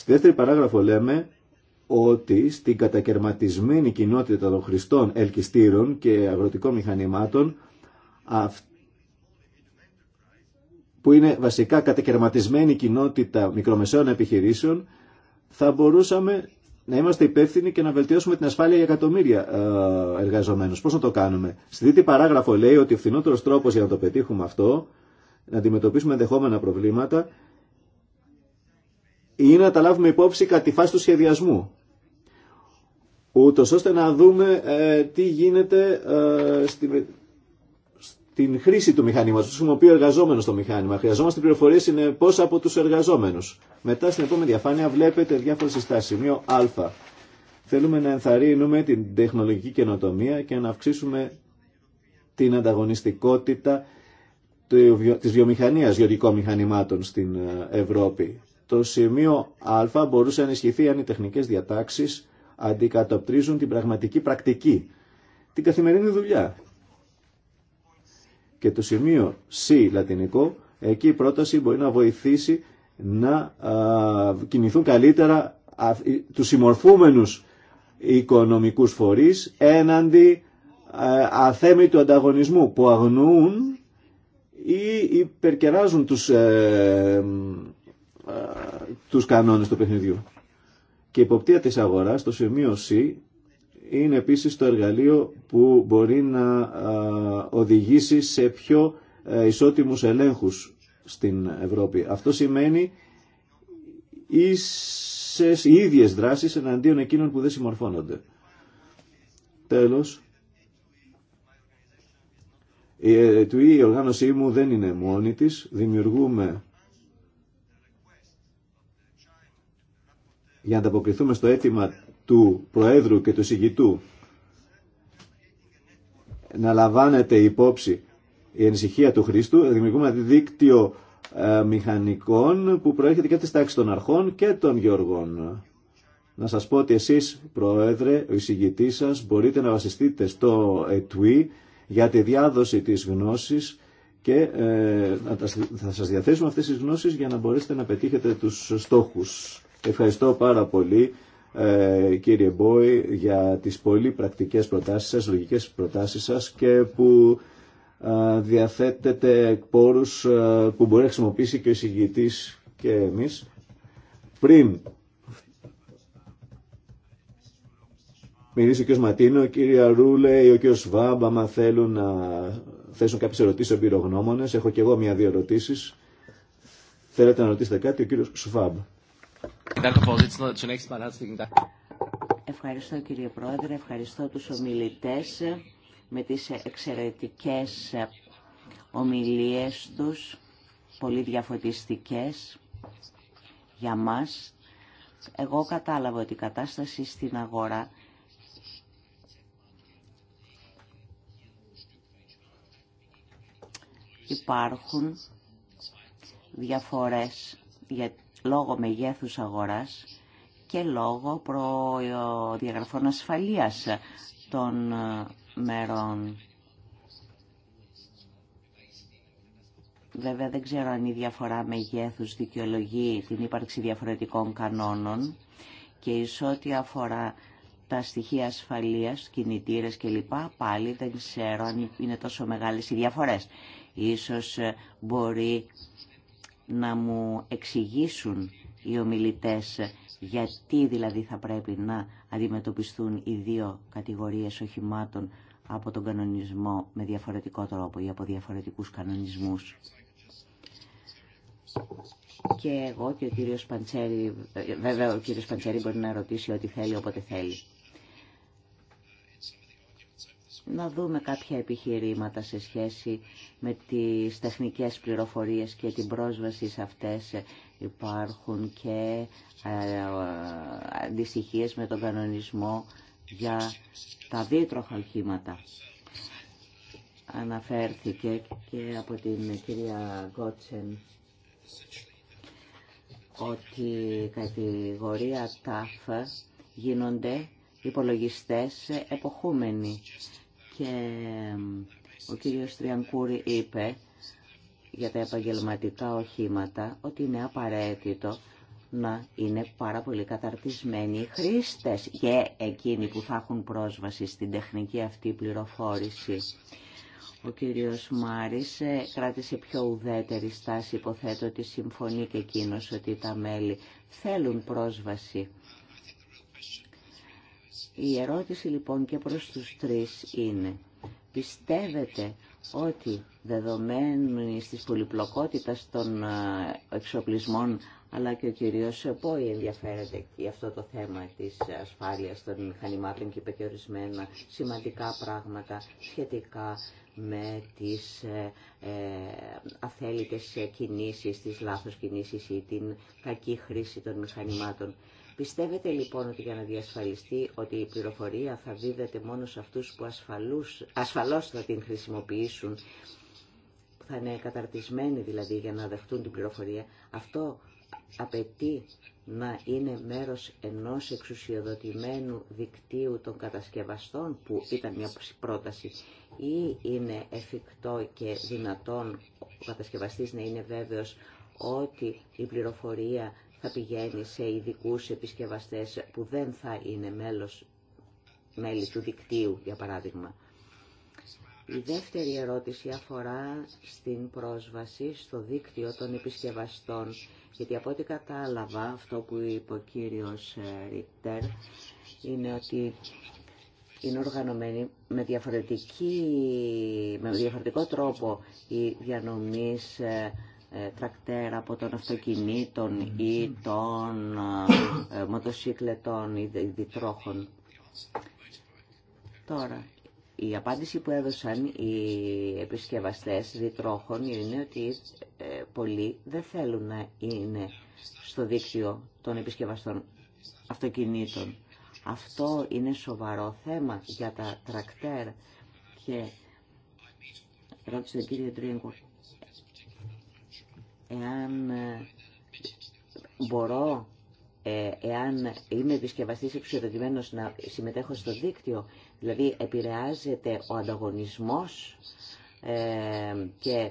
Speaker 1: Στη δεύτερη παράγραφο λέμε ότι στην κατακαιρματισμένη κοινότητα των χρηστών ελκυστήρων και αγροτικών μηχανημάτων που είναι βασικά κατακαιρματισμένη κοινότητα μικρομεσαίων επιχειρήσεων θα μπορούσαμε να είμαστε υπεύθυνοι και να βελτιώσουμε την ασφάλεια για εκατομμύρια ε, εργαζομένου. Πώ να το κάνουμε. Στη τρίτη παράγραφο λέει ότι ο φθηνότερο τρόπο για να το πετύχουμε αυτό, να αντιμετωπίσουμε ενδεχόμενα προβλήματα, ή να τα λάβουμε υπόψη κατά τη φάση του σχεδιασμού. Ούτω ώστε να δούμε ε, τι γίνεται ε, στη, στην χρήση του μηχανήματος. του χρησιμοποιεί ο εργαζόμενος το μηχάνημα. Χρειαζόμαστε πληροφορίε συνεπώ από τους εργαζόμενους. Μετά στην επόμενη διαφάνεια βλέπετε διάφορες συστάσεις. Σημείο Α. Θέλουμε να ενθαρρύνουμε την τεχνολογική καινοτομία και να αυξήσουμε την ανταγωνιστικότητα της βιομηχανίας γεωργικών μηχανημάτων στην ε, Ευρώπη. Το σημείο Α μπορούσε να ενισχυθεί αν οι τεχνικές διατάξεις αντικατοπτρίζουν την πραγματική πρακτική, την καθημερινή δουλειά. Και το σημείο C λατινικό, εκεί η πρόταση μπορεί να βοηθήσει να κινηθούν καλύτερα τους συμμορφούμενους οικονομικούς φορείς έναντι αθέμη του ανταγωνισμού που αγνοούν ή υπερκεράζουν τους ε, ε, τους κανόνες του παιχνιδιού. Και η υποπτία της αγοράς, το σημείο C, είναι επίσης το εργαλείο που μπορεί να ε, οδηγήσει σε πιο ε, ισότιμους ελέγχους στην Ευρώπη. Αυτό σημαίνει ίσες, οι ίδιες δράσεις εναντίον εκείνων που δεν συμμορφώνονται. Τέλος, η, η οργάνωσή μου δεν είναι μόνη της. Δημιουργούμε για να ανταποκριθούμε στο αίτημα του Προέδρου και του Συγητού να λαμβάνεται υπόψη η ανησυχία του χρήστου, δημιουργούμε δίκτυο ε, μηχανικών που προέρχεται και τις τάξεις των αρχών και των γεωργών. Να σας πω ότι εσείς, Πρόεδρε, ο εισηγητής σας, μπορείτε να βασιστείτε στο ΕΤΟΥΙ για τη διάδοση της γνώσης και ε, θα σας διαθέσουμε αυτές τις γνώσεις για να μπορέσετε να πετύχετε τους στόχους. Ευχαριστώ πάρα πολύ ε, κύριε Μπόι, για τις πολύ πρακτικές προτάσεις σας, λογικές προτάσεις σας και που ε, διαθέτεται πόρους ε, που μπορεί να χρησιμοποιήσει και ο εισηγητής και εμείς. Πριν μιλήσει ο κ. Ματίνο, κύριε Ρούλε ή ο κ. Σβάμπ, άμα θέλουν να θέσουν κάποιες ερωτήσεις εμπειρογνώμονες. Έχω και εγώ μία-δύο ερωτήσεις. Θέλετε να ρωτήσετε κάτι, ο κ. Σβάμπ.
Speaker 3: Ευχαριστώ κύριε Πρόεδρε, ευχαριστώ τους ομιλητές με τις εξαιρετικές ομιλίες τους, πολύ διαφωτιστικές για μας. Εγώ κατάλαβα ότι η κατάσταση στην αγορά υπάρχουν διαφορές γιατί λόγω μεγέθους αγοράς και λόγω προδιαγραφών ασφαλείας των ε, μέρων. Βέβαια δεν ξέρω αν η διαφορά μεγέθους δικαιολογεί την ύπαρξη διαφορετικών κανόνων και εις ό,τι αφορά τα στοιχεία ασφαλείας, κινητήρες κλπ. Πάλι δεν ξέρω αν είναι τόσο μεγάλες οι διαφορές. Ίσως ε, μπορεί να μου εξηγήσουν οι ομιλητές γιατί δηλαδή θα πρέπει να αντιμετωπιστούν οι δύο κατηγορίες οχημάτων από τον κανονισμό με διαφορετικό τρόπο ή από διαφορετικούς κανονισμούς. Και εγώ και ο κύριος Παντσέρη, ε, βέβαια ο κύριος Παντσέρη μπορεί να ρωτήσει ό,τι θέλει όποτε θέλει να δούμε κάποια επιχειρήματα σε σχέση με τις τεχνικές πληροφορίες και την πρόσβαση σε αυτές. Υπάρχουν και ε, ε, αντιστοιχίε με τον κανονισμό για τα δίτροχα οχήματα. Αναφέρθηκε και από την κυρία Γκότσεν ότι κατηγορία ΤΑΦ γίνονται υπολογιστές εποχούμενοι και ο κύριος Τριανκούρη είπε για τα επαγγελματικά οχήματα ότι είναι απαραίτητο να είναι πάρα πολύ καταρτισμένοι οι χρήστες και εκείνοι που θα έχουν πρόσβαση στην τεχνική αυτή πληροφόρηση. Ο κύριος Μάρης ε, κράτησε πιο ουδέτερη στάση, υποθέτω ότι συμφωνεί και εκείνος ότι τα μέλη θέλουν πρόσβαση η ερώτηση λοιπόν και προς τους τρεις είναι πιστεύετε ότι δεδομένου της πολυπλοκότητας των ε, εξοπλισμών αλλά και ο κυρίος Πόη ενδιαφέρεται για αυτό το θέμα της ασφάλειας των μηχανημάτων και είπε σημαντικά πράγματα σχετικά με τις ε, ε, αθέλητες κινήσεις, τις λάθος κινήσεις ή την κακή χρήση των μηχανημάτων. Πιστεύετε λοιπόν ότι για να διασφαλιστεί ότι η πληροφορία θα δίδεται μόνο σε αυτούς που ασφαλούς, ασφαλώς θα την χρησιμοποιήσουν, που θα είναι καταρτισμένοι δηλαδή για να δεχτούν την πληροφορία, αυτό απαιτεί να είναι μέρος ενός εξουσιοδοτημένου δικτύου των κατασκευαστών που ήταν μια πρόταση ή είναι εφικτό και δυνατόν ο κατασκευαστής να είναι βέβαιος ότι η πληροφορία θα πηγαίνει σε ειδικού επισκευαστές που δεν θα είναι μέλος, μέλη του δικτύου, για παράδειγμα. Η δεύτερη ερώτηση αφορά στην πρόσβαση στο δίκτυο των επισκευαστών, γιατί από ό,τι κατάλαβα αυτό που είπε ο κύριος ε, Ρίπτερ, είναι ότι είναι οργανωμένοι με, διαφορετική, με διαφορετικό τρόπο η διανομής ε, ε, τρακτέρ από των αυτοκινήτων ή των ε, ε, μοτοσύκλετων ή διτρόχων. Τώρα, η απάντηση που έδωσαν οι επισκευαστές διτρόχων είναι ότι πολλοί δεν θέλουν να είναι στο δίκτυο των επισκευαστών αυτοκινήτων. Αυτό είναι σοβαρό θέμα για τα τρακτέρ και ρώτησε τον κύριο Τρίγκο εάν ε, μπορώ, ε, εάν είμαι επισκευαστής εξοδοτημένος να συμμετέχω στο δίκτυο, δηλαδή επηρεάζεται ο ανταγωνισμός ε, και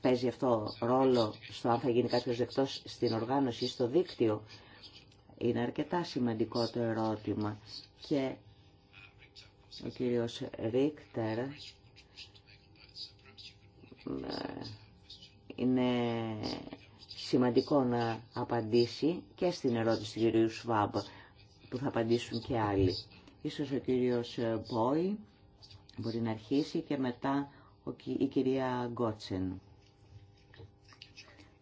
Speaker 3: παίζει αυτό ρόλο στο αν θα γίνει κάποιος δεκτός στην οργάνωση ή στο δίκτυο, είναι αρκετά σημαντικό το ερώτημα. Και ο κύριος Ρίκτερ ε, είναι σημαντικό να απαντήσει και στην ερώτηση του κυρίου Σβάμπ που θα απαντήσουν και άλλοι. Ίσως ο κύριος Μπόι μπορεί να αρχίσει και μετά η κυρία Γκότσεν.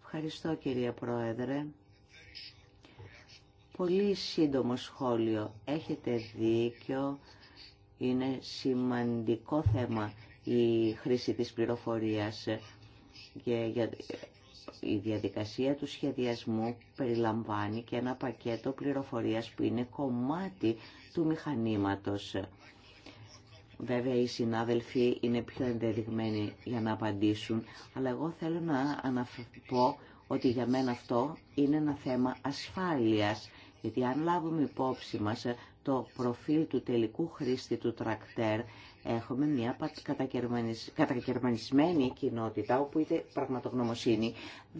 Speaker 3: Ευχαριστώ κυρία Πρόεδρε. Πολύ σύντομο σχόλιο. Έχετε δίκιο. Είναι σημαντικό θέμα η χρήση της πληροφορίας και για, η διαδικασία του σχεδιασμού περιλαμβάνει και ένα πακέτο πληροφορίας που είναι κομμάτι του μηχανήματος. Βέβαια οι συνάδελφοι είναι πιο ενδεδειγμένοι για να απαντήσουν, αλλά εγώ θέλω να αναφερθώ ότι για μένα αυτό είναι ένα θέμα ασφάλειας, γιατί αν λάβουμε υπόψη μας το προφίλ του τελικού χρήστη του τρακτέρ, Έχουμε μια κατακαιρμανισμένη κοινότητα όπου είτε πραγματογνωμοσύνη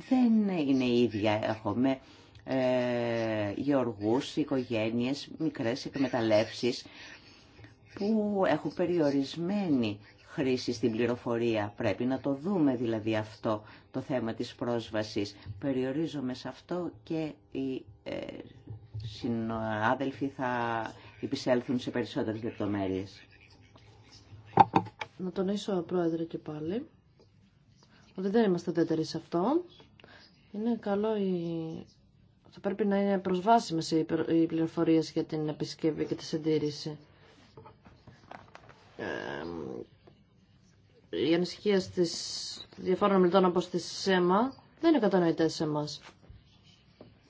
Speaker 3: δεν είναι ίδια. Έχουμε ε, γεωργούς, οικογένειες, μικρές εκμεταλλεύσεις που έχουν περιορισμένη χρήση στην πληροφορία. Πρέπει να το δούμε δηλαδή αυτό το θέμα της πρόσβασης. Περιορίζομαι σε αυτό και οι ε, συνάδελφοι θα επισέλθουν σε περισσότερες λεπτομέρειες.
Speaker 2: Να τονίσω, Πρόεδρε, και πάλι, ότι δεν είμαστε τέτεροι σε αυτό. Είναι καλό η... Θα πρέπει να είναι προσβάσιμες οι πληροφορίες για την επισκευή και τη συντήρηση. Ε, οι ανησυχίε της διαφόρων μιλτών όπως τη ΣΕΜΑ δεν είναι κατανοητές σε εμάς.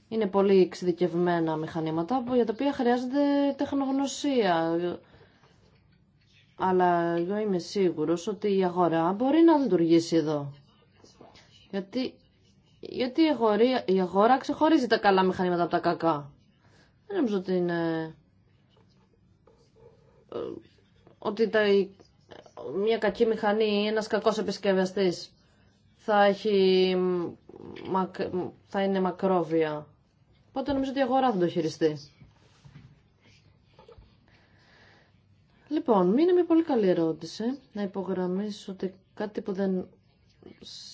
Speaker 2: Είναι πολύ εξειδικευμένα μηχανήματα για τα οποία χρειάζεται τεχνογνωσία, αλλά εγώ είμαι σίγουρος ότι η αγορά μπορεί να λειτουργήσει εδώ. Γιατί, γιατί η, η αγορά ξεχωρίζει τα καλά μηχανήματα από τα κακά. Δεν νομίζω ότι είναι... Ε, ότι τα, μια κακή μηχανή ή ένας κακός επισκευαστής θα, έχει, θα είναι μακρόβια. Οπότε νομίζω ότι η ενας κακος επισκευαστης θα θα ειναι μακροβια οποτε νομιζω οτι η αγορα θα το χειριστεί. Λοιπόν, μην είναι μια πολύ καλή ερώτηση. Να υπογραμμίσω ότι κάτι που δεν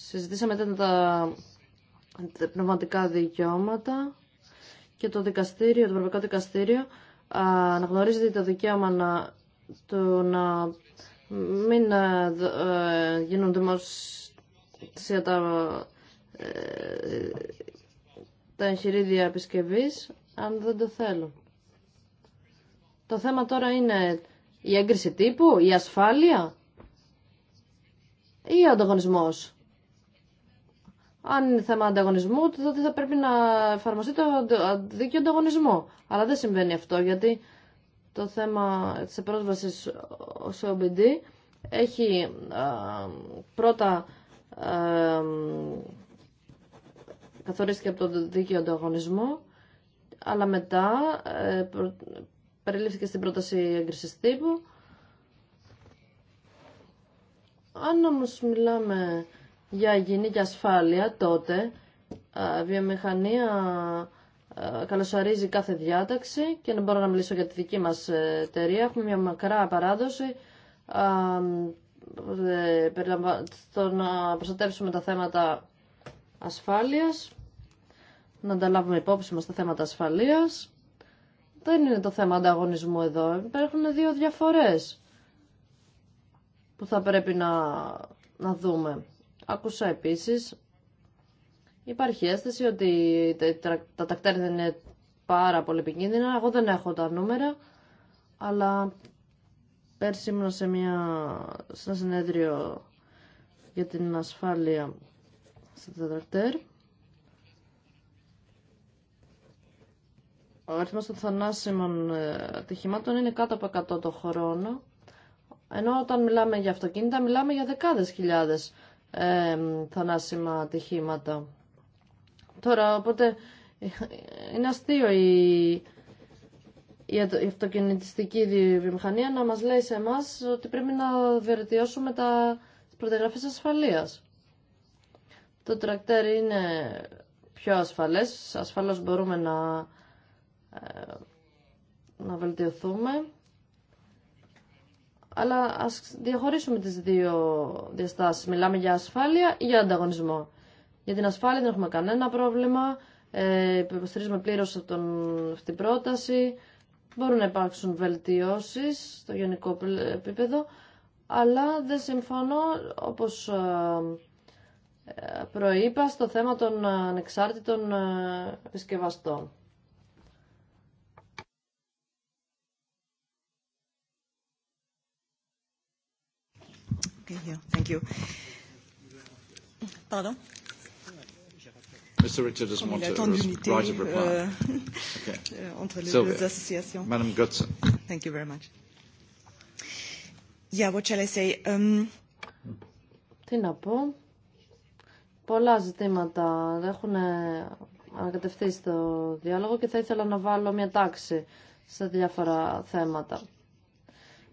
Speaker 2: συζητήσαμε ήταν τα, πνευματικά δικαιώματα και το δικαστήριο, το Ευρωπαϊκό Δικαστήριο αναγνωρίζει το δικαίωμα να, το, να μην ε, ε, γίνουν δημοσία τα, ε, τα εγχειρίδια επισκευής αν δεν το θέλουν. Το θέμα τώρα είναι η έγκριση τύπου, η ασφάλεια ή ο ανταγωνισμός. Αν είναι θέμα ανταγωνισμού, τότε θα πρέπει να εφαρμοστεί το δίκαιο ανταγωνισμό. Αλλά δεν συμβαίνει αυτό, γιατί το θέμα της πρόσβασης σε OBD έχει πρώτα καθορίστηκε από το δίκαιο ανταγωνισμό, αλλά μετά ε, περιλήφθηκε στην πρόταση έγκριση τύπου. Αν όμω μιλάμε για υγιεινή και ασφάλεια, τότε η βιομηχανία καλωσορίζει κάθε διάταξη και δεν μπορώ να μιλήσω για τη δική μα ε, εταιρεία. Έχουμε μια μακρά παράδοση ε, στο να προστατεύσουμε τα θέματα ασφάλειας, να ανταλάβουμε υπόψη μα τα θέματα ασφαλείας. Δεν είναι το θέμα ανταγωνισμού εδώ. Υπάρχουν δύο διαφορές που θα πρέπει να, να δούμε. Άκουσα επίσης, υπάρχει αίσθηση ότι τα τακτέρ δεν είναι πάρα πολύ επικίνδυνα. Εγώ δεν έχω τα νούμερα, αλλά πέρσι ήμουν μια, σε ένα συνέδριο για την ασφάλεια στα τακτέρ ο αριθμός των θανάσιμων ε, ατυχημάτων είναι κάτω από 100 το χρόνο, ενώ όταν μιλάμε για αυτοκίνητα μιλάμε για δεκάδες χιλιάδες ε, θανάσιμα ατυχήματα. Τώρα, οπότε, είναι αστείο η, η αυτοκινητιστική βιομηχανία να μας λέει σε εμά ότι πρέπει να βελτιώσουμε τα προτεγραφές ασφαλείας. Το τρακτέρ είναι πιο ασφαλές, ασφαλώς μπορούμε να ε, να βελτιωθούμε. Αλλά ας διαχωρίσουμε τις δύο διαστάσεις. Μιλάμε για ασφάλεια ή για ανταγωνισμό. Για την ασφάλεια δεν έχουμε κανένα πρόβλημα. Ε, υποστηρίζουμε πλήρως αυτή την πρόταση. Μπορούν να υπάρξουν βελτιώσεις στο γενικό επίπεδο. Αλλά δεν συμφωνώ, όπως ε, προείπα, στο θέμα των ανεξάρτητων ε, επισκευαστών. Τι να πω. Πολλά ζητήματα έχουν ε, ανακατευθεί στο διάλογο και θα ήθελα να βάλω μια τάξη σε διάφορα θέματα.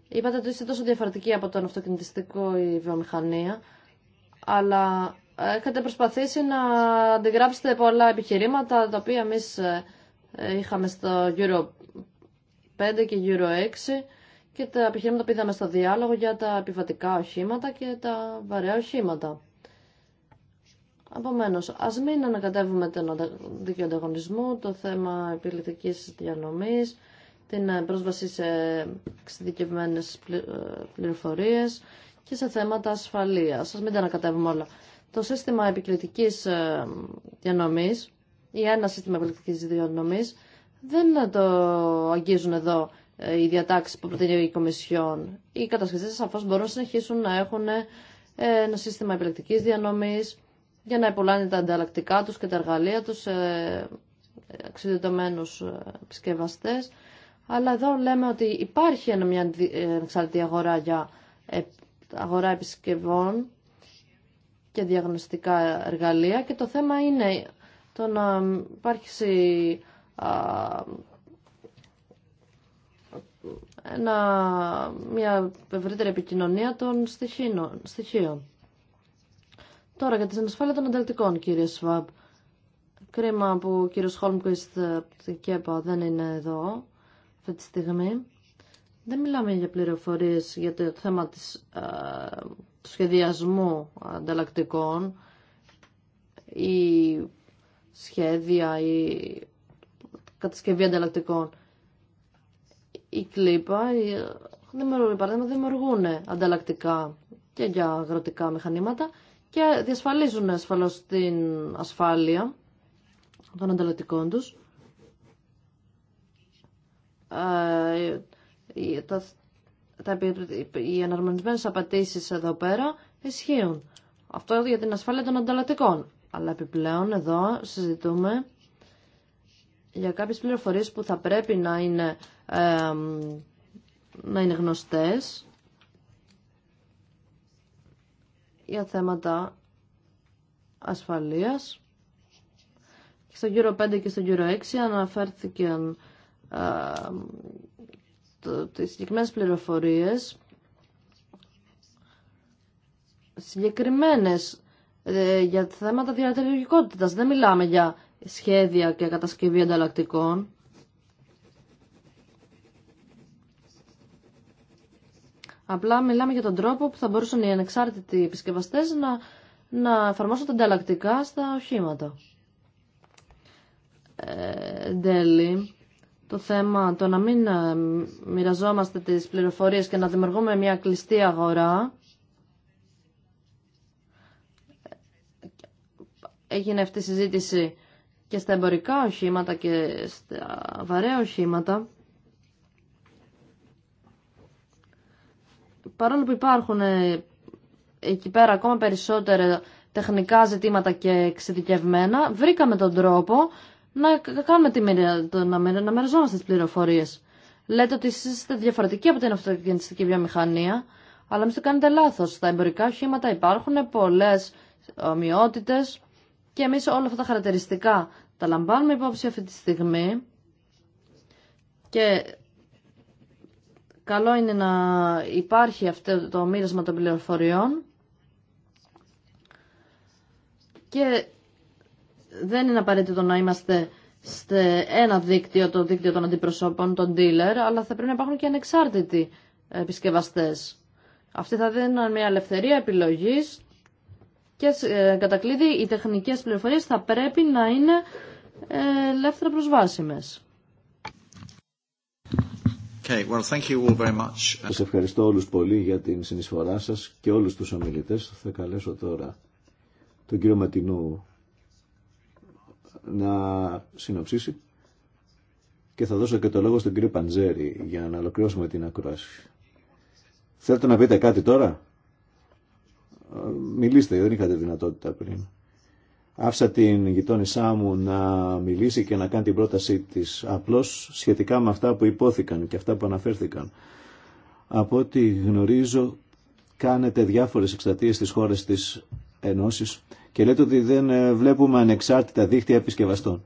Speaker 2: Είπατε ότι είστε τόσο διαφορετικοί από τον αυτοκινητιστικό η βιομηχανία, αλλά έχετε προσπαθήσει να αντιγράψετε πολλά επιχειρήματα τα οποία εμεί ε, είχαμε στο Euro 5 και Euro 6 και τα επιχειρήματα που είδαμε στο διάλογο για τα επιβατικά οχήματα και τα βαρέα οχήματα. Επομένω, ας μην ανακατεύουμε τον δίκαιο ανταγωνισμό, το θέμα επιλητικής διανομής, την ε, πρόσβαση σε εξειδικευμένε ε, πληροφορίε και σε θέματα ασφαλεία. Σα μην τα ανακατεύουμε όλα. Το σύστημα επικριτική ε, διανομή, ή ένα σύστημα επικριτική διανομή, δεν το αγγίζουν εδώ οι διατάξει που προτείνει η Κομισιόν. Οι κατασκευαστέ σαφώ μπορούν να συνεχίσουν να έχουν ένα σύστημα επιλεκτικής διανομή για να υπολάνε τα ανταλλακτικά του και τα εργαλεία του σε εξειδικευμένους αλλά εδώ λέμε ότι υπάρχει μια ανεξάρτητη αγορά για αγορά επισκευών και διαγνωστικά εργαλεία και το θέμα είναι το να υπάρχει ένα, μια ευρύτερη επικοινωνία των στοιχείων. Τώρα για την ασφάλεια των ανταλλητικών, κύριε Σβάμπ. Κρίμα που ο κύριος Χόλμκουιστ και δεν είναι εδώ αυτή τη στιγμή δεν μιλάμε για πληροφορίες για το θέμα της, του σχεδιασμού ανταλλακτικών ή σχέδια ή κατασκευή ανταλλακτικών. Η κλίπα, δημιουργούν, παράδειγμα, δημιουργούν ανταλλακτικά και για αγροτικά μηχανήματα και διασφαλίζουν ασφαλώς την ασφάλεια των ανταλλακτικών τους. Ε, ε, ε, τα, τα, οι αναρμονισμένες απαιτήσει εδώ πέρα ισχύουν. Αυτό για την ασφάλεια των ανταλλατικών. Αλλά επιπλέον εδώ συζητούμε για κάποιες πληροφορίες που θα πρέπει να είναι, ε, να είναι γνωστές για θέματα ασφαλείας. Και στον γύρο 5 και στον γύρο 6 αναφέρθηκαν τις συγκεκριμένες πληροφορίες συγκεκριμένες ε, για θέματα διατηρητικότητας. Δεν μιλάμε για σχέδια και κατασκευή ανταλλακτικών. Απλά μιλάμε για τον τρόπο που θα μπορούσαν οι ανεξάρτητοι επισκευαστές να, να εφαρμόσουν τα ανταλλακτικά στα οχήματα. Ε, το θέμα το να μην ε, μοιραζόμαστε τις πληροφορίες και να δημιουργούμε μια κλειστή αγορά έγινε αυτή η συζήτηση και στα εμπορικά οχήματα και στα βαρέα οχήματα παρόλο που υπάρχουν ε, εκεί πέρα ακόμα περισσότερα τεχνικά ζητήματα και εξειδικευμένα βρήκαμε τον τρόπο να κάνουμε τη μοίρα, να μοιραζόμαστε τι πληροφορίες. Λέτε ότι είστε διαφορετικοί από την αυτοκινητιστική βιομηχανία, αλλά μην το κάνετε λάθος. Τα εμπορικά οχήματα υπάρχουν πολλέ ομοιότητες και εμείς όλα αυτά τα χαρακτηριστικά τα λαμβάνουμε υπόψη αυτή τη στιγμή και καλό είναι να υπάρχει αυτό το μοίρασμα των πληροφοριών και δεν είναι απαραίτητο να είμαστε σε ένα δίκτυο, το δίκτυο των αντιπροσώπων, των dealer, αλλά θα πρέπει να υπάρχουν και ανεξάρτητοι επισκευαστέ. Αυτή θα δίνουν μια ελευθερία επιλογή και ε, κατά κλείδι οι τεχνικέ πληροφορίε θα πρέπει να είναι ε, ελεύθερα προσβάσιμε.
Speaker 1: Okay, ευχαριστώ όλους πολύ για την συνεισφορά σας και όλους τους ομιλητές. Θα καλέσω τώρα τον κύριο Ματινού να συνοψίσει και θα δώσω και το λόγο στον κύριο Παντζέρη για να ολοκληρώσουμε την ακρόαση. Θέλετε να πείτε κάτι τώρα? Ε, μιλήστε, δεν είχατε δυνατότητα πριν. Άφησα την γειτόνισά μου να μιλήσει και να κάνει την πρότασή της απλώς σχετικά με αυτά που υπόθηκαν και αυτά που αναφέρθηκαν. Από ό,τι γνωρίζω κάνετε διάφορες εξτατείες στις χώρες της Ενώσης και λέτε ότι δεν ε, βλέπουμε ανεξάρτητα δίχτυα επισκευαστών.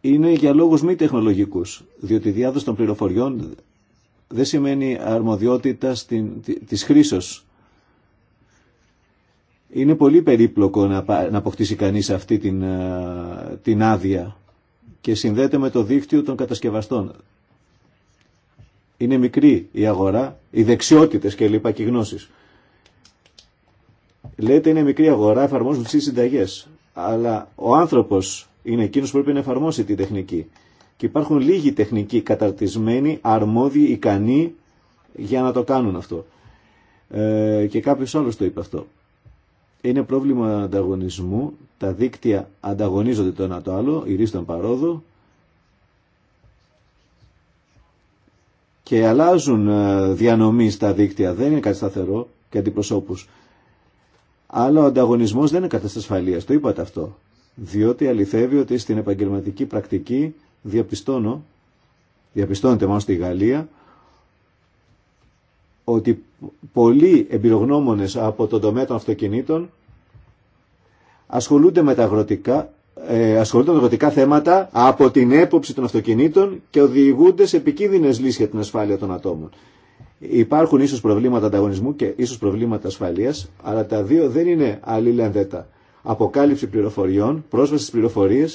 Speaker 1: Είναι για λόγους μη τεχνολογικούς, διότι η διάδοση των πληροφοριών δεν σημαίνει αρμοδιότητα στην, της χρήσεως. Είναι πολύ περίπλοκο να, αποκτήσει κανείς αυτή την, ε, την άδεια και συνδέεται με το δίκτυο των κατασκευαστών. Είναι μικρή η αγορά, οι δεξιότητες και λοιπά και οι γνώσεις. Λέτε είναι μικρή αγορά, εφαρμόζουν τι συνταγέ. Αλλά ο άνθρωπο είναι εκείνο που πρέπει να εφαρμόσει την τεχνική. Και υπάρχουν λίγοι τεχνικοί καταρτισμένοι, αρμόδιοι, ικανοί για να το κάνουν αυτό. Ε, και κάποιο άλλο το είπε αυτό. Είναι πρόβλημα ανταγωνισμού. Τα δίκτυα ανταγωνίζονται το ένα το άλλο, ηρίστον παρόδο. Και αλλάζουν ε, διανομή στα δίκτυα. Δεν είναι κάτι σταθερό και αντιπροσώπους. Αλλά ο ανταγωνισμό δεν είναι κατάσταση το είπατε αυτό. Διότι αληθεύει ότι στην επαγγελματική πρακτική διαπιστώνω, διαπιστώνεται μάλλον στη Γαλλία, ότι πολλοί εμπειρογνώμονε από τον τομέα των αυτοκινήτων ασχολούνται με τα αγροτικά, ε, ασχολούνται με αγροτικά θέματα από την έποψη των αυτοκινήτων και οδηγούνται σε επικίνδυνε λύσεις για την ασφάλεια των ατόμων. Υπάρχουν ίσως προβλήματα ανταγωνισμού και ίσως προβλήματα ασφαλείας, αλλά τα δύο δεν είναι αλληλένδετα. Αποκάλυψη πληροφοριών, πρόσβαση στι πληροφορίε.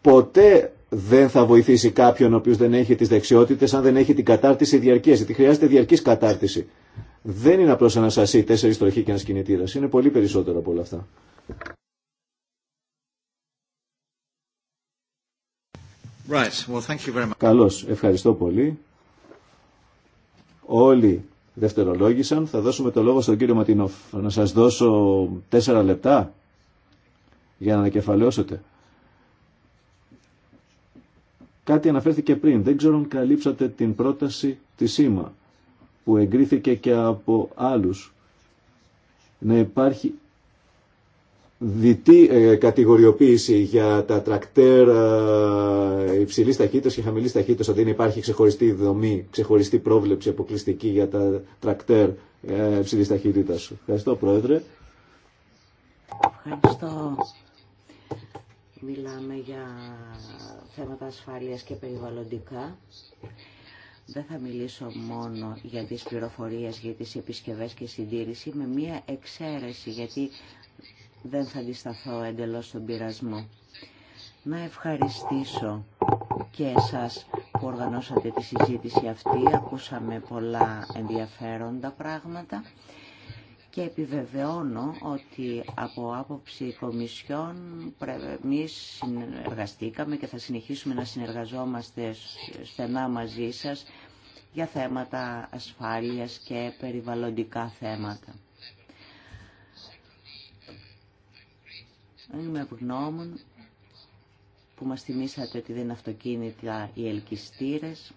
Speaker 1: ποτέ δεν θα βοηθήσει κάποιον ο οποίο δεν έχει τις δεξιότητες αν δεν έχει την κατάρτιση διαρκείας, γιατί χρειάζεται διαρκή κατάρτιση. Δεν είναι απλώ ένα σασί, τέσσερι τροχοί και ένα κινητήρα. Είναι πολύ περισσότερο από όλα αυτά. Right. Well, thank you very much. Καλώς. Ευχαριστώ πολύ. Όλοι δευτερολόγησαν. Θα δώσουμε το λόγο στον κύριο Ματινόφ. Να σας δώσω τέσσερα λεπτά για να ανακεφαλαιώσετε. Κάτι αναφέρθηκε πριν. Δεν ξέρω αν καλύψατε την πρόταση τη ΣΥΜΑ που εγκρίθηκε και από άλλους. Να υπάρχει διτή ε, κατηγοριοποίηση για τα τρακτέρ ε, υψηλής ταχύτητας και χαμηλής ταχύτητας, ότι δεν υπάρχει ξεχωριστή δομή, ξεχωριστή πρόβλεψη αποκλειστική για τα τρακτέρ ε, υψηλής ταχύτητας. Ευχαριστώ, Πρόεδρε.
Speaker 3: Ευχαριστώ. Μιλάμε για θέματα ασφάλειας και περιβαλλοντικά. Δεν θα μιλήσω μόνο για τις πληροφορίες, για τις επισκευές και συντήρηση, με μία εξαίρεση, γιατί δεν θα αντισταθώ εντελώς στον πειρασμό. Να ευχαριστήσω και εσάς που οργανώσατε τη συζήτηση αυτή. Ακούσαμε πολλά ενδιαφέροντα πράγματα και επιβεβαιώνω ότι από άποψη κομισιών εμεί συνεργαστήκαμε και θα συνεχίσουμε να συνεργαζόμαστε στενά μαζί σας για θέματα ασφάλειας και περιβαλλοντικά θέματα. Είμαι ευγνώμων που μας θυμήσατε ότι δεν είναι αυτοκίνητα οι ελκυστήρες.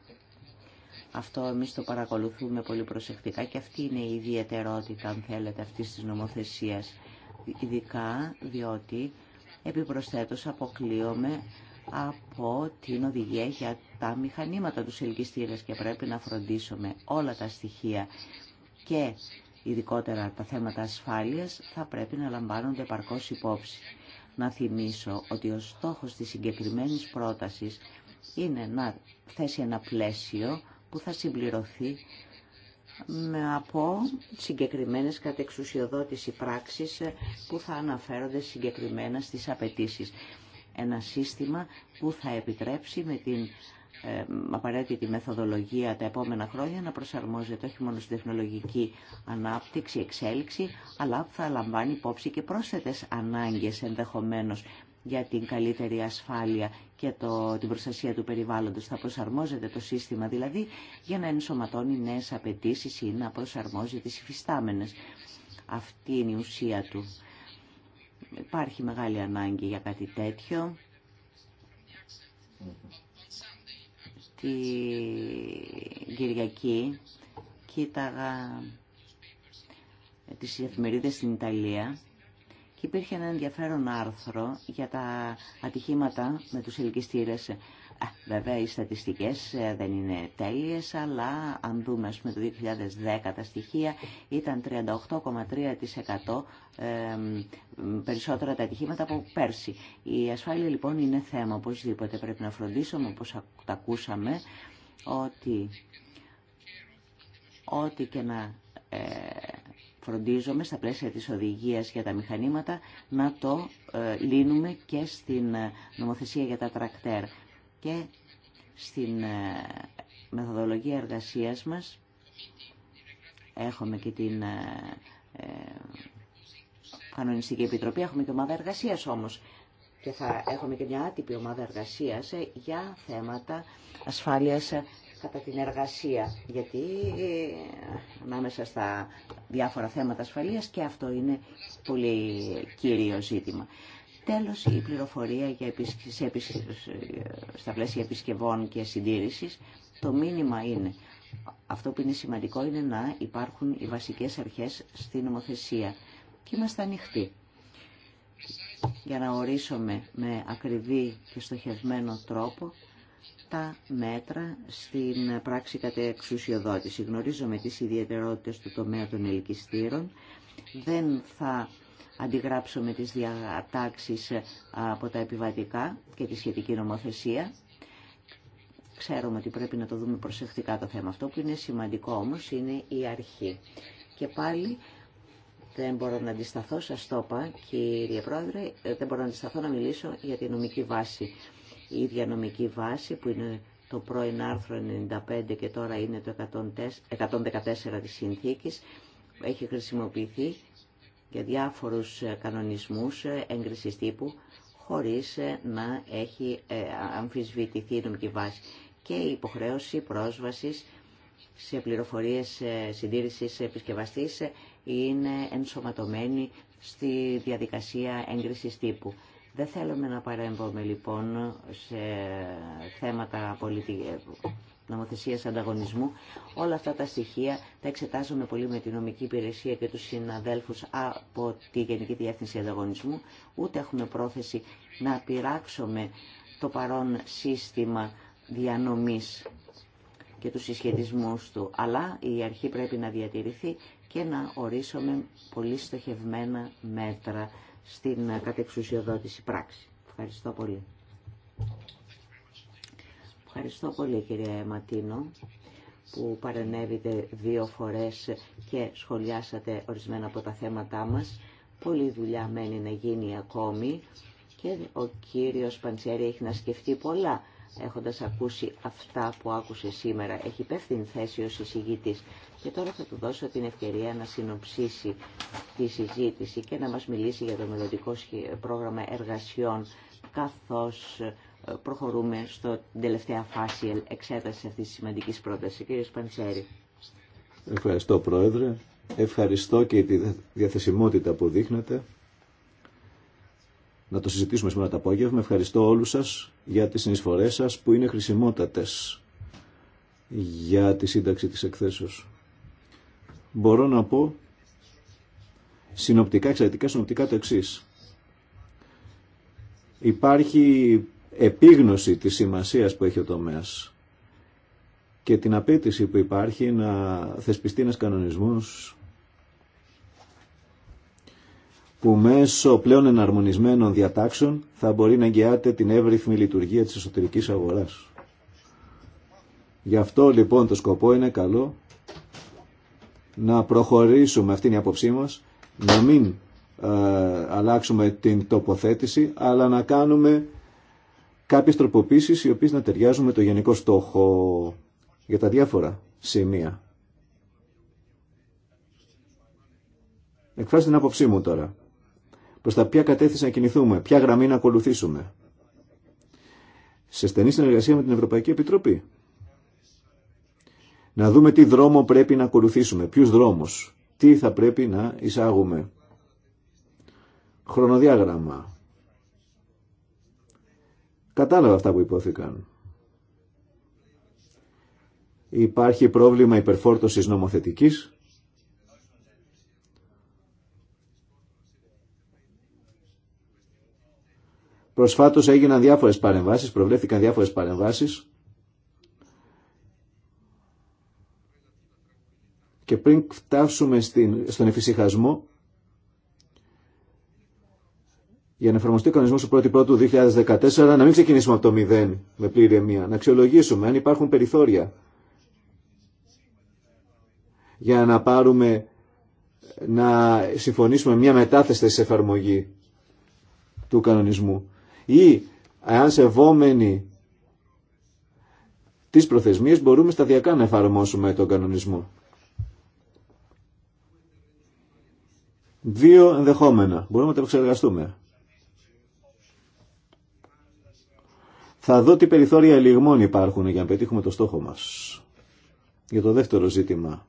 Speaker 3: Αυτό εμείς το παρακολουθούμε πολύ προσεκτικά και αυτή είναι η ιδιαιτερότητα, αν θέλετε, αυτής της νομοθεσίας. Ειδικά διότι επιπροσθέτως αποκλείομαι από την οδηγία για τα μηχανήματα του ελκυστήρες και πρέπει να φροντίσουμε όλα τα στοιχεία και ειδικότερα τα θέματα ασφάλειας θα πρέπει να λαμβάνονται παρκώς υπόψη να θυμίσω ότι ο στόχος της συγκεκριμένης πρότασης είναι να θέσει ένα πλαίσιο που θα συμπληρωθεί με από συγκεκριμένες κατεξουσιοδότηση πράξεις που θα αναφέρονται συγκεκριμένα στις απαιτήσεις. Ένα σύστημα που θα επιτρέψει με την ε, απαραίτητη μεθοδολογία τα επόμενα χρόνια να προσαρμόζεται όχι μόνο στην τεχνολογική ανάπτυξη, εξέλιξη, αλλά θα λαμβάνει υπόψη και πρόσθετες ανάγκες ενδεχομένως για την καλύτερη ασφάλεια και το, την προστασία του περιβάλλοντος. Θα προσαρμόζεται το σύστημα δηλαδή για να ενσωματώνει νέες απαιτήσει ή να προσαρμόζει τις υφιστάμενες. Αυτή είναι η ουσία του. Υπάρχει μεγάλη ανάγκη για κάτι τέτοιο. την Κυριακή κοίταγα τις εφημερίδες στην Ιταλία και υπήρχε ένα ενδιαφέρον άρθρο για τα ατυχήματα με τους ελκυστήρες Βέβαια οι στατιστικές ε, δεν είναι τέλειες, αλλά αν δούμε ας πούμε το 2010 τα στοιχεία ήταν 38,3% περισσότερα τα ατυχήματα από πέρσι. Η ασφάλεια λοιπόν είναι θέμα οπωσδήποτε. Πρέπει να φροντίσουμε όπως τα ακούσαμε ότι ό,τι και να ε, φροντίζομαι στα πλαίσια της οδηγίας για τα μηχανήματα να το ε, λύνουμε και στην νομοθεσία για τα τρακτέρ και στην ε, μεθοδολογία εργασίας μας έχουμε και την ε, ε, κανονιστική επιτροπή, έχουμε και ομάδα εργασίας όμως και θα έχουμε και μια άτυπη ομάδα εργασίας για θέματα ασφάλειας κατά την εργασία, γιατί ανάμεσα στα διάφορα θέματα ασφαλείας και αυτό είναι πολύ κύριο ζήτημα. Τέλος, η πληροφορία για στα πλαίσια επισκευών και συντήρησης. Το μήνυμα είναι, αυτό που είναι σημαντικό είναι να υπάρχουν οι βασικές αρχές στην νομοθεσία και είμαστε ανοιχτοί για να ορίσουμε με ακριβή και στοχευμένο τρόπο τα μέτρα στην πράξη κατά εξουσιοδότηση. Γνωρίζομαι τις ιδιαιτερότητες του τομέα των ελκυστήρων. Δεν θα αντιγράψουμε τις διατάξεις ε, από τα επιβατικά και τη σχετική νομοθεσία. Ξέρουμε ότι πρέπει να το δούμε προσεκτικά το θέμα αυτό, που είναι σημαντικό όμως, είναι η αρχή. Και πάλι δεν μπορώ να αντισταθώ, σα το είπα κύριε Πρόεδρε, ε, δεν μπορώ να αντισταθώ να μιλήσω για τη νομική βάση. Η ίδια νομική βάση που είναι το πρώην άρθρο 95 και τώρα είναι το 114 της συνθήκης, έχει χρησιμοποιηθεί για διάφορους ε, κανονισμούς ε, έγκρισης τύπου χωρίς ε, να έχει αμφισβητηθεί η νομική βάση και η υποχρέωση πρόσβασης σε πληροφορίες συντήρησης επισκευαστής είναι ενσωματωμένη στη διαδικασία έγκρισης τύπου. Δεν θέλουμε να παρέμβουμε λοιπόν σε θέματα πολιτικής Νομοθεσία ανταγωνισμού. Όλα αυτά τα στοιχεία τα εξετάζουμε πολύ με την νομική υπηρεσία και του συναδέλφους από τη Γενική Διεύθυνση Ανταγωνισμού. Ούτε έχουμε πρόθεση να πειράξουμε το παρόν σύστημα διανομής και του συσχετισμού του. Αλλά η αρχή πρέπει να διατηρηθεί και να ορίσουμε πολύ στοχευμένα μέτρα στην κατεξουσιοδότηση πράξη. Ευχαριστώ πολύ. Ευχαριστώ πολύ κύριε Ματίνο που παρενέβητε δύο φορές και σχολιάσατε ορισμένα από τα θέματά μας. Πολύ δουλειά μένει να γίνει ακόμη και ο κύριος Παντσέρη έχει να σκεφτεί πολλά έχοντας ακούσει αυτά που άκουσε σήμερα. Έχει την θέση ως εισηγητής και τώρα θα του δώσω την ευκαιρία να συνοψίσει τη συζήτηση και να μας μιλήσει για το μελλοντικό πρόγραμμα εργασιών καθώς ε, προχωρούμε στο τελευταία φάση εξέταση αυτής της σημαντικής πρότασης. Κύριε Σπαντσέρη.
Speaker 1: Ευχαριστώ Πρόεδρε. Ευχαριστώ και τη διαθεσιμότητα που δείχνετε να το συζητήσουμε σήμερα το απόγευμα. Ευχαριστώ όλους σας για τις συνεισφορές σας που είναι χρησιμότατες για τη σύνταξη της εκθέσεως. Μπορώ να πω συνοπτικά, εξαιρετικά συνοπτικά το εξής. Υπάρχει επίγνωση της σημασίας που έχει ο τομέας και την απέτηση που υπάρχει να θεσπιστεί ένας κανονισμός που μέσω πλέον εναρμονισμένων διατάξεων θα μπορεί να εγγυάται την εύρυθμη λειτουργία της εσωτερικής αγοράς. Γι' αυτό λοιπόν το σκοπό είναι καλό να προχωρήσουμε αυτήν την απόψή μας, να μην ε, αλλάξουμε την τοποθέτηση, αλλά να κάνουμε κάποιες τροποποίησεις οι οποίες να ταιριάζουν με το γενικό στόχο για τα διάφορα σημεία. Εκφράζει την άποψή μου τώρα. Προς τα ποια κατεύθυνση να κινηθούμε, ποια γραμμή να ακολουθήσουμε. Σε στενή συνεργασία με την Ευρωπαϊκή Επιτροπή. Να δούμε τι δρόμο πρέπει να ακολουθήσουμε, ποιους δρόμους, τι θα πρέπει να εισάγουμε. Χρονοδιάγραμμα, Κατάλαβα αυτά που υπόθηκαν. Υπάρχει πρόβλημα υπερφόρτωσης νομοθετικής. Προσφάτως έγιναν διάφορες παρεμβάσεις, προβλέφθηκαν διάφορες παρεμβάσεις και πριν φτάσουμε στον εφησυχασμό για να εφαρμοστεί ο κανονισμό του 1η του 2014, να μην ξεκινήσουμε από το 0 με πλήρη μία, να αξιολογήσουμε αν υπάρχουν περιθώρια για να πάρουμε να συμφωνήσουμε μια μετάθεση σε εφαρμογή του κανονισμού ή αν σεβόμενοι τις προθεσμίες μπορούμε σταδιακά να εφαρμόσουμε τον κανονισμό. Δύο ενδεχόμενα. Μπορούμε να τα εξεργαστούμε. Θα δω τι περιθώρια λιγμών υπάρχουν για να πετύχουμε το στόχο μας. Για το δεύτερο ζήτημα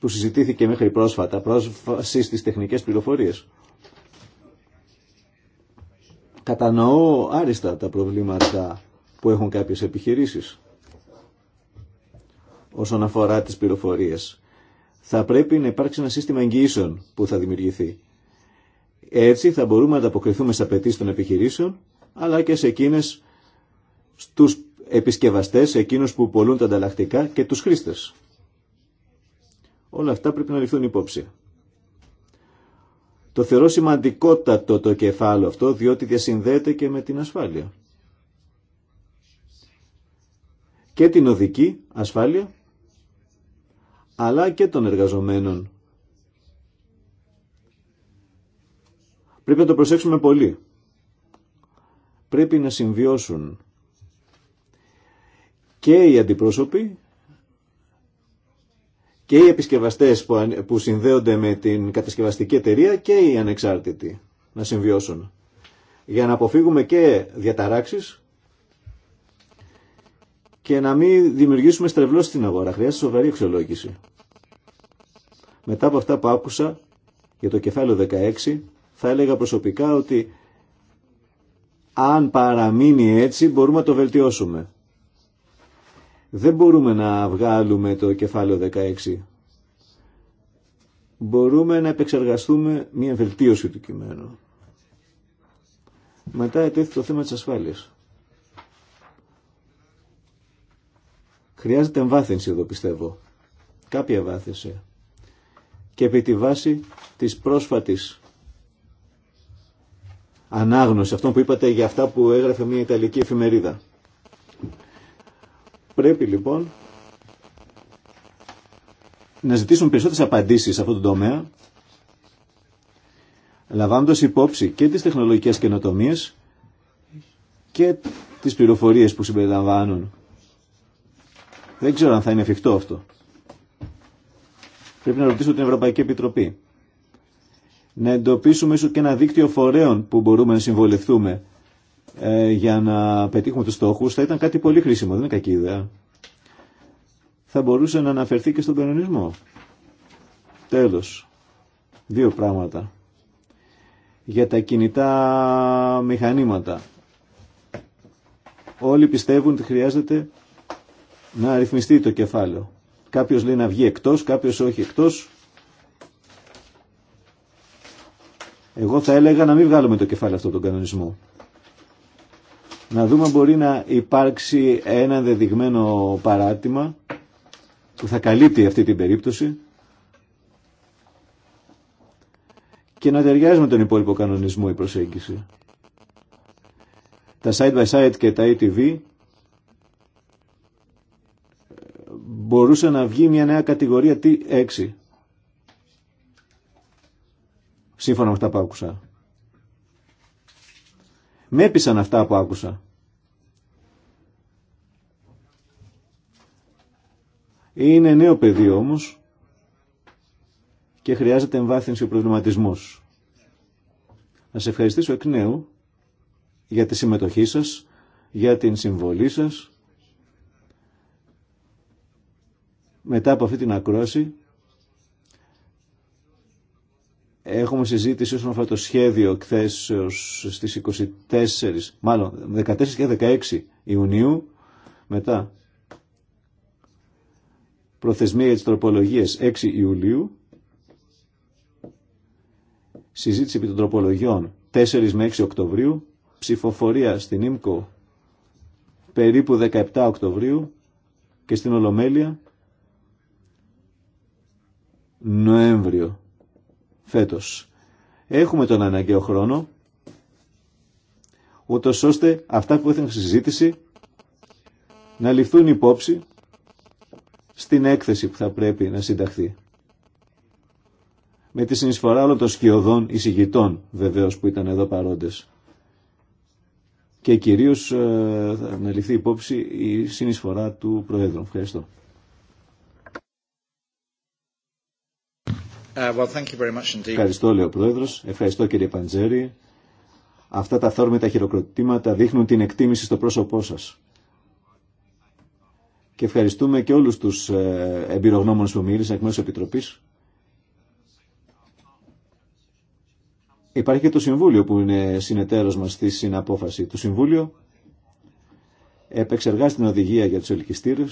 Speaker 1: που συζητήθηκε μέχρι πρόσφατα, πρόσφαση στις τεχνικές πληροφορίες. Κατανοώ άριστα τα προβλήματα που έχουν κάποιες επιχειρήσεις όσον αφορά τις πληροφορίες. Θα πρέπει να υπάρξει ένα σύστημα εγγυήσεων που θα δημιουργηθεί έτσι θα μπορούμε να ανταποκριθούμε σε απαιτήσει των επιχειρήσεων, αλλά και σε εκείνες στους επισκευαστές, εκείνους που πολλούν τα ανταλλακτικά και τους χρήστες. Όλα αυτά πρέπει να ληφθούν υπόψη. Το θεωρώ σημαντικότατο το κεφάλαιο αυτό, διότι διασυνδέεται και με την ασφάλεια. Και την οδική ασφάλεια, αλλά και των εργαζομένων Πρέπει να το προσέξουμε πολύ. Πρέπει να συμβιώσουν και οι αντιπρόσωποι και οι επισκευαστές που συνδέονται με την κατασκευαστική εταιρεία και οι ανεξάρτητοι να συμβιώσουν. Για να αποφύγουμε και διαταράξεις και να μην δημιουργήσουμε στρεβλώς στην αγορά. Χρειάζεται σοβαρή αξιολόγηση. Μετά από αυτά που άκουσα για το κεφάλαιο 16 θα έλεγα προσωπικά ότι αν παραμείνει έτσι μπορούμε να το βελτιώσουμε. Δεν μπορούμε να βγάλουμε το κεφάλαιο 16. Μπορούμε να επεξεργαστούμε μια βελτίωση του κειμένου. Μετά ετέθη το θέμα της ασφάλειας. Χρειάζεται εμβάθυνση εδώ πιστεύω. Κάποια εμβάθυνση. Και επί τη βάση της πρόσφατης ανάγνωση αυτό που είπατε για αυτά που έγραφε μια Ιταλική εφημερίδα. Πρέπει λοιπόν να ζητήσουν περισσότερες απαντήσεις σε αυτό το τομέα, λαμβάνοντας υπόψη και τις τεχνολογικές καινοτομίες και τις πληροφορίες που συμπεριλαμβάνουν. Δεν ξέρω αν θα είναι εφικτό αυτό. Πρέπει να ρωτήσω την Ευρωπαϊκή Επιτροπή να εντοπίσουμε ίσως και ένα δίκτυο φορέων που μπορούμε να συμβολευτούμε ε, για να πετύχουμε τους στόχους θα ήταν κάτι πολύ χρήσιμο, δεν είναι κακή ιδέα. Θα μπορούσε να αναφερθεί και στον κανονισμό. Τέλος, δύο πράγματα. Για τα κινητά μηχανήματα. Όλοι πιστεύουν ότι χρειάζεται να ρυθμιστεί το κεφάλαιο. Κάποιος λέει να βγει εκτός, κάποιος όχι εκτός. Εγώ θα έλεγα να μην βγάλουμε το κεφάλι αυτό τον κανονισμό. Να δούμε μπορεί να υπάρξει ένα δεδειγμένο παράτημα που θα καλύπτει αυτή την περίπτωση και να ταιριάζει με τον υπόλοιπο κανονισμό η προσέγγιση. Τα side by side και τα ATV e ε, μπορούσε να βγει μια νέα κατηγορία T6 σύμφωνα με αυτά που άκουσα. Με έπεισαν αυτά που άκουσα. Είναι νέο παιδί όμως και χρειάζεται εμβάθυνση ο προβληματισμός. Να σε ευχαριστήσω εκ νέου για τη συμμετοχή σας, για την συμβολή σας. Μετά από αυτή την ακρόση, Έχουμε συζήτηση όσον αφορά το σχέδιο εκθέσεως στις 24, μάλλον 14 και 16 Ιουνίου, μετά προθεσμία για τις τροπολογίες 6 Ιουλίου, συζήτηση επί των τροπολογιών 4 με 6 Οκτωβρίου, ψηφοφορία στην ΙΜΚΟ περίπου 17 Οκτωβρίου και στην Ολομέλεια Νοέμβριο φέτος. Έχουμε τον αναγκαίο χρόνο, ούτω ώστε αυτά που έθελαν συζήτηση να ληφθούν υπόψη στην έκθεση που θα πρέπει να συνταχθεί. Με τη συνεισφορά όλων των σκιωδών εισηγητών βεβαίως που ήταν εδώ παρόντες. Και κυρίως ε, να θα αναλυθεί υπόψη η συνεισφορά του Προέδρου. Ευχαριστώ. Uh, Ευχαριστώ, λέει ο πρόεδρο, Ευχαριστώ, κύριε Παντζέρη. Αυτά τα θόρμητα χειροκροτήματα δείχνουν την εκτίμηση στο πρόσωπό σας. Και ευχαριστούμε και όλους τους ε, εμπειρογνώμων που μίλησαν εκ μέρους Επιτροπής. Υπάρχει και το Συμβούλιο που είναι συνεταίρο μα στη συναπόφαση. Το Συμβούλιο επεξεργάζει την οδηγία για του ελκυστήρε.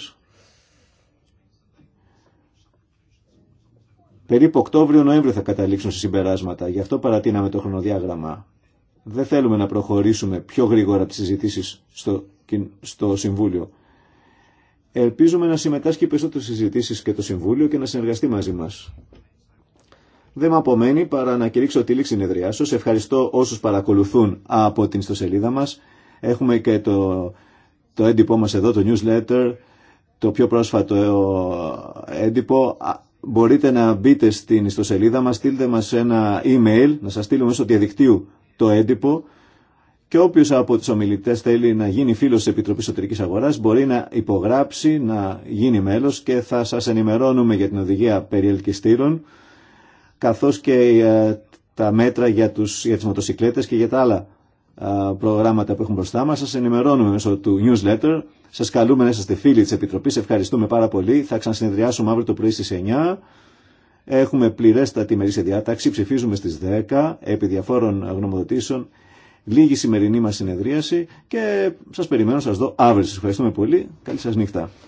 Speaker 1: Περίπου Οκτώβριο-Νοέμβριο θα καταλήξουν σε συμπεράσματα. Γι' αυτό παρατείναμε το χρονοδιάγραμμα. Δεν θέλουμε να προχωρήσουμε πιο γρήγορα τις συζητήσεις στο, στο Συμβούλιο. Ελπίζουμε να συμμετάσχει περισσότερο στις συζητήσεις και το Συμβούλιο και να συνεργαστεί μαζί μας. Δεν με απομένει παρά να κηρύξω τη λήξη συνεδρία σα. Ευχαριστώ όσου παρακολουθούν από την ιστοσελίδα μα. Έχουμε και το, το έντυπό μας εδώ, το newsletter, το πιο πρόσφατο ε, έντυπο μπορείτε να μπείτε στην ιστοσελίδα μας, στείλτε μας ένα email, να σας στείλουμε μέσω διαδικτύου το έντυπο και όποιος από τους ομιλητές θέλει να γίνει φίλος της Επιτροπής Εσωτερικής Αγοράς μπορεί να υπογράψει, να γίνει μέλος και θα σας ενημερώνουμε για την οδηγία περί ελκυστήρων καθώς και ε, τα μέτρα για, τους, για τις μοτοσυκλέτες και για τα άλλα προγράμματα που έχουμε μπροστά μας. Σας ενημερώνουμε μέσω του newsletter. Σας καλούμε να είστε φίλοι της Επιτροπής. Ευχαριστούμε πάρα πολύ. Θα ξανασυνεδριάσουμε αύριο το πρωί στις 9. Έχουμε πληρέστατη μερίσια διάταξη. Ψηφίζουμε στις 10 επί διαφόρων γνωμοδοτήσεων. Λίγη σημερινή μας συνεδρίαση και σας περιμένω, σας δω αύριο. Σας ευχαριστούμε πολύ. Καλή σας νύχτα.